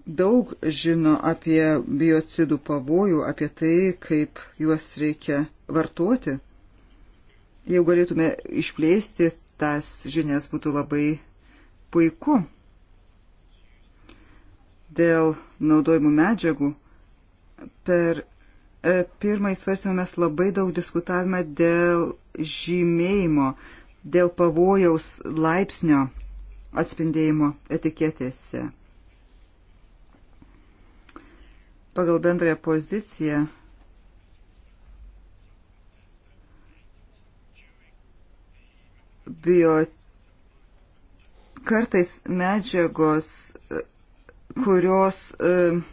daug žino apie biocidų pavojų, apie tai, kaip juos reikia vartoti. Jau galėtume išplėsti tas žinias būtų labai puiku. Dėl naudojimų medžiagų per E, pirmąjį svarstymą mes labai daug diskutavome dėl žymėjimo, dėl pavojaus laipsnio atspindėjimo etiketėse. Pagal bendrąją poziciją bio kartais medžiagos, kurios uh,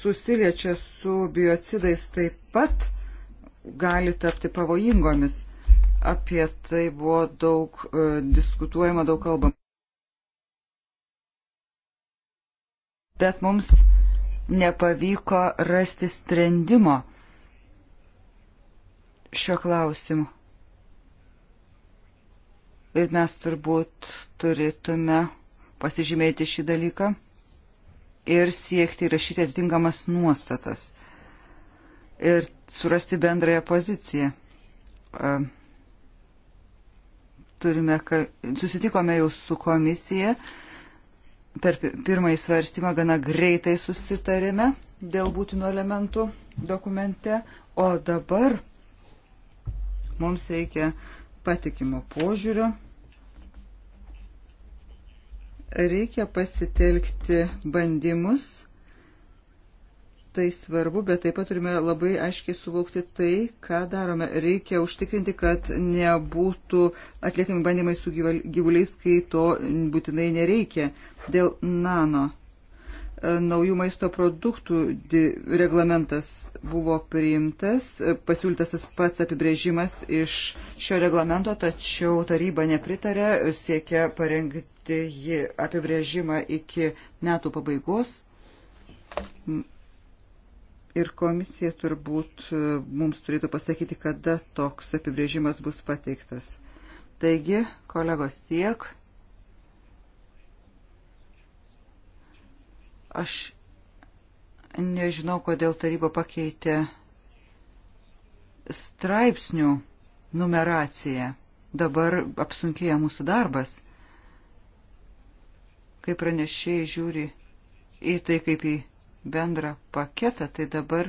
susiliečia su biocidais taip pat gali tapti pavojingomis. Apie tai buvo daug e, diskutuojama, daug kalbama. Bet mums nepavyko rasti sprendimo šio klausimu. Ir mes turbūt turėtume pasižymėti šį dalyką ir siekti įrašyti atitinkamas nuostatas ir surasti bendrąją poziciją. Turime, susitikome jau su komisija, per pirmąjį svarstymą gana greitai susitarėme dėl būtinų elementų dokumente, o dabar mums reikia patikimo požiūrio reikia pasitelkti bandymus. Tai svarbu, bet taip pat turime labai aiškiai suvokti tai, ką darome. Reikia užtikrinti, kad nebūtų atliekami bandymai su gyvuliais, kai to būtinai nereikia. Dėl nano e, naujų maisto produktų reglamentas buvo priimtas, e, pasiūlytas tas pats apibrėžimas iš šio reglamento, tačiau taryba nepritarė, siekia parengti pateikti apibrėžimą iki metų pabaigos. Ir komisija turbūt e, mums turėtų pasakyti, kada toks apibrėžimas bus pateiktas. Taigi, kolegos tiek. Aš nežinau, kodėl taryba pakeitė straipsnių numeraciją. Dabar apsunkėja mūsų darbas kai pranešėjai žiūri į tai kaip į bendrą paketą, tai dabar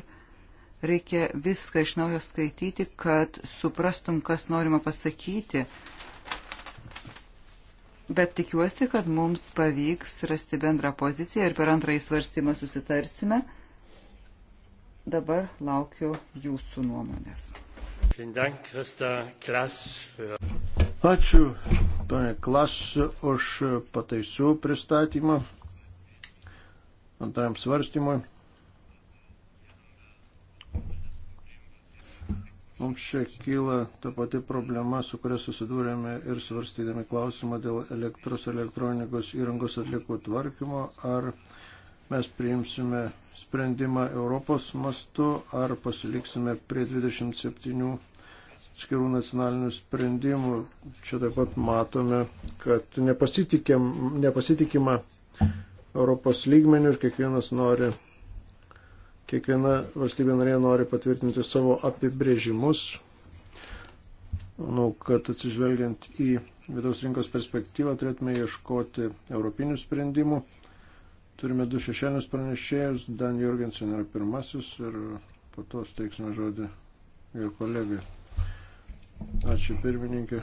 reikia viską iš naujo skaityti, kad suprastum, kas norima pasakyti. Bet tikiuosi, kad mums pavyks rasti bendrą poziciją ir per antrąjį svarstymą susitarsime. Dabar laukiu jūsų nuomonės. Ačiū, pane Klas, už pataisų pristatymą antram svarstymui. Mums čia kyla ta pati problema, su kuria susidūrėme ir svarstydami klausimą dėl elektros elektronikos įrangos atliekų tvarkymo, ar mes priimsime sprendimą Europos mastu, ar pasiliksime prie 27 skirų nacionalinių sprendimų. Čia taip pat matome, kad nepasitikima Europos lygmenių ir kiekvienas nori, kiekviena valstybė narė nori patvirtinti savo apibrėžimus. Manau, kad atsižvelgiant į vidaus rinkos perspektyvą turėtume ieškoti europinių sprendimų. Turime du šešėlius pranešėjus, Dan Jorgensen yra pirmasis ir po to steiksime žodį jo kolegai. Ačiū pirmininkė.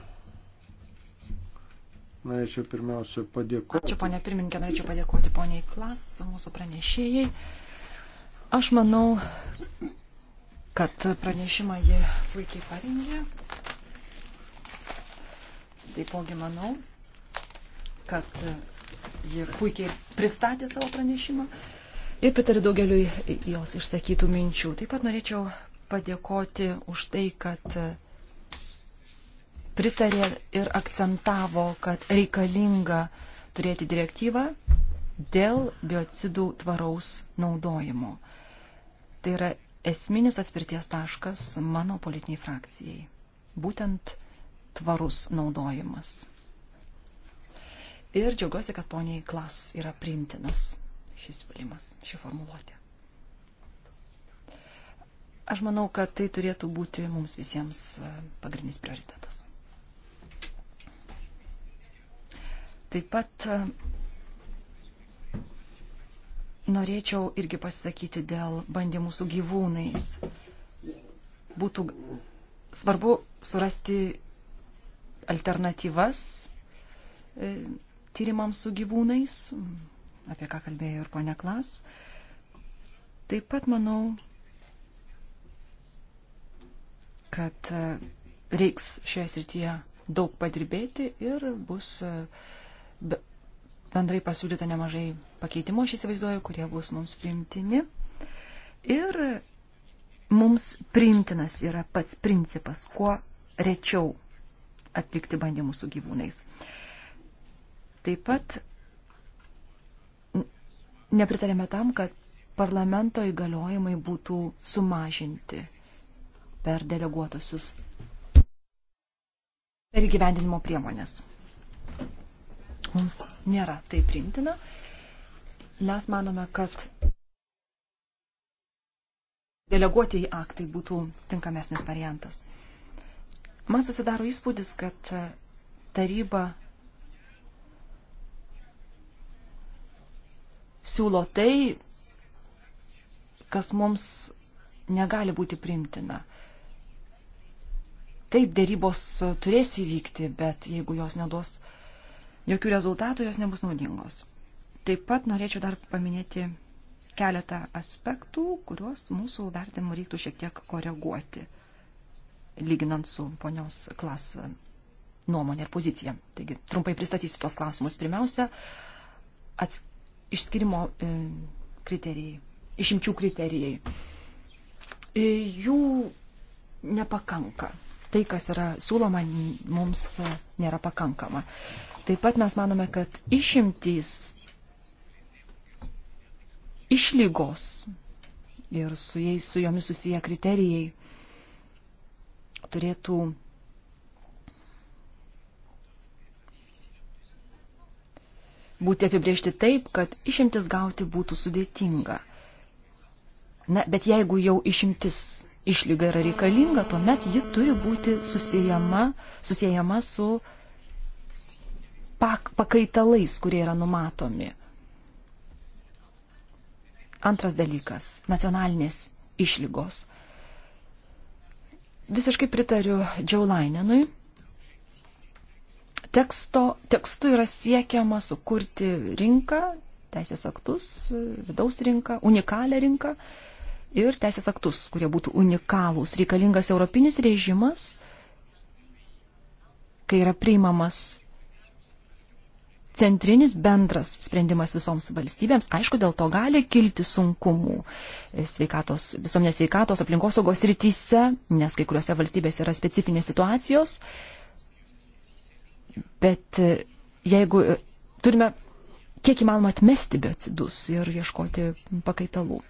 Norėčiau pirmiausia padėkoti. Ačiū, ponė pirmininkė, norėčiau padėkoti poniai Klas, mūsų pranešėjai. Aš manau, kad pranešimą jie puikiai parengė. Taipogi manau, kad jie puikiai pristatė savo pranešimą ir pritarė daugeliu jos išsakytų minčių. Taip pat norėčiau padėkoti už tai, kad pritarė ir akcentavo, kad reikalinga turėti direktyvą dėl biocidų tvaraus naudojimo. Tai yra esminis atspirties taškas mano politiniai frakcijai. Būtent tvarus naudojimas. Ir džiaugiuosi, kad poniai klas yra priimtinas šis siūlymas, ši formuluotė. Aš manau, kad tai turėtų būti mums visiems e, pagrindinis prioritetas. Taip pat e, norėčiau irgi pasisakyti dėl bandymų su gyvūnais. Būtų svarbu surasti alternatyvas e, tyrimams su gyvūnais, apie ką kalbėjo ir ponia Klas. Taip pat manau, kad e, reiks šioje srityje daug padirbėti ir bus uh, bendrai pasiūlyta nemažai pakeitimų, aš įsivaizduoju, kurie bus mums priimtini. Ir mums priimtinas yra pats principas, kuo rečiau atlikti bandymus su gyvūnais. Taip pat nepritarėme tam, kad parlamento įgaliojimai būtų sumažinti per deleguotusius per įgyvendinimo priemonės mums nėra tai priimtina. Mes manome, kad deleguoti į aktai būtų tinkamesnis variantas. Man susidaro įspūdis, kad taryba siūlo tai, kas mums negali būti primtina. Taip, dėrybos turės įvykti, bet jeigu jos neduos jokių rezultatų, jos nebus naudingos. Taip pat norėčiau dar paminėti keletą aspektų, kuriuos mūsų vertinimu reiktų šiek tiek koreguoti, lyginant su ponios klas nuomonė ir pozicija. Taigi, trumpai pristatysiu tuos klausimus. Pirmiausia, ats... išskirimo e, kriterijai, išimčių kriterijai. E, jų nepakanka. Tai, kas yra siūloma, mums e, nėra pakankama. E, Taip pat mes manome, kad išimtys, išlygos ir su, jais, su jomis susiję kriterijai turėtų būti apibriežti taip, kad išimtis gauti būtų sudėtinga. Na, bet jeigu jau išimtis išlyga yra reikalinga, tuomet ji turi būti susijama, susijama su pak pakaitalais, kurie yra numatomi. Antras dalykas - nacionalinės išlygos. Visiškai pritariu Džiaulaininui. Teksto, tekstu yra siekiama sukurti rinką, teisės aktus, vidaus rinką, unikalią rinką ir teisės aktus, kurie būtų unikalūs. Reikalingas europinis režimas, kai yra priimamas centrinis bendras sprendimas visoms valstybėms. Aišku, dėl to gali kilti sunkumų sveikatos, visuomenės sveikatos aplinkosaugos rytise, nes kai kuriuose valstybėse yra specifinės situacijos. Bet e, jeigu e, turime kiek įmanoma atmesti biocidus ir ieškoti pakaitalų.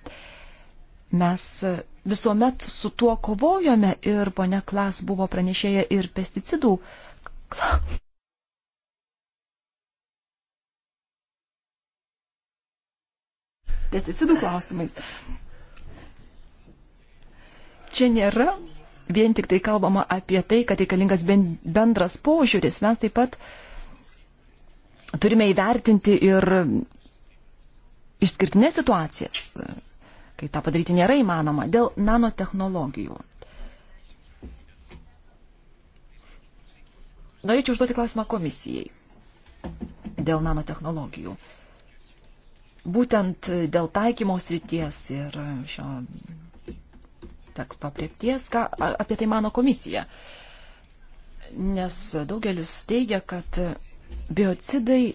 Mes e, visuomet su tuo kovojome ir ponia Klas buvo pranešėja ir pesticidų pesticidų klausimais. Čia nėra vien tik tai kalbama apie tai, kad reikalingas bendras požiūris. Mes taip pat turime įvertinti ir išskirtinės situacijas, kai tą padaryti nėra įmanoma, dėl nanotehnologijų. Norėčiau užduoti klausimą komisijai dėl nanotehnologijų būtent dėl taikymo srities ir šio teksto priepties, ką apie tai mano komisija. Nes daugelis teigia, kad biocidai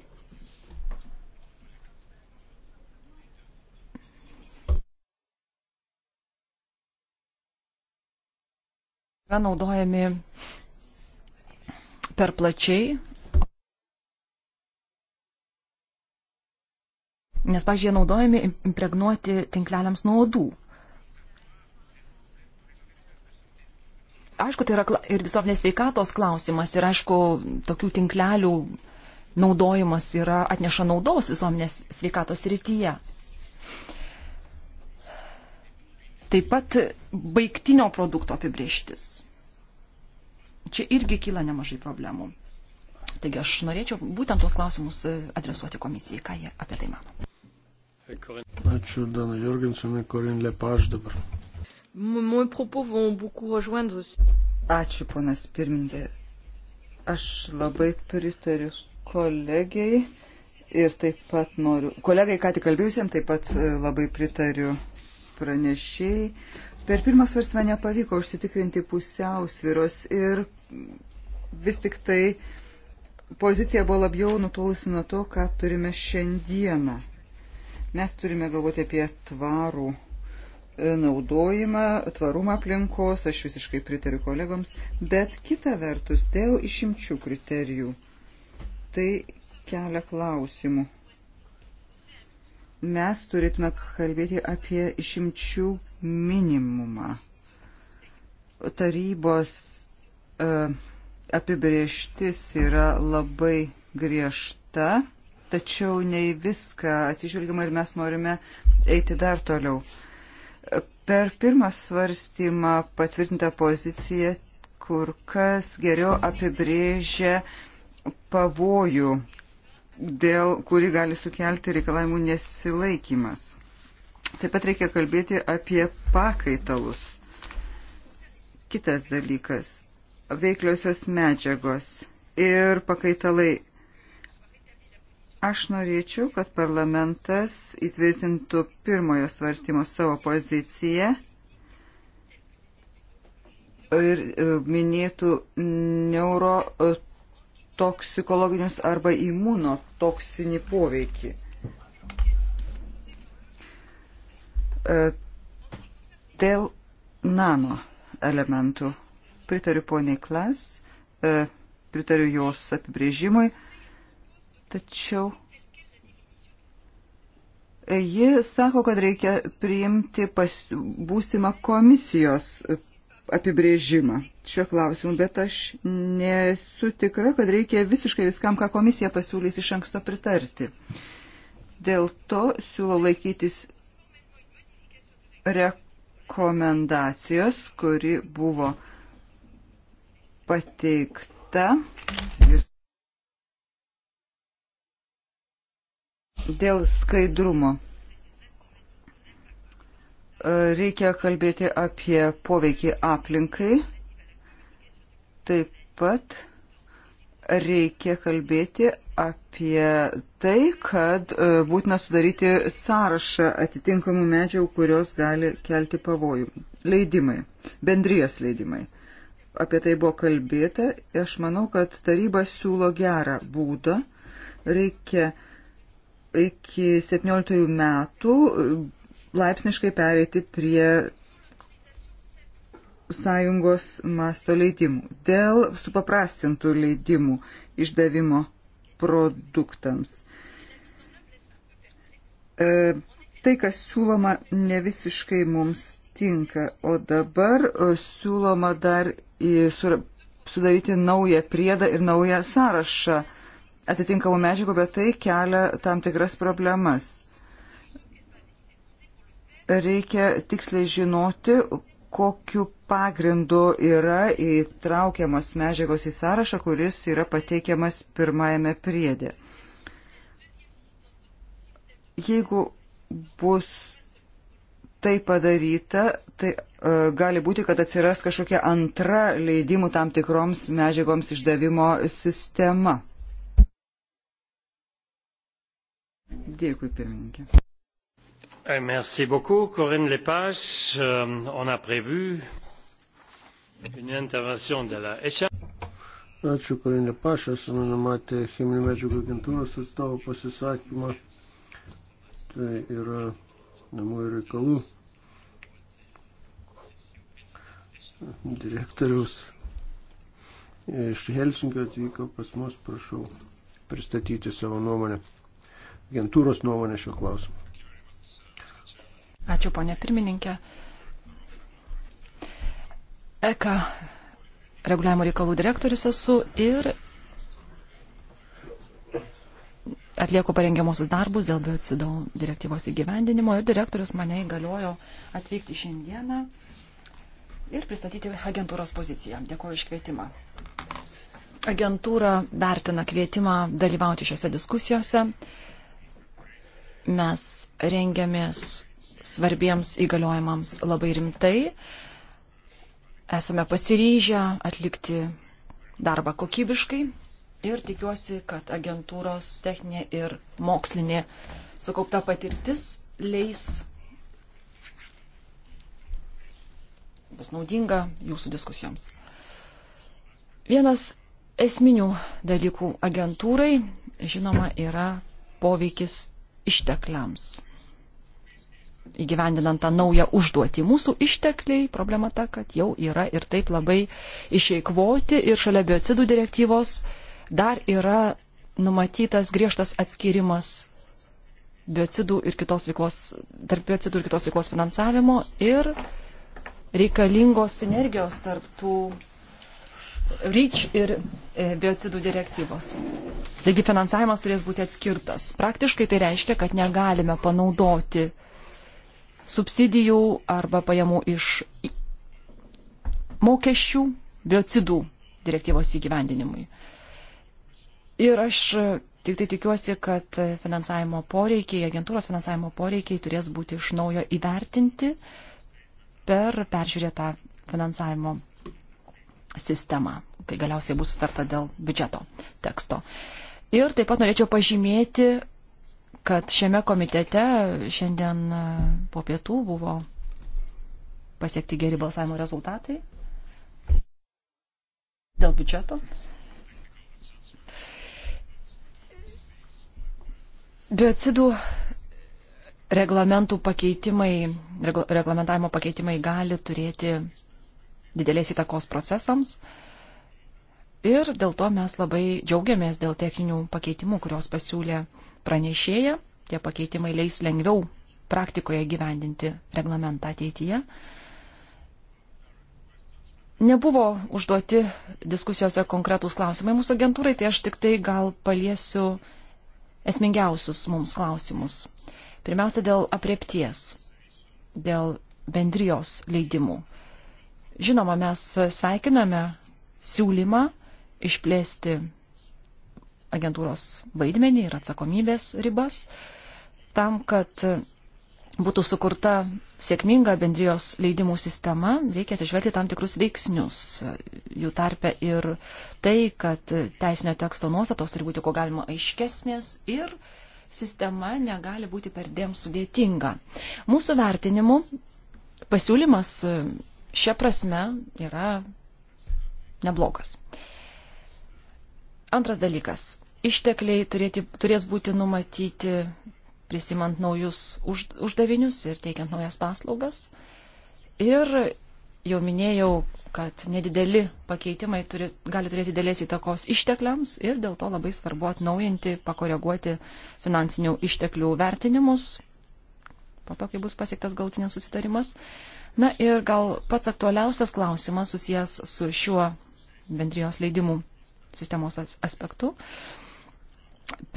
yra naudojami per plačiai Nes, pažiūrėjau, naudojami impregnuoti tinkleliams nuo odų. Aišku, tai yra ir visuomenės veikatos klausimas ir, aišku, tokių tinklelių naudojimas yra atneša naudos visuomenės sveikatos rytyje. Taip pat baigtinio produkto apibrieštis. Čia irgi kyla nemažai problemų. Taigi aš norėčiau būtent tuos klausimus e, adresuoti komisijai, ką jie apie tai mano. Ačiū, Dana Jorgensenai, Korin Lepaž dabar. Ačiū, ponas pirmininkė. Aš labai pritariu kolegijai ir taip pat noriu, kolegai, ką tik kalbėjusiam, taip pat e, labai pritariu pranešėjai. Per pirmą svarstymą nepavyko užsitikrinti pusiausviros ir vis tik tai uh, pozicija buvo labiau nutolusi nuo to, ką turime šiandieną. Mes turime galvoti apie tvarų e, naudojimą, tvarumą aplinkos, aš visiškai pritariu kolegoms, bet kita vertus dėl išimčių kriterijų. Tai kelia klausimų. Mes turėtume kalbėti apie išimčių minimumą. Tarybos uh, apibrieštis yra labai griežta, tačiau ne į viską atsižvelgiama ir mes norime eiti dar toliau. Per pirmą svarstymą patvirtinta pozicija kur kas geriau apibrėžia pavojų, dėl kuri gali sukelti reikalavimų nesilaikimas. Taip pat reikia kalbėti apie pakaitalus. Kitas dalykas veikliosios medžiagos ir pakaitalai. Aš norėčiau, kad parlamentas įtvirtintų pirmojo svarstymo savo poziciją ir e, minėtų neurotoksikologinius arba imunotoksinį poveikį. E, dėl nano elementų Pritariu poniai Klas, e, pritariu jos apibrėžimui, tačiau e, ji sako, kad reikia priimti pas, būsimą komisijos apibrėžimą šiuo klausimu, bet aš nesu tikra, kad reikia visiškai viskam, ką komisija pasiūlys iš anksto pritarti. Dėl to siūlau laikytis rekomendacijos, kuri buvo pateikta. Dėl skaidrumo. E, reikia kalbėti apie poveikį aplinkai. Taip pat reikia kalbėti apie tai, kad e, būtina sudaryti sąrašą atitinkamų medžiagų, kurios gali kelti pavojų. Leidimai, bendrijos leidimai apie tai buvo kalbėta. Aš manau, kad taryba siūlo gerą būdą. Reikia iki 17 metų laipsniškai pereiti prie sąjungos masto leidimų dėl supaprastintų leidimų išdavimo produktams. E, tai, kas siūloma, ne visiškai mums tinka, o dabar e, siūloma dar sudaryti naują priedą ir naują sąrašą atitinkamų medžiagų, bet tai kelia tam tikras problemas. Reikia tiksliai žinoti, kokiu pagrindu yra įtraukiamas medžiagos į sąrašą, kuris yra pateikiamas pirmajame priedė. Jeigu bus tai padaryta, tai e, gali būti, kad atsiras kažkokia antra leidimų tam tikroms medžiagoms išdavimo sistema. Dėkui, pirmininkė. Eh, merci beaucoup, Corinne Lepage. Euh, on a prévu une intervention de la ECHA. Ačiū, Corinne Lepage. Esame numatę cheminių medžiagų agentūros atstovo pasisakymą. Tai yra namų reikalų direktoriaus iš Helsinkio atvyko pas mus, prašau pristatyti savo nuomonę, agentūros nuomonę šio klausimu. Ačiū, ponė pirmininkė. ECA reguliavimo reikalų direktorius esu ir atlieku parengiamusius darbus dėl biocido direktyvos įgyvendinimo ir direktorius mane įgaliojo atvykti šiandieną ir pristatyti agentūros poziciją. Dėkuoju iš kvietimą. Agentūra vertina kvietimą dalyvauti šiose diskusijose. Mes rengiamės svarbiems įgaliojimams labai rimtai. Esame pasiryžę atlikti darbą kokybiškai ir tikiuosi, kad agentūros techninė ir mokslinė sukaupta patirtis leis bus naudinga jūsų diskusijoms. Vienas esminių dalykų agentūrai, žinoma, yra poveikis ištekliams. Įgyvendinant tą naują užduotį, mūsų ištekliai, problema ta, kad jau yra ir taip labai išeikvoti ir šalia biocidų direktyvos dar yra numatytas griežtas atskirimas biocidų ir kitos veiklos, tarp biocidų ir kitos veiklos finansavimo ir reikalingos sinergijos tarp tų REACH ir e, biocidų direktyvos. Taigi finansavimas turės būti atskirtas. Praktiškai tai reiškia, kad negalime panaudoti subsidijų arba pajamų iš mokesčių biocidų direktyvos įgyvendinimui. Ir aš Tik tai tikiuosi, kad finansavimo poreikiai, agentūros finansavimo poreikiai turės būti iš naujo įvertinti, per peržiūrėtą finansavimo sistemą, kai galiausiai bus starta dėl biudžeto teksto. Ir taip pat norėčiau pažymėti, kad šiame komitete šiandien e, po pietų buvo pasiekti geri balsavimo rezultatai dėl biudžeto. Biocidų reglamentų pakeitimai, reglamentavimo pakeitimai gali turėti didelės įtakos procesams. Ir dėl to mes labai džiaugiamės dėl techninių pakeitimų, kurios pasiūlė pranešėja. Tie pakeitimai leis lengviau praktikoje gyvendinti reglamentą ateityje. Nebuvo užduoti diskusijose konkretūs klausimai mūsų agentūrai, tai aš tik tai gal paliesiu esmingiausius mums klausimus. Pirmiausia, dėl apriepties, dėl bendrijos leidimų. Žinoma, mes sveikiname siūlymą išplėsti agentūros vaidmenį ir atsakomybės ribas tam, kad būtų sukurta sėkminga bendrijos leidimų sistema, reikia atsižvelgti tam tikrus veiksnius. Jų tarpe ir tai, kad teisinio teksto nuostatos turi būti ko galima aiškesnės ir uh, sistema negali būti per dėm sudėtinga. Mūsų vertinimu pasiūlymas e, šia prasme yra neblogas. Antras dalykas. Ištekliai turėti, turės būti numatyti prisimant naujus už, uždavinius ir teikiant naujas paslaugas. Ir Jau minėjau, kad nedideli pakeitimai turi, gali turėti dėlės įtakos ištekliams ir dėl to labai svarbu atnaujinti, pakoreguoti finansinių išteklių vertinimus po to, kai bus pasiektas galtinis susitarimas. Na ir gal pats aktualiausias klausimas susijęs su šiuo bendrijos leidimų sistemos aspektu.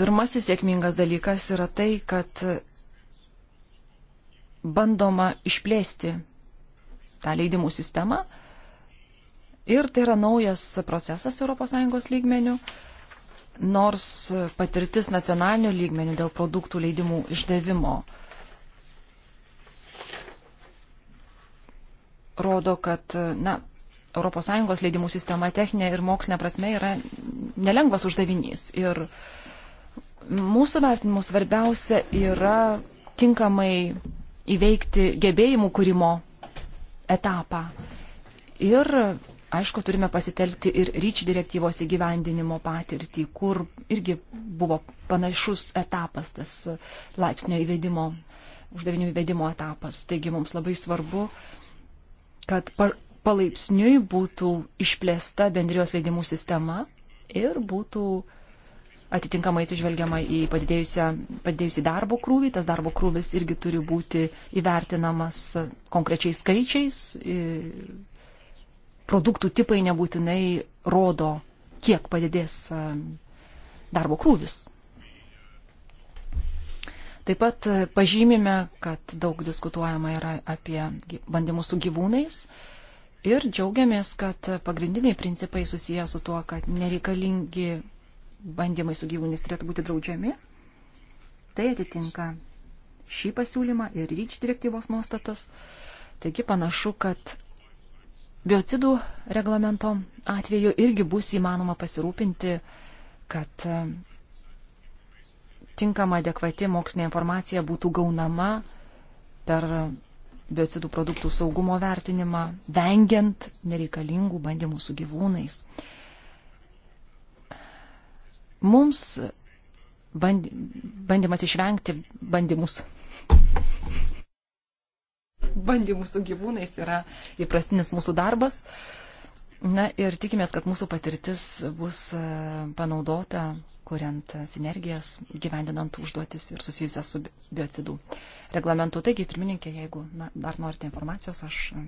Pirmasis sėkmingas dalykas yra tai, kad bandoma išplėsti tą leidimų sistemą. Ir tai yra naujas procesas ES lygmenių, nors patirtis nacionalinių lygmenių dėl produktų leidimų išdavimo rodo, kad na, ES leidimų sistema techninė ir mokslinė prasme yra nelengvas uždavinys. Ir mūsų vertinimu svarbiausia yra tinkamai įveikti gebėjimų kūrimo etapą. Ir, aišku, turime pasitelkti ir ryčių direktyvos įgyvendinimo patirtį, kur irgi buvo panašus etapas, tas laipsnio įvedimo, uždavinių įvedimo etapas. Taigi mums labai svarbu, kad palaipsniui būtų išplėsta bendrijos leidimų sistema ir būtų uh, atitinkamai atsižvelgiama į padidėjusį darbo krūvį. Tas darbo krūvis irgi turi būti įvertinamas konkrečiais skaičiais. Produktų tipai nebūtinai rodo, kiek padidės darbo krūvis. Taip pat pažymime, kad daug diskutuojama yra apie bandymus su gyvūnais. Ir džiaugiamės, kad pagrindiniai principai susiję su tuo, kad nereikalingi bandymai su gyvūnais turėtų būti draudžiami. Tai atitinka šį pasiūlymą ir ryč direktyvos nuostatas. Taigi panašu, kad biocidų reglamento atveju irgi bus įmanoma pasirūpinti, kad e, tinkama adekvati mokslinė informacija būtų gaunama per biocidų produktų saugumo vertinimą, vengiant nereikalingų bandymų su gyvūnais. Mums bandymas išvengti bandymus. Bandymus su gyvūnais yra įprastinis mūsų darbas. Na ir tikimės, kad mūsų patirtis bus e, panaudota, kuriant sinergijas, gyvendinant užduotis ir susijusias su biocidų reglamentu. Taigi, pirmininkė, jeigu na, dar norite informacijos, aš e,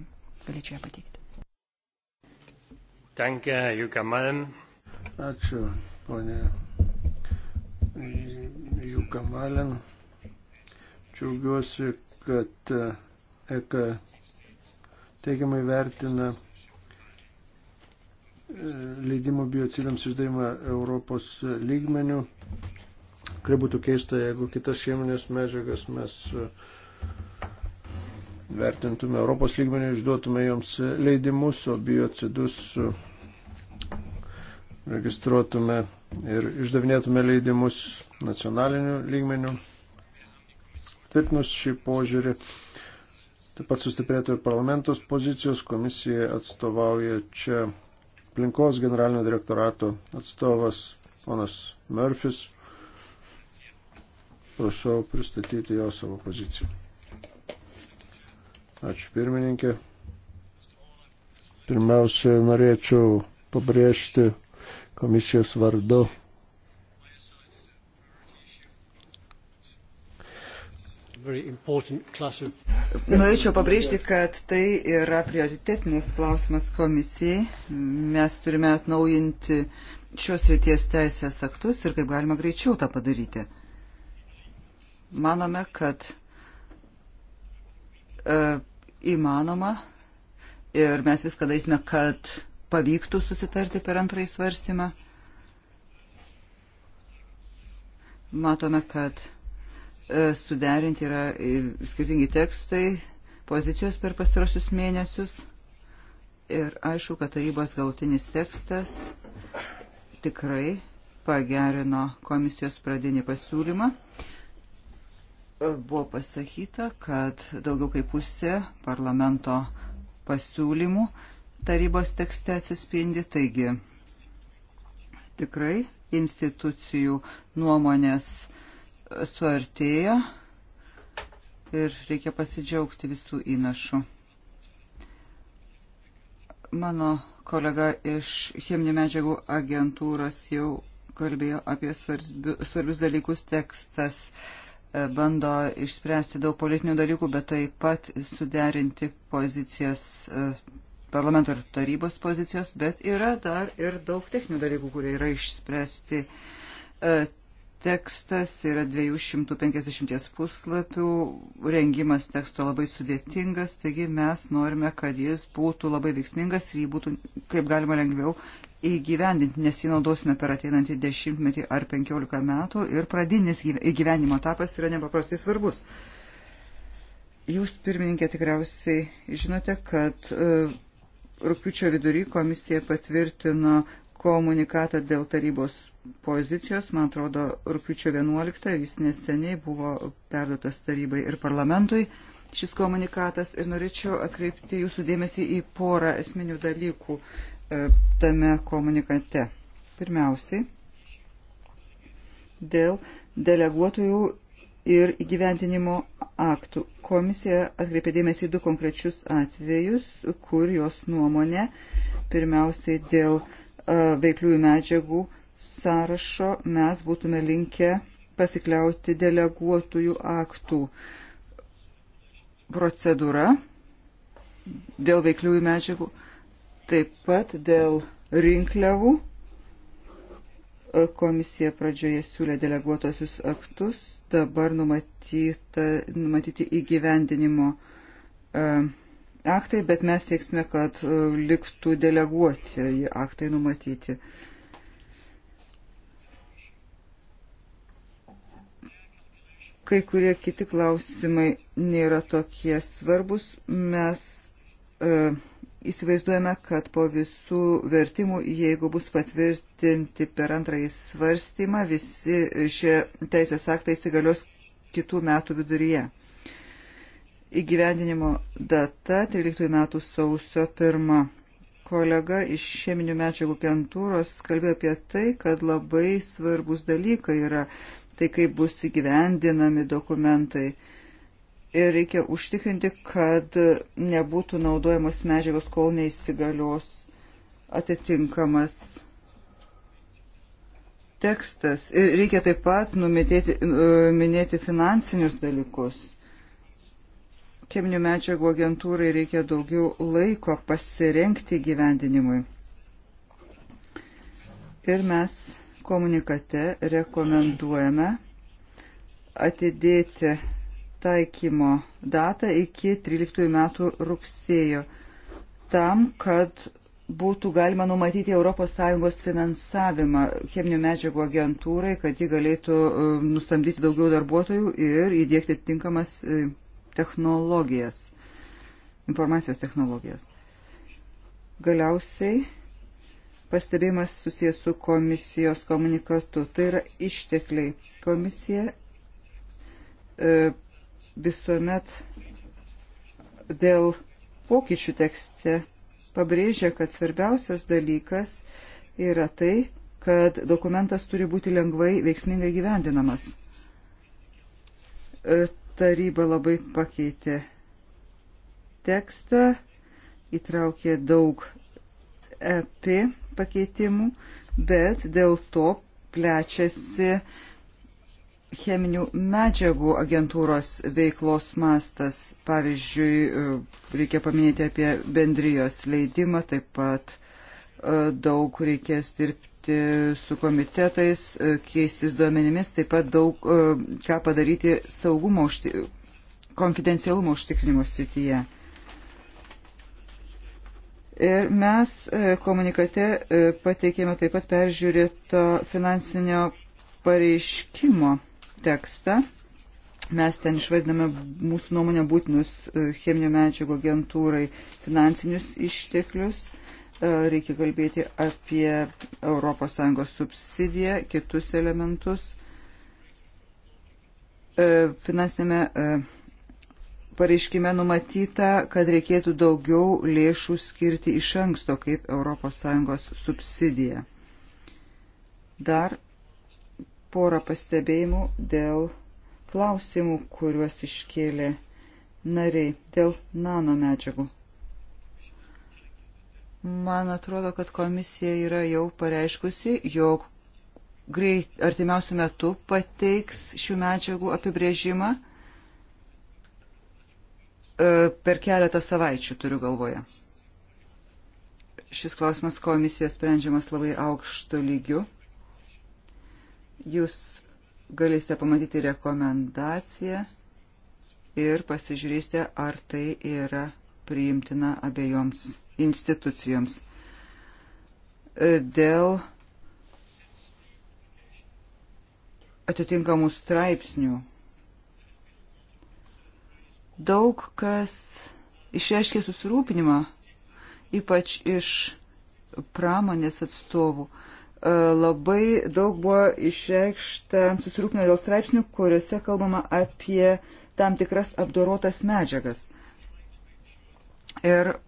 galėčiau ją pateikti. Danke, Juka Malm. Ačiū, ponė Juka Malen. Džiaugiuosi, kad e, EK teigiamai vertina e, leidimų biocidams išdavimą Europos lygmenių. Tikrai būtų keista, jeigu kitas cheminės medžiagas mes e, vertintume Europos lygmenių, išduotume joms leidimus, o biocidus registruotume ir išdavinėtume leidimus nacionaliniu lygmeniu. Tvirtinus šį požiūrį, taip pat sustiprėtų ir parlamentos pozicijos, komisija atstovauja čia aplinkos generalinio direktorato atstovas ponas Murphys. Prašau pristatyti jo savo poziciją. Ačiū pirmininkė. Pirmiausia, norėčiau pabrėžti komisijos vardu. Norėčiau pabrėžti, kad tai yra prioritetinis klausimas komisijai. Mes turime atnaujinti šios ryties teisės aktus ir kaip galima greičiau tą padaryti. Manome, kad e, įmanoma ir mes viską darysime, kad pavyktų susitarti per antrąjį svarstymą. Matome, kad e, suderinti yra e, skirtingi tekstai, pozicijos per pastarosius mėnesius ir aišku, kad tarybos galutinis tekstas tikrai pagerino komisijos pradinį pasiūlymą e, buvo pasakyta, kad daugiau kaip pusė parlamento pasiūlymų tarybos tekste atsispindi. Taigi, tikrai institucijų nuomonės suartėjo ir reikia pasidžiaugti visų įnašų. Mano kolega iš cheminių medžiagų agentūros jau kalbėjo apie svarbius dalykus. Tekstas e, bando išspręsti daug politinių dalykų, bet taip pat suderinti pozicijas e, parlamento ir tarybos pozicijos, bet yra dar ir daug techninių dalykų, kurie yra išspręsti. E, tekstas yra 250 puslapių, rengimas teksto labai sudėtingas, taigi mes norime, kad jis būtų labai veiksmingas ir jį būtų kaip galima lengviau įgyvendinti, nes jį naudosime per ateinantį dešimtmetį ar penkiolika metų ir pradinis įgyvenimo etapas yra nepaprastai svarbus. Jūs, pirmininkė, tikriausiai žinote, kad e, Rūpiučio vidury komisija patvirtino komunikatą dėl tarybos pozicijos, man atrodo, rūpiučio 11, jis neseniai buvo perduotas tarybai ir parlamentui šis komunikatas ir norėčiau atkreipti jūsų dėmesį į porą esminių dalykų e, tame komunikate. Pirmiausiai, dėl deleguotojų ir įgyventinimo aktų. Komisija atkreipė dėmesį į du konkrečius atvejus, kur jos nuomonė pirmiausiai dėl uh, veikliųjų medžiagų sąrašo mes būtume linkę pasikliauti deleguotųjų aktų procedūra dėl veikliųjų medžiagų, taip pat dėl rinkliavų. E, komisija pradžioje siūlė deleguotosius aktus, dabar numatyta, numatyti įgyvendinimo e, aktai, bet mes sieksime, kad e, liktų deleguoti į aktai numatyti. Kai kurie kiti klausimai nėra tokie svarbus. Mes uh, Įsivaizduojame, kad po visų vertimų, jeigu bus patvirtinti per antrąjį svarstymą, visi šie teisės aktai įsigalios kitų metų viduryje. Įgyvendinimo data 13 metų sausio 1 kolega iš cheminių medžiagų agentūros kalbėjo apie tai, kad labai svarbus dalykai yra tai, kaip bus įgyvendinami dokumentai ir reikia užtikrinti, kad nebūtų naudojamos medžiagos, kol neįsigalios atitinkamas tekstas. Ir reikia taip pat numitėti, e, minėti finansinius dalykus. Cheminių medžiagų agentūrai reikia daugiau laiko pasirenkti gyvendinimui. Ir mes komunikate rekomenduojame atidėti taikymo datą iki 13 metų rugsėjo, tam, kad būtų galima numatyti ES finansavimą cheminių medžiagų agentūrai, kad ji galėtų um, nusamdyti daugiau darbuotojų ir įdėkti tinkamas e, technologijas, informacijos technologijas. Galiausiai pastebėjimas susijęs su komisijos komunikatu, tai yra ištekliai. Komisija e, visuomet dėl pokyčių tekste pabrėžia, kad svarbiausias dalykas yra tai, kad dokumentas turi būti lengvai veiksmingai gyvendinamas. E, taryba labai pakeitė tekstą, įtraukė daug EP pakeitimų, bet dėl to plečiasi uh, cheminių medžiagų agentūros veiklos mastas. Pavyzdžiui, e, reikia paminėti apie bendrijos leidimą, taip pat e, daug reikės dirbti su komitetais, e, keistis duomenimis, taip pat daug ką padaryti saugumo, konfidencialumo užtikrinimo srityje. Ir mes komunikate pateikėme taip pat peržiūrėto finansinio pareiškimo tekstą. Mes ten išvadiname mūsų nuomonę būtinus e, cheminio medžiagų agentūrai finansinius išteklius. E, reikia kalbėti apie ES subsidiją, kitus elementus. E, Finansinėme pareiškime numatyta, kad reikėtų daugiau lėšų skirti iš anksto kaip ES subsidija. Dar porą pastebėjimų dėl klausimų, kuriuos iškėlė nariai dėl nanomedžiagų. Man atrodo, kad komisija yra jau pareiškusi, jog greit artimiausių metų pateiks šių medžiagų apibrėžimą e, per keletą savaičių turiu galvoje. Šis klausimas komisijos sprendžiamas labai aukšto lygiu. Jūs galėsite pamatyti rekomendaciją ir pasižiūrėsite, ar tai yra priimtina abiejoms institucijoms. E, dėl atitinkamų straipsnių daug kas išreiškė susirūpinimą, ypač iš pramonės atstovų. E, labai daug buvo išreikšta susirūpinę dėl straipsnių, kuriuose kalbama apie tam tikras apdorotas medžiagas. Ir e,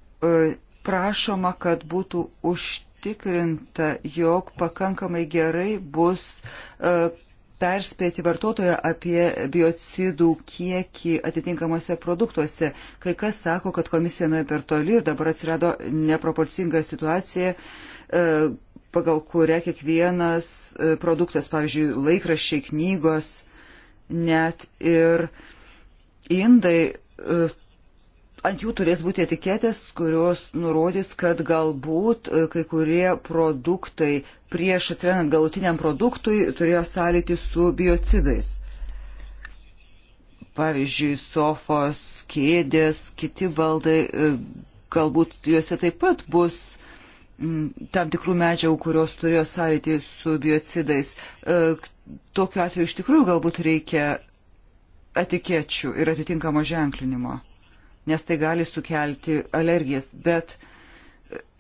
prašoma, kad būtų užtikrinta, jog pakankamai gerai bus e, perspėti vartotoją apie biocidų kiekį atitinkamuose produktuose. Kai kas sako, kad komisija nuėjo per toli ir dabar atsirado neproporcinga situacija. Uh, E, pagal kurią kiekvienas e, produktas, pavyzdžiui, laikraščiai, knygos, net ir indai, e, ant jų turės būti etiketės, kurios nurodys, kad galbūt kai kurie produktai prieš atsirendant galutiniam produktui turėjo sąlyti su biocidais. Pavyzdžiui, sofos, kėdės, kiti baldai, galbūt juose taip pat bus tam tikrų medžiagų, kurios turėjo sąlytį su biocidais. E, tokiu atveju iš tikrųjų galbūt reikia etikečių ir atitinkamo ženklinimo, nes tai gali sukelti alergijas, bet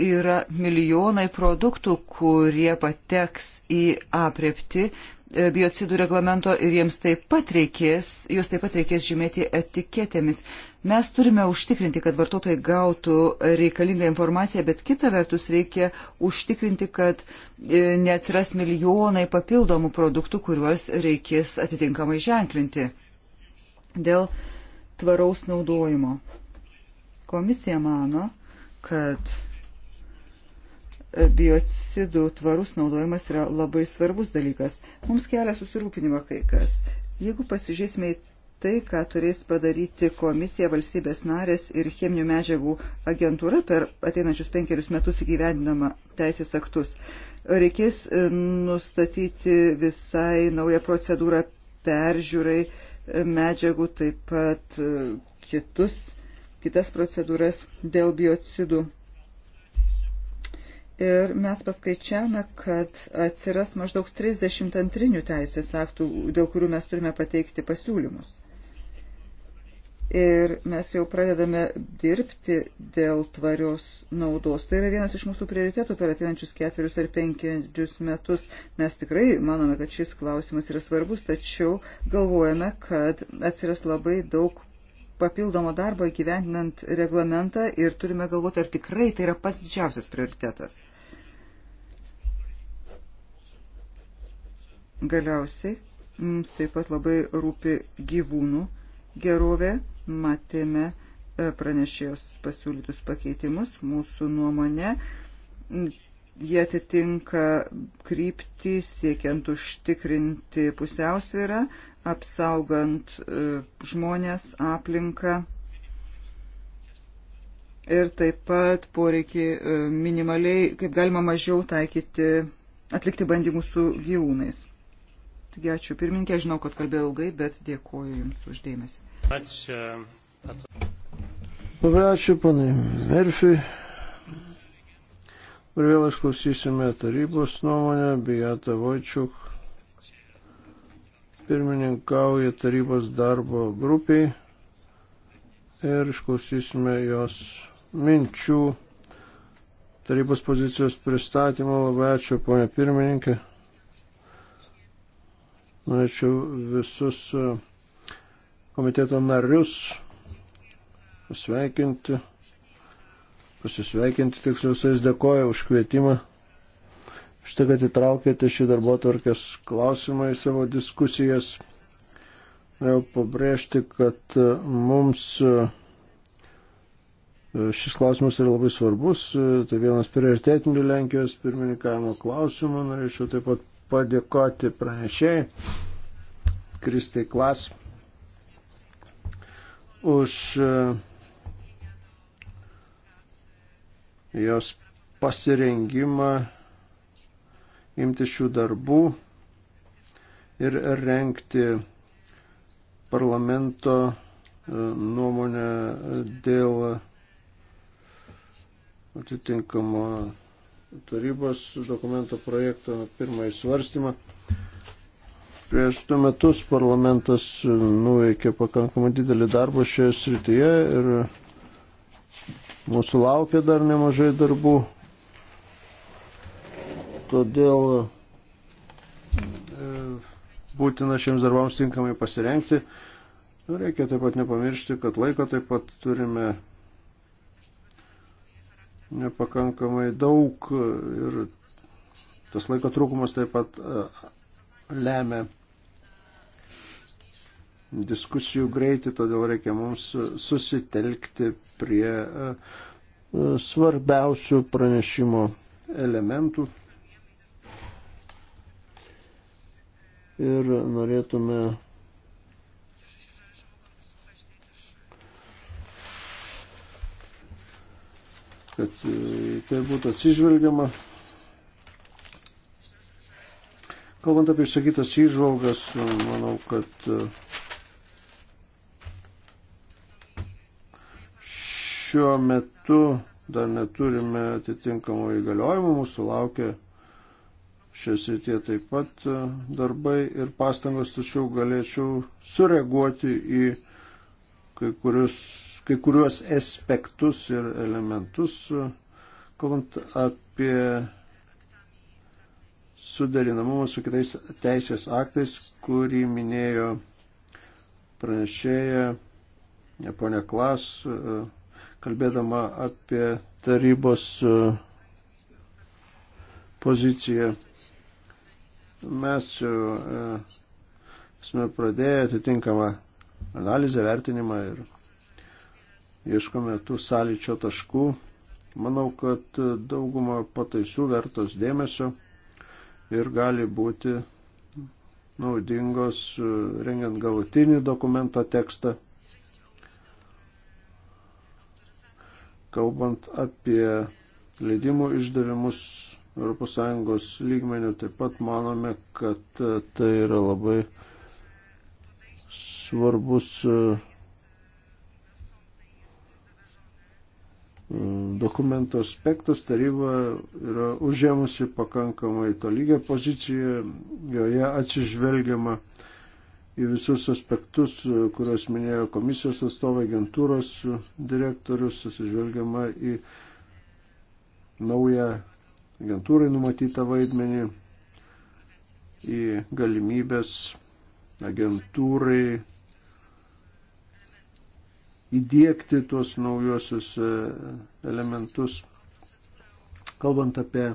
yra milijonai produktų, kurie pateks į aprepti, E, biocidų reglamento ir jiems taip pat reikės, juos taip pat reikės žymėti etiketėmis. Mes turime užtikrinti, kad vartotojai gautų reikalingą informaciją, bet kita vertus reikia užtikrinti, kad e, neatsiras milijonai papildomų produktų, kuriuos reikės atitinkamai ženklinti dėl tvaraus naudojimo. Komisija mano, kad biocidų tvarus naudojimas yra labai svarbus dalykas. Mums kelia susirūpinimą kai kas. Jeigu pasižiūrėsime į tai, ką turės padaryti komisija valstybės narės ir cheminių medžiagų agentūra per ateinančius penkerius metus įgyvendinama teisės aktus, reikės e, nustatyti visai naują procedūrą peržiūrai e, medžiagų, taip pat e, kitus, kitas procedūras dėl biocidų Ir mes paskaičiame, kad atsiras maždaug 30 antrinių teisės aktų, dėl kurių mes turime pateikti pasiūlymus. Ir mes jau pradedame dirbti dėl tvarios naudos. Tai yra vienas iš mūsų prioritetų per ateinančius ketverius ar penkerius metus. Mes tikrai manome, kad šis klausimas yra svarbus, tačiau galvojame, kad atsiras labai daug papildomo darbo įgyvendinant reglamentą ir turime galvoti, ar tikrai tai yra pats didžiausias prioritetas. Galiausiai mums taip pat labai rūpi gyvūnų gerovė. Matėme e, pranešėjos pasiūlytus pakeitimus mūsų nuomonė. Jie atitinka kryptį siekiant užtikrinti pusiausvyrą, apsaugant e, žmonės, aplinką ir taip pat poreikį e, minimaliai, kaip galima mažiau taikyti, atlikti bandymus su gyvūnais. Taigi ačiū pirmininkė, žinau, kad kalbėjau ilgai, bet dėkuoju Jums uždėmesi. Ačiū. Labai ačiū, panai Merfi. Ir vėl išklausysime tarybos nuomonę, Bijata Vojčiuk pirmininkauja tarybos darbo grupiai ir išklausysime jos minčių tarybos pozicijos pristatymo. Labai ačiū, ponė pirmininkė. Norėčiau visus e, komiteto narius pasveikinti, pasisveikinti, tiksliau visais dėkoju už kvietimą. Štai, kad įtraukėte šį darbo tvarkės klausimą į savo diskusijas. Norėjau pabrėžti, kad e, mums e, Šis klausimas yra labai svarbus, tai vienas prioritetinių Lenkijos pirmininkavimo klausimų. Norėčiau taip pat padėkoti pranešėjai Kristai Klas už e, jos pasirengimą imti šių darbų ir renkti parlamento e, nuomonę dėl atitinkamo tarybos dokumento projekto pirmąjį svarstymą. Prieš du metus parlamentas nuveikė pakankamai didelį darbą šioje srityje ir mūsų laukia dar nemažai darbų. Todėl e, būtina šiems darbams tinkamai pasirengti. Reikia taip pat nepamiršti, kad laiko taip pat turime nepakankamai daug ir tas laiko trūkumas taip pat e, lemia diskusijų greitį, todėl reikia mums susitelkti prie e, svarbiausių pranešimo elementų. Ir norėtume kad e, tai būtų atsižvelgiama. Kalbant apie išsakytas įžvalgas, manau, kad e, šiuo metu dar neturime atitinkamo įgaliojimo, mūsų laukia šias rytie taip pat e, darbai ir pastangos, tačiau galėčiau sureaguoti į kai kurius kai kuriuos aspektus ir elementus, kalbant apie suderinamumą su kitais teisės aktais, kurį minėjo pranešėja ponia Klas, kalbėdama apie tarybos poziciją. Mes jau e, esame pradėję atitinkamą analizę, vertinimą ir ieškome tų sąlyčio taškų. Manau, kad dauguma pataisų vertos dėmesio ir gali būti naudingos e, rengiant galutinį dokumento tekstą. Kalbant apie leidimų išdavimus ES lygmenių, taip pat manome, kad e, tai yra labai svarbus e, dokumento aspektas taryba yra užėmusi pakankamai tolygę poziciją, joje atsižvelgiama į visus aspektus, kuriuos minėjo komisijos atstovai, agentūros direktorius, atsižvelgiama į naują agentūrai numatytą vaidmenį, į galimybės agentūrai įdėkti tuos naujosius e, elementus. Kalbant apie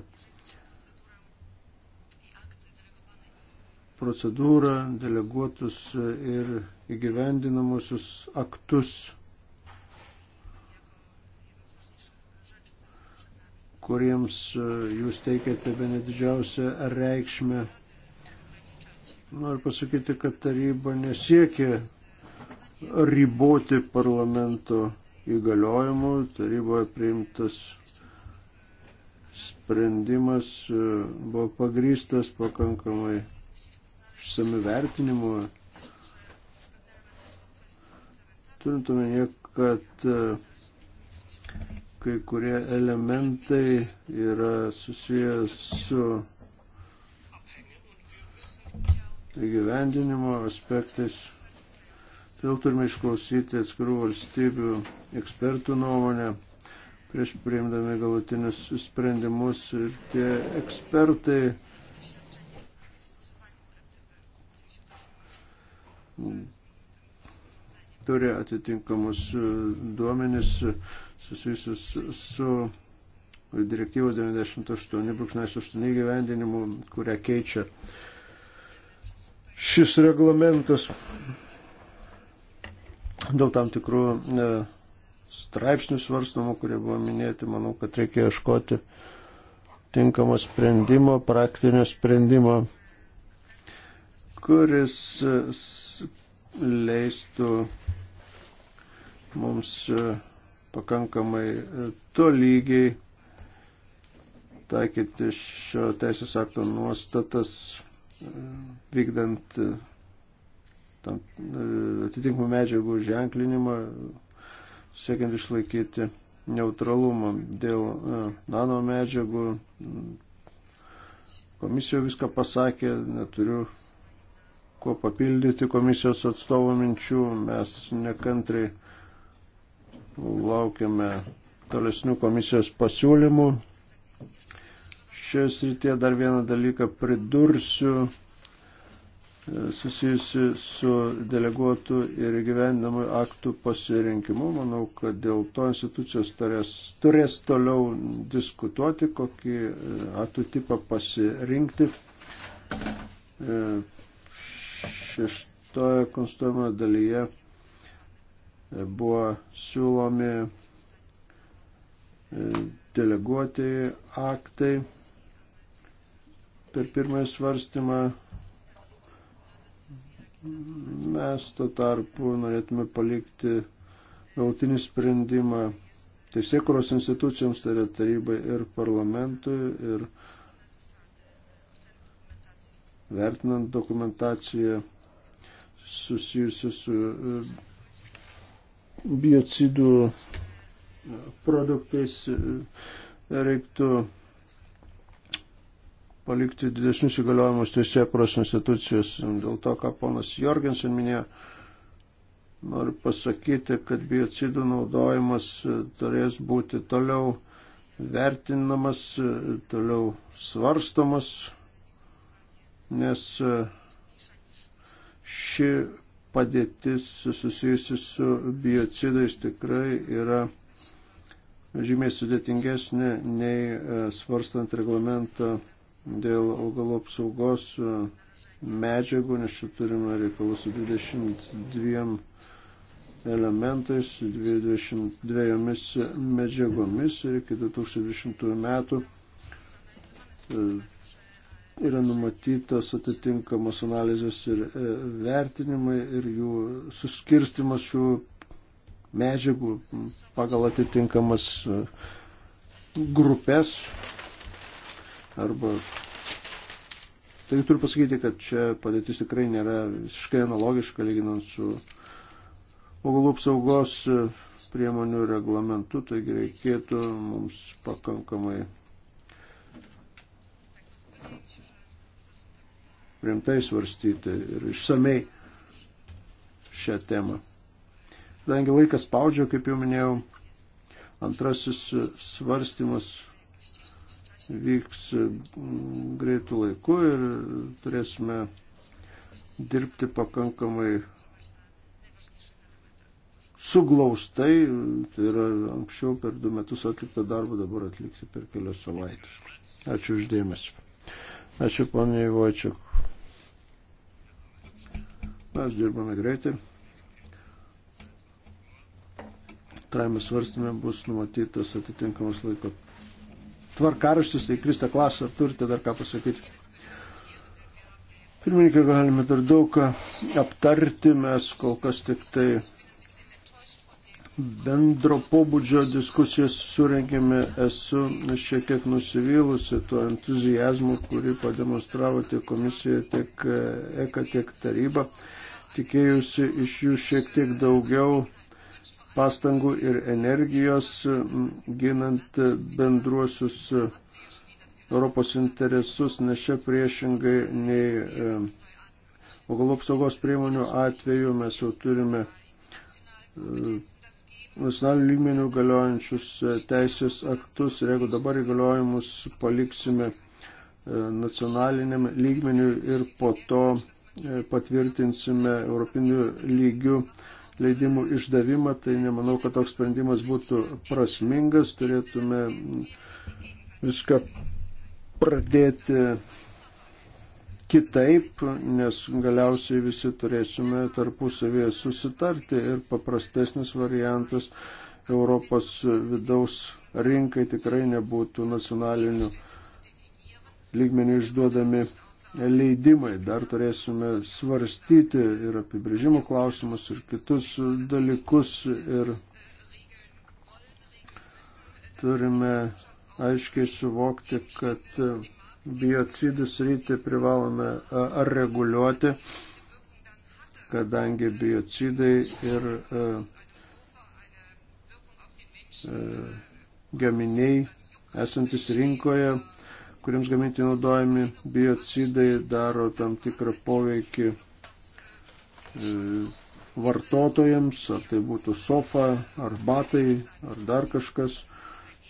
procedūrą, deleguotus e, ir įgyvendinamusius aktus, kuriems e, jūs teikiate be nedidžiausią reikšmę. Noriu pasakyti, kad taryba nesiekė riboti parlamento įgaliojimų. Taryboje priimtas sprendimas e, buvo pagrystas pakankamai išsami vertinimu. Turint omenyje, kad e, kai kurie elementai yra susijęs su įgyvendinimo aspektais Todėl turime išklausyti atskirų valstybių ekspertų nuomonę prieš priimdami galutinius sprendimus. Ir tie ekspertai turi atitinkamus e, duomenis susijusius su direktyvos 98.8 gyvendinimu, kurią keičia šis reglamentas dėl tam tikrų e, straipsnių svarstamų, kurie buvo minėti, manau, kad reikia ieškoti tinkamo sprendimo, praktinio sprendimo, kuris e, leistų mums e, pakankamai tolygiai taikyti šio teisės akto nuostatas, vykdant E, atitinkamų medžiagų ženklinimą, siekiant išlaikyti neutralumą dėl e, nano medžiagų. Komisija viską pasakė, neturiu kuo papildyti komisijos atstovų minčių. Mes nekantrai laukiame tolesnių komisijos pasiūlymų. Šioje srityje dar vieną dalyką pridursiu susijusi su deleguotų ir gyvenamų aktų pasirinkimu. Manau, kad dėl to institucijos turės, turės toliau diskutuoti, kokį e, aktų tipą pasirinkti. E, šeštoje konstruojama dalyje e, buvo siūlomi deleguoti aktai per pirmąjį svarstymą Mes tuo tarpu norėtume palikti galtinį sprendimą teisėkuros institucijoms, tai yra tarybai ir parlamentui. Ir vertinant dokumentaciją susijusiu su e, biocidų e, produktais, e, reiktų palikti didesnius įgaliojimus teisėkuros institucijos. Dėl to, ką ponas Jorgensen minėjo, noriu pasakyti, kad biocidų naudojimas turės būti toliau vertinamas, toliau svarstomas, nes ši padėtis susijusi su biocidais tikrai yra žymiai sudėtingesnė nei e, svarstant reglamentą dėl augalų apsaugos e, medžiagų, nes čia turime reikalų su 22 elementais, 22 medžiagomis ir iki 2020 metų e, yra numatytos atitinkamos analizės ir e, vertinimai ir jų suskirstimas šių medžiagų pagal atitinkamas grupės arba. Taigi turiu pasakyti, kad čia padėtis tikrai nėra visiškai analogiška lyginant su augalų apsaugos e, priemonių reglamentu, taigi reikėtų mums pakankamai rimtai svarstyti ir išsamei šią temą. Kadangi laikas spaudžia, kaip jau minėjau, antrasis svarstymas vyks e, greitų laikų ir turėsime dirbti pakankamai suglaustai, tai yra anksčiau per du metus atliktą darbą, dabar atliksi per kelias savaitės. Ačiū uždėmesi. Ačiū poniai Vojčiuk. Mes dirbame greitai. Traimės svarstymė bus numatytas atitinkamas laiko tvarkaraštis, tai Krista Klas, ar turite dar ką pasakyti? Pirmininkai, galime dar daug ką aptarti, mes kol kas tik tai bendro pobūdžio diskusijas surengėme, esu šiek tiek nusivylusi tuo entuzijazmu, kurį pademonstravo tiek komisija, tiek ECA, tiek taryba. Tikėjusi iš jų šiek tiek daugiau pastangų ir energijos ginant bendruosius e, Europos interesus, nes čia priešingai nei e, augalų apsaugos priemonių atveju mes jau turime e, nacionalinių lygmenių galiojančius teisės aktus ir jeigu dabar įgaliojimus paliksime nacionaliniam lygmeniu ir po to patvirtinsime europiniu lygiu leidimų išdavimą, tai nemanau, kad toks sprendimas būtų prasmingas, turėtume viską pradėti kitaip, nes galiausiai visi turėsime tarpusavėje susitarti ir paprastesnis variantas Europos vidaus rinkai tikrai nebūtų nacionaliniu lygmeniu išduodami leidimai. Dar turėsime svarstyti ir apibrėžimų klausimus, ir kitus dalykus. Ir turime aiškiai suvokti, kad biocidus rytį privalome ar reguliuoti, kadangi biocidai ir e, e, gaminiai esantis rinkoje kuriems gaminti naudojami biocidai, daro tam tikrą poveikį e, vartotojams, ar tai būtų sofa, ar batai, ar dar kažkas.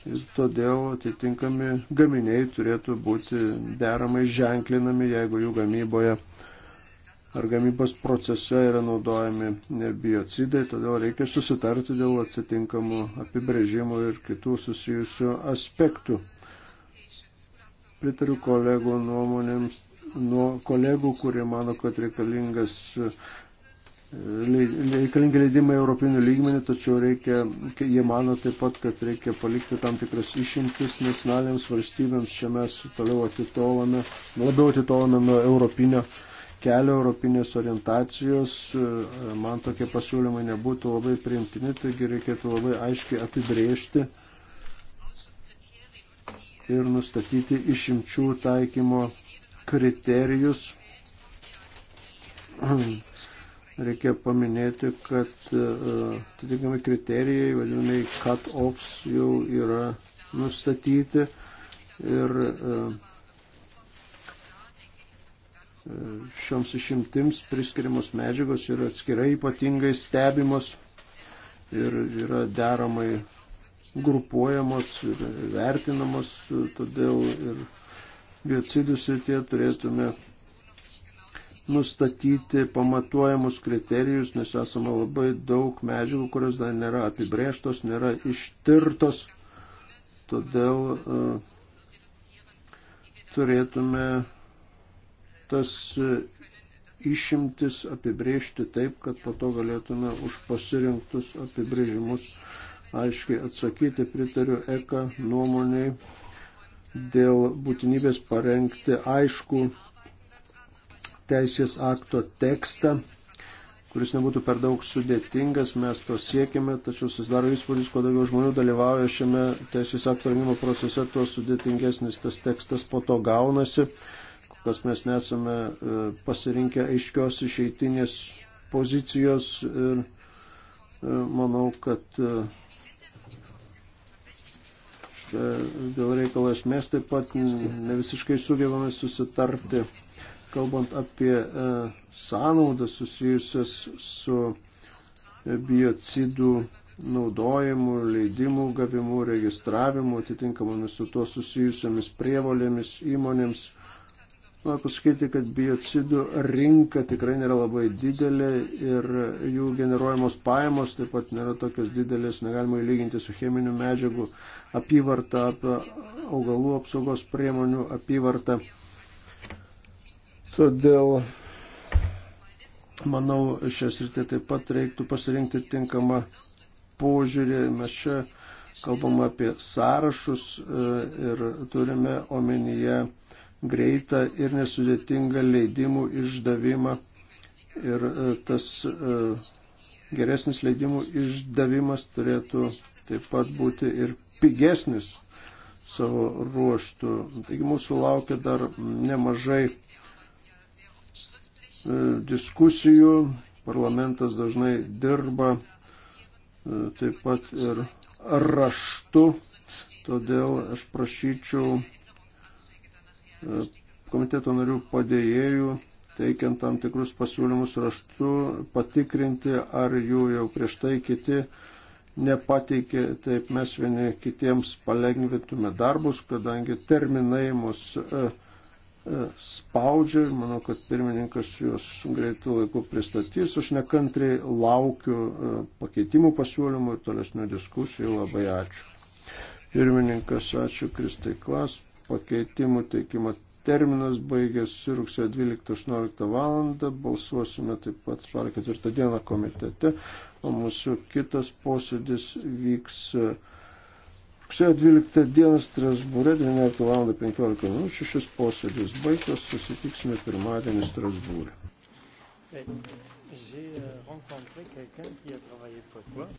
Ir todėl atitinkami gaminiai turėtų būti deramai ženklinami, jeigu jų gamyboje ar gamybos procese yra naudojami ne biocidai, todėl reikia susitarti dėl atsitinkamų apibrėžimų ir kitų susijusių aspektų. Pritariu kolegų nuomonėms, nuo kolegų, kurie mano, kad reikalingas e, reikalingi leidimai europinių lygmenį, tačiau reikia, jie mano taip pat, kad reikia palikti tam tikras išimtis nacionaliniams valstybėms, čia mes toliau atitolame, labiau atitolame nuo europinio kelio, europinės orientacijos, e, man tokie pasiūlymai nebūtų labai priimtini, taigi reikėtų labai aiškiai apibrėžti ir nustatyti išimčių taikymo kriterijus. *clears throat* Reikia paminėti, kad e, atitinkami kriterijai, vadinamai cut-offs, jau yra nustatyti ir e, e, šioms išimtims priskiriamos medžiagos yra atskirai ypatingai stebimos ir yra deramai grupuojamos ir vertinamos, todėl ir biocidų srityje turėtume nustatyti pamatuojamus kriterijus, nes esame labai daug medžiagų, kurios dar nėra apibrėžtos, nėra ištirtos. Todėl uh, turėtume tas išimtis apibrėžti taip, kad po to galėtume už pasirinktus apibrėžimus uh, aiškiai atsakyti, pritariu ECA nuomoniai dėl būtinybės parengti aišku teisės akto tekstą, kuris nebūtų per daug sudėtingas, mes to siekime, tačiau susidaro įspūdis, kuo daugiau žmonių dalyvauja šiame teisės akto rengimo procese, tuo sudėtingesnis tas tekstas po to gaunasi, kas mes nesame e, pasirinkę aiškios išeitinės pozicijos ir e, manau, kad e, dėl reikalo esmės taip pat ne visiškai sugebame susitarti, kalbant apie e, sąnaudas susijusias su e, biocidų naudojimu, leidimu gavimu, registravimu, atitinkamomis su tuo susijusiamis prievolėmis įmonėms Noriu pasakyti, kad biocidų rinka tikrai nėra labai didelė ir jų generuojamos pajamos taip pat nėra tokios didelės, negalima įlyginti su cheminių medžiagų apyvarta, apie augalų apsaugos priemonių apyvarta. Todėl, manau, šias rytį taip pat reiktų pasirinkti tinkamą požiūrį. Mes čia kalbam apie sąrašus e, ir turime omenyje greitą ir nesudėtingą leidimų išdavimą. Ir e, tas e, geresnis leidimų išdavimas turėtų taip pat būti ir pigesnis savo ruoštų. Taigi mūsų laukia dar nemažai e, diskusijų. Parlamentas dažnai dirba taip pat ir raštu. Todėl aš prašyčiau komiteto narių padėjėjų, teikiant tam tikrus pasiūlymus raštu, patikrinti, ar jų jau prieš tai kiti nepateikė, taip mes vieni kitiems palengvintume darbus, kadangi terminai mus e, e, spaudžia ir manau, kad pirmininkas juos greitų laikų pristatys. Aš nekantriai laukiu e, pakeitimų pasiūlymų ir tolesnių diskusijų. Labai ačiū. Pirmininkas, ačiū Kristai Klas pakeitimų teikimo terminas baigėsi rugsėjo 12-18 valandą, balsuosime taip pat spalio 4 dieną komitete, o mūsų kitas posėdis vyks e, rugsėjo 12 dieną Strasbūre 19 val. 15 min. Šis posėdis baigtas, susitiksime pirmadienį Strasbūre. J'ai euh, rencontré quelqu'un qui a travaillé pour toi.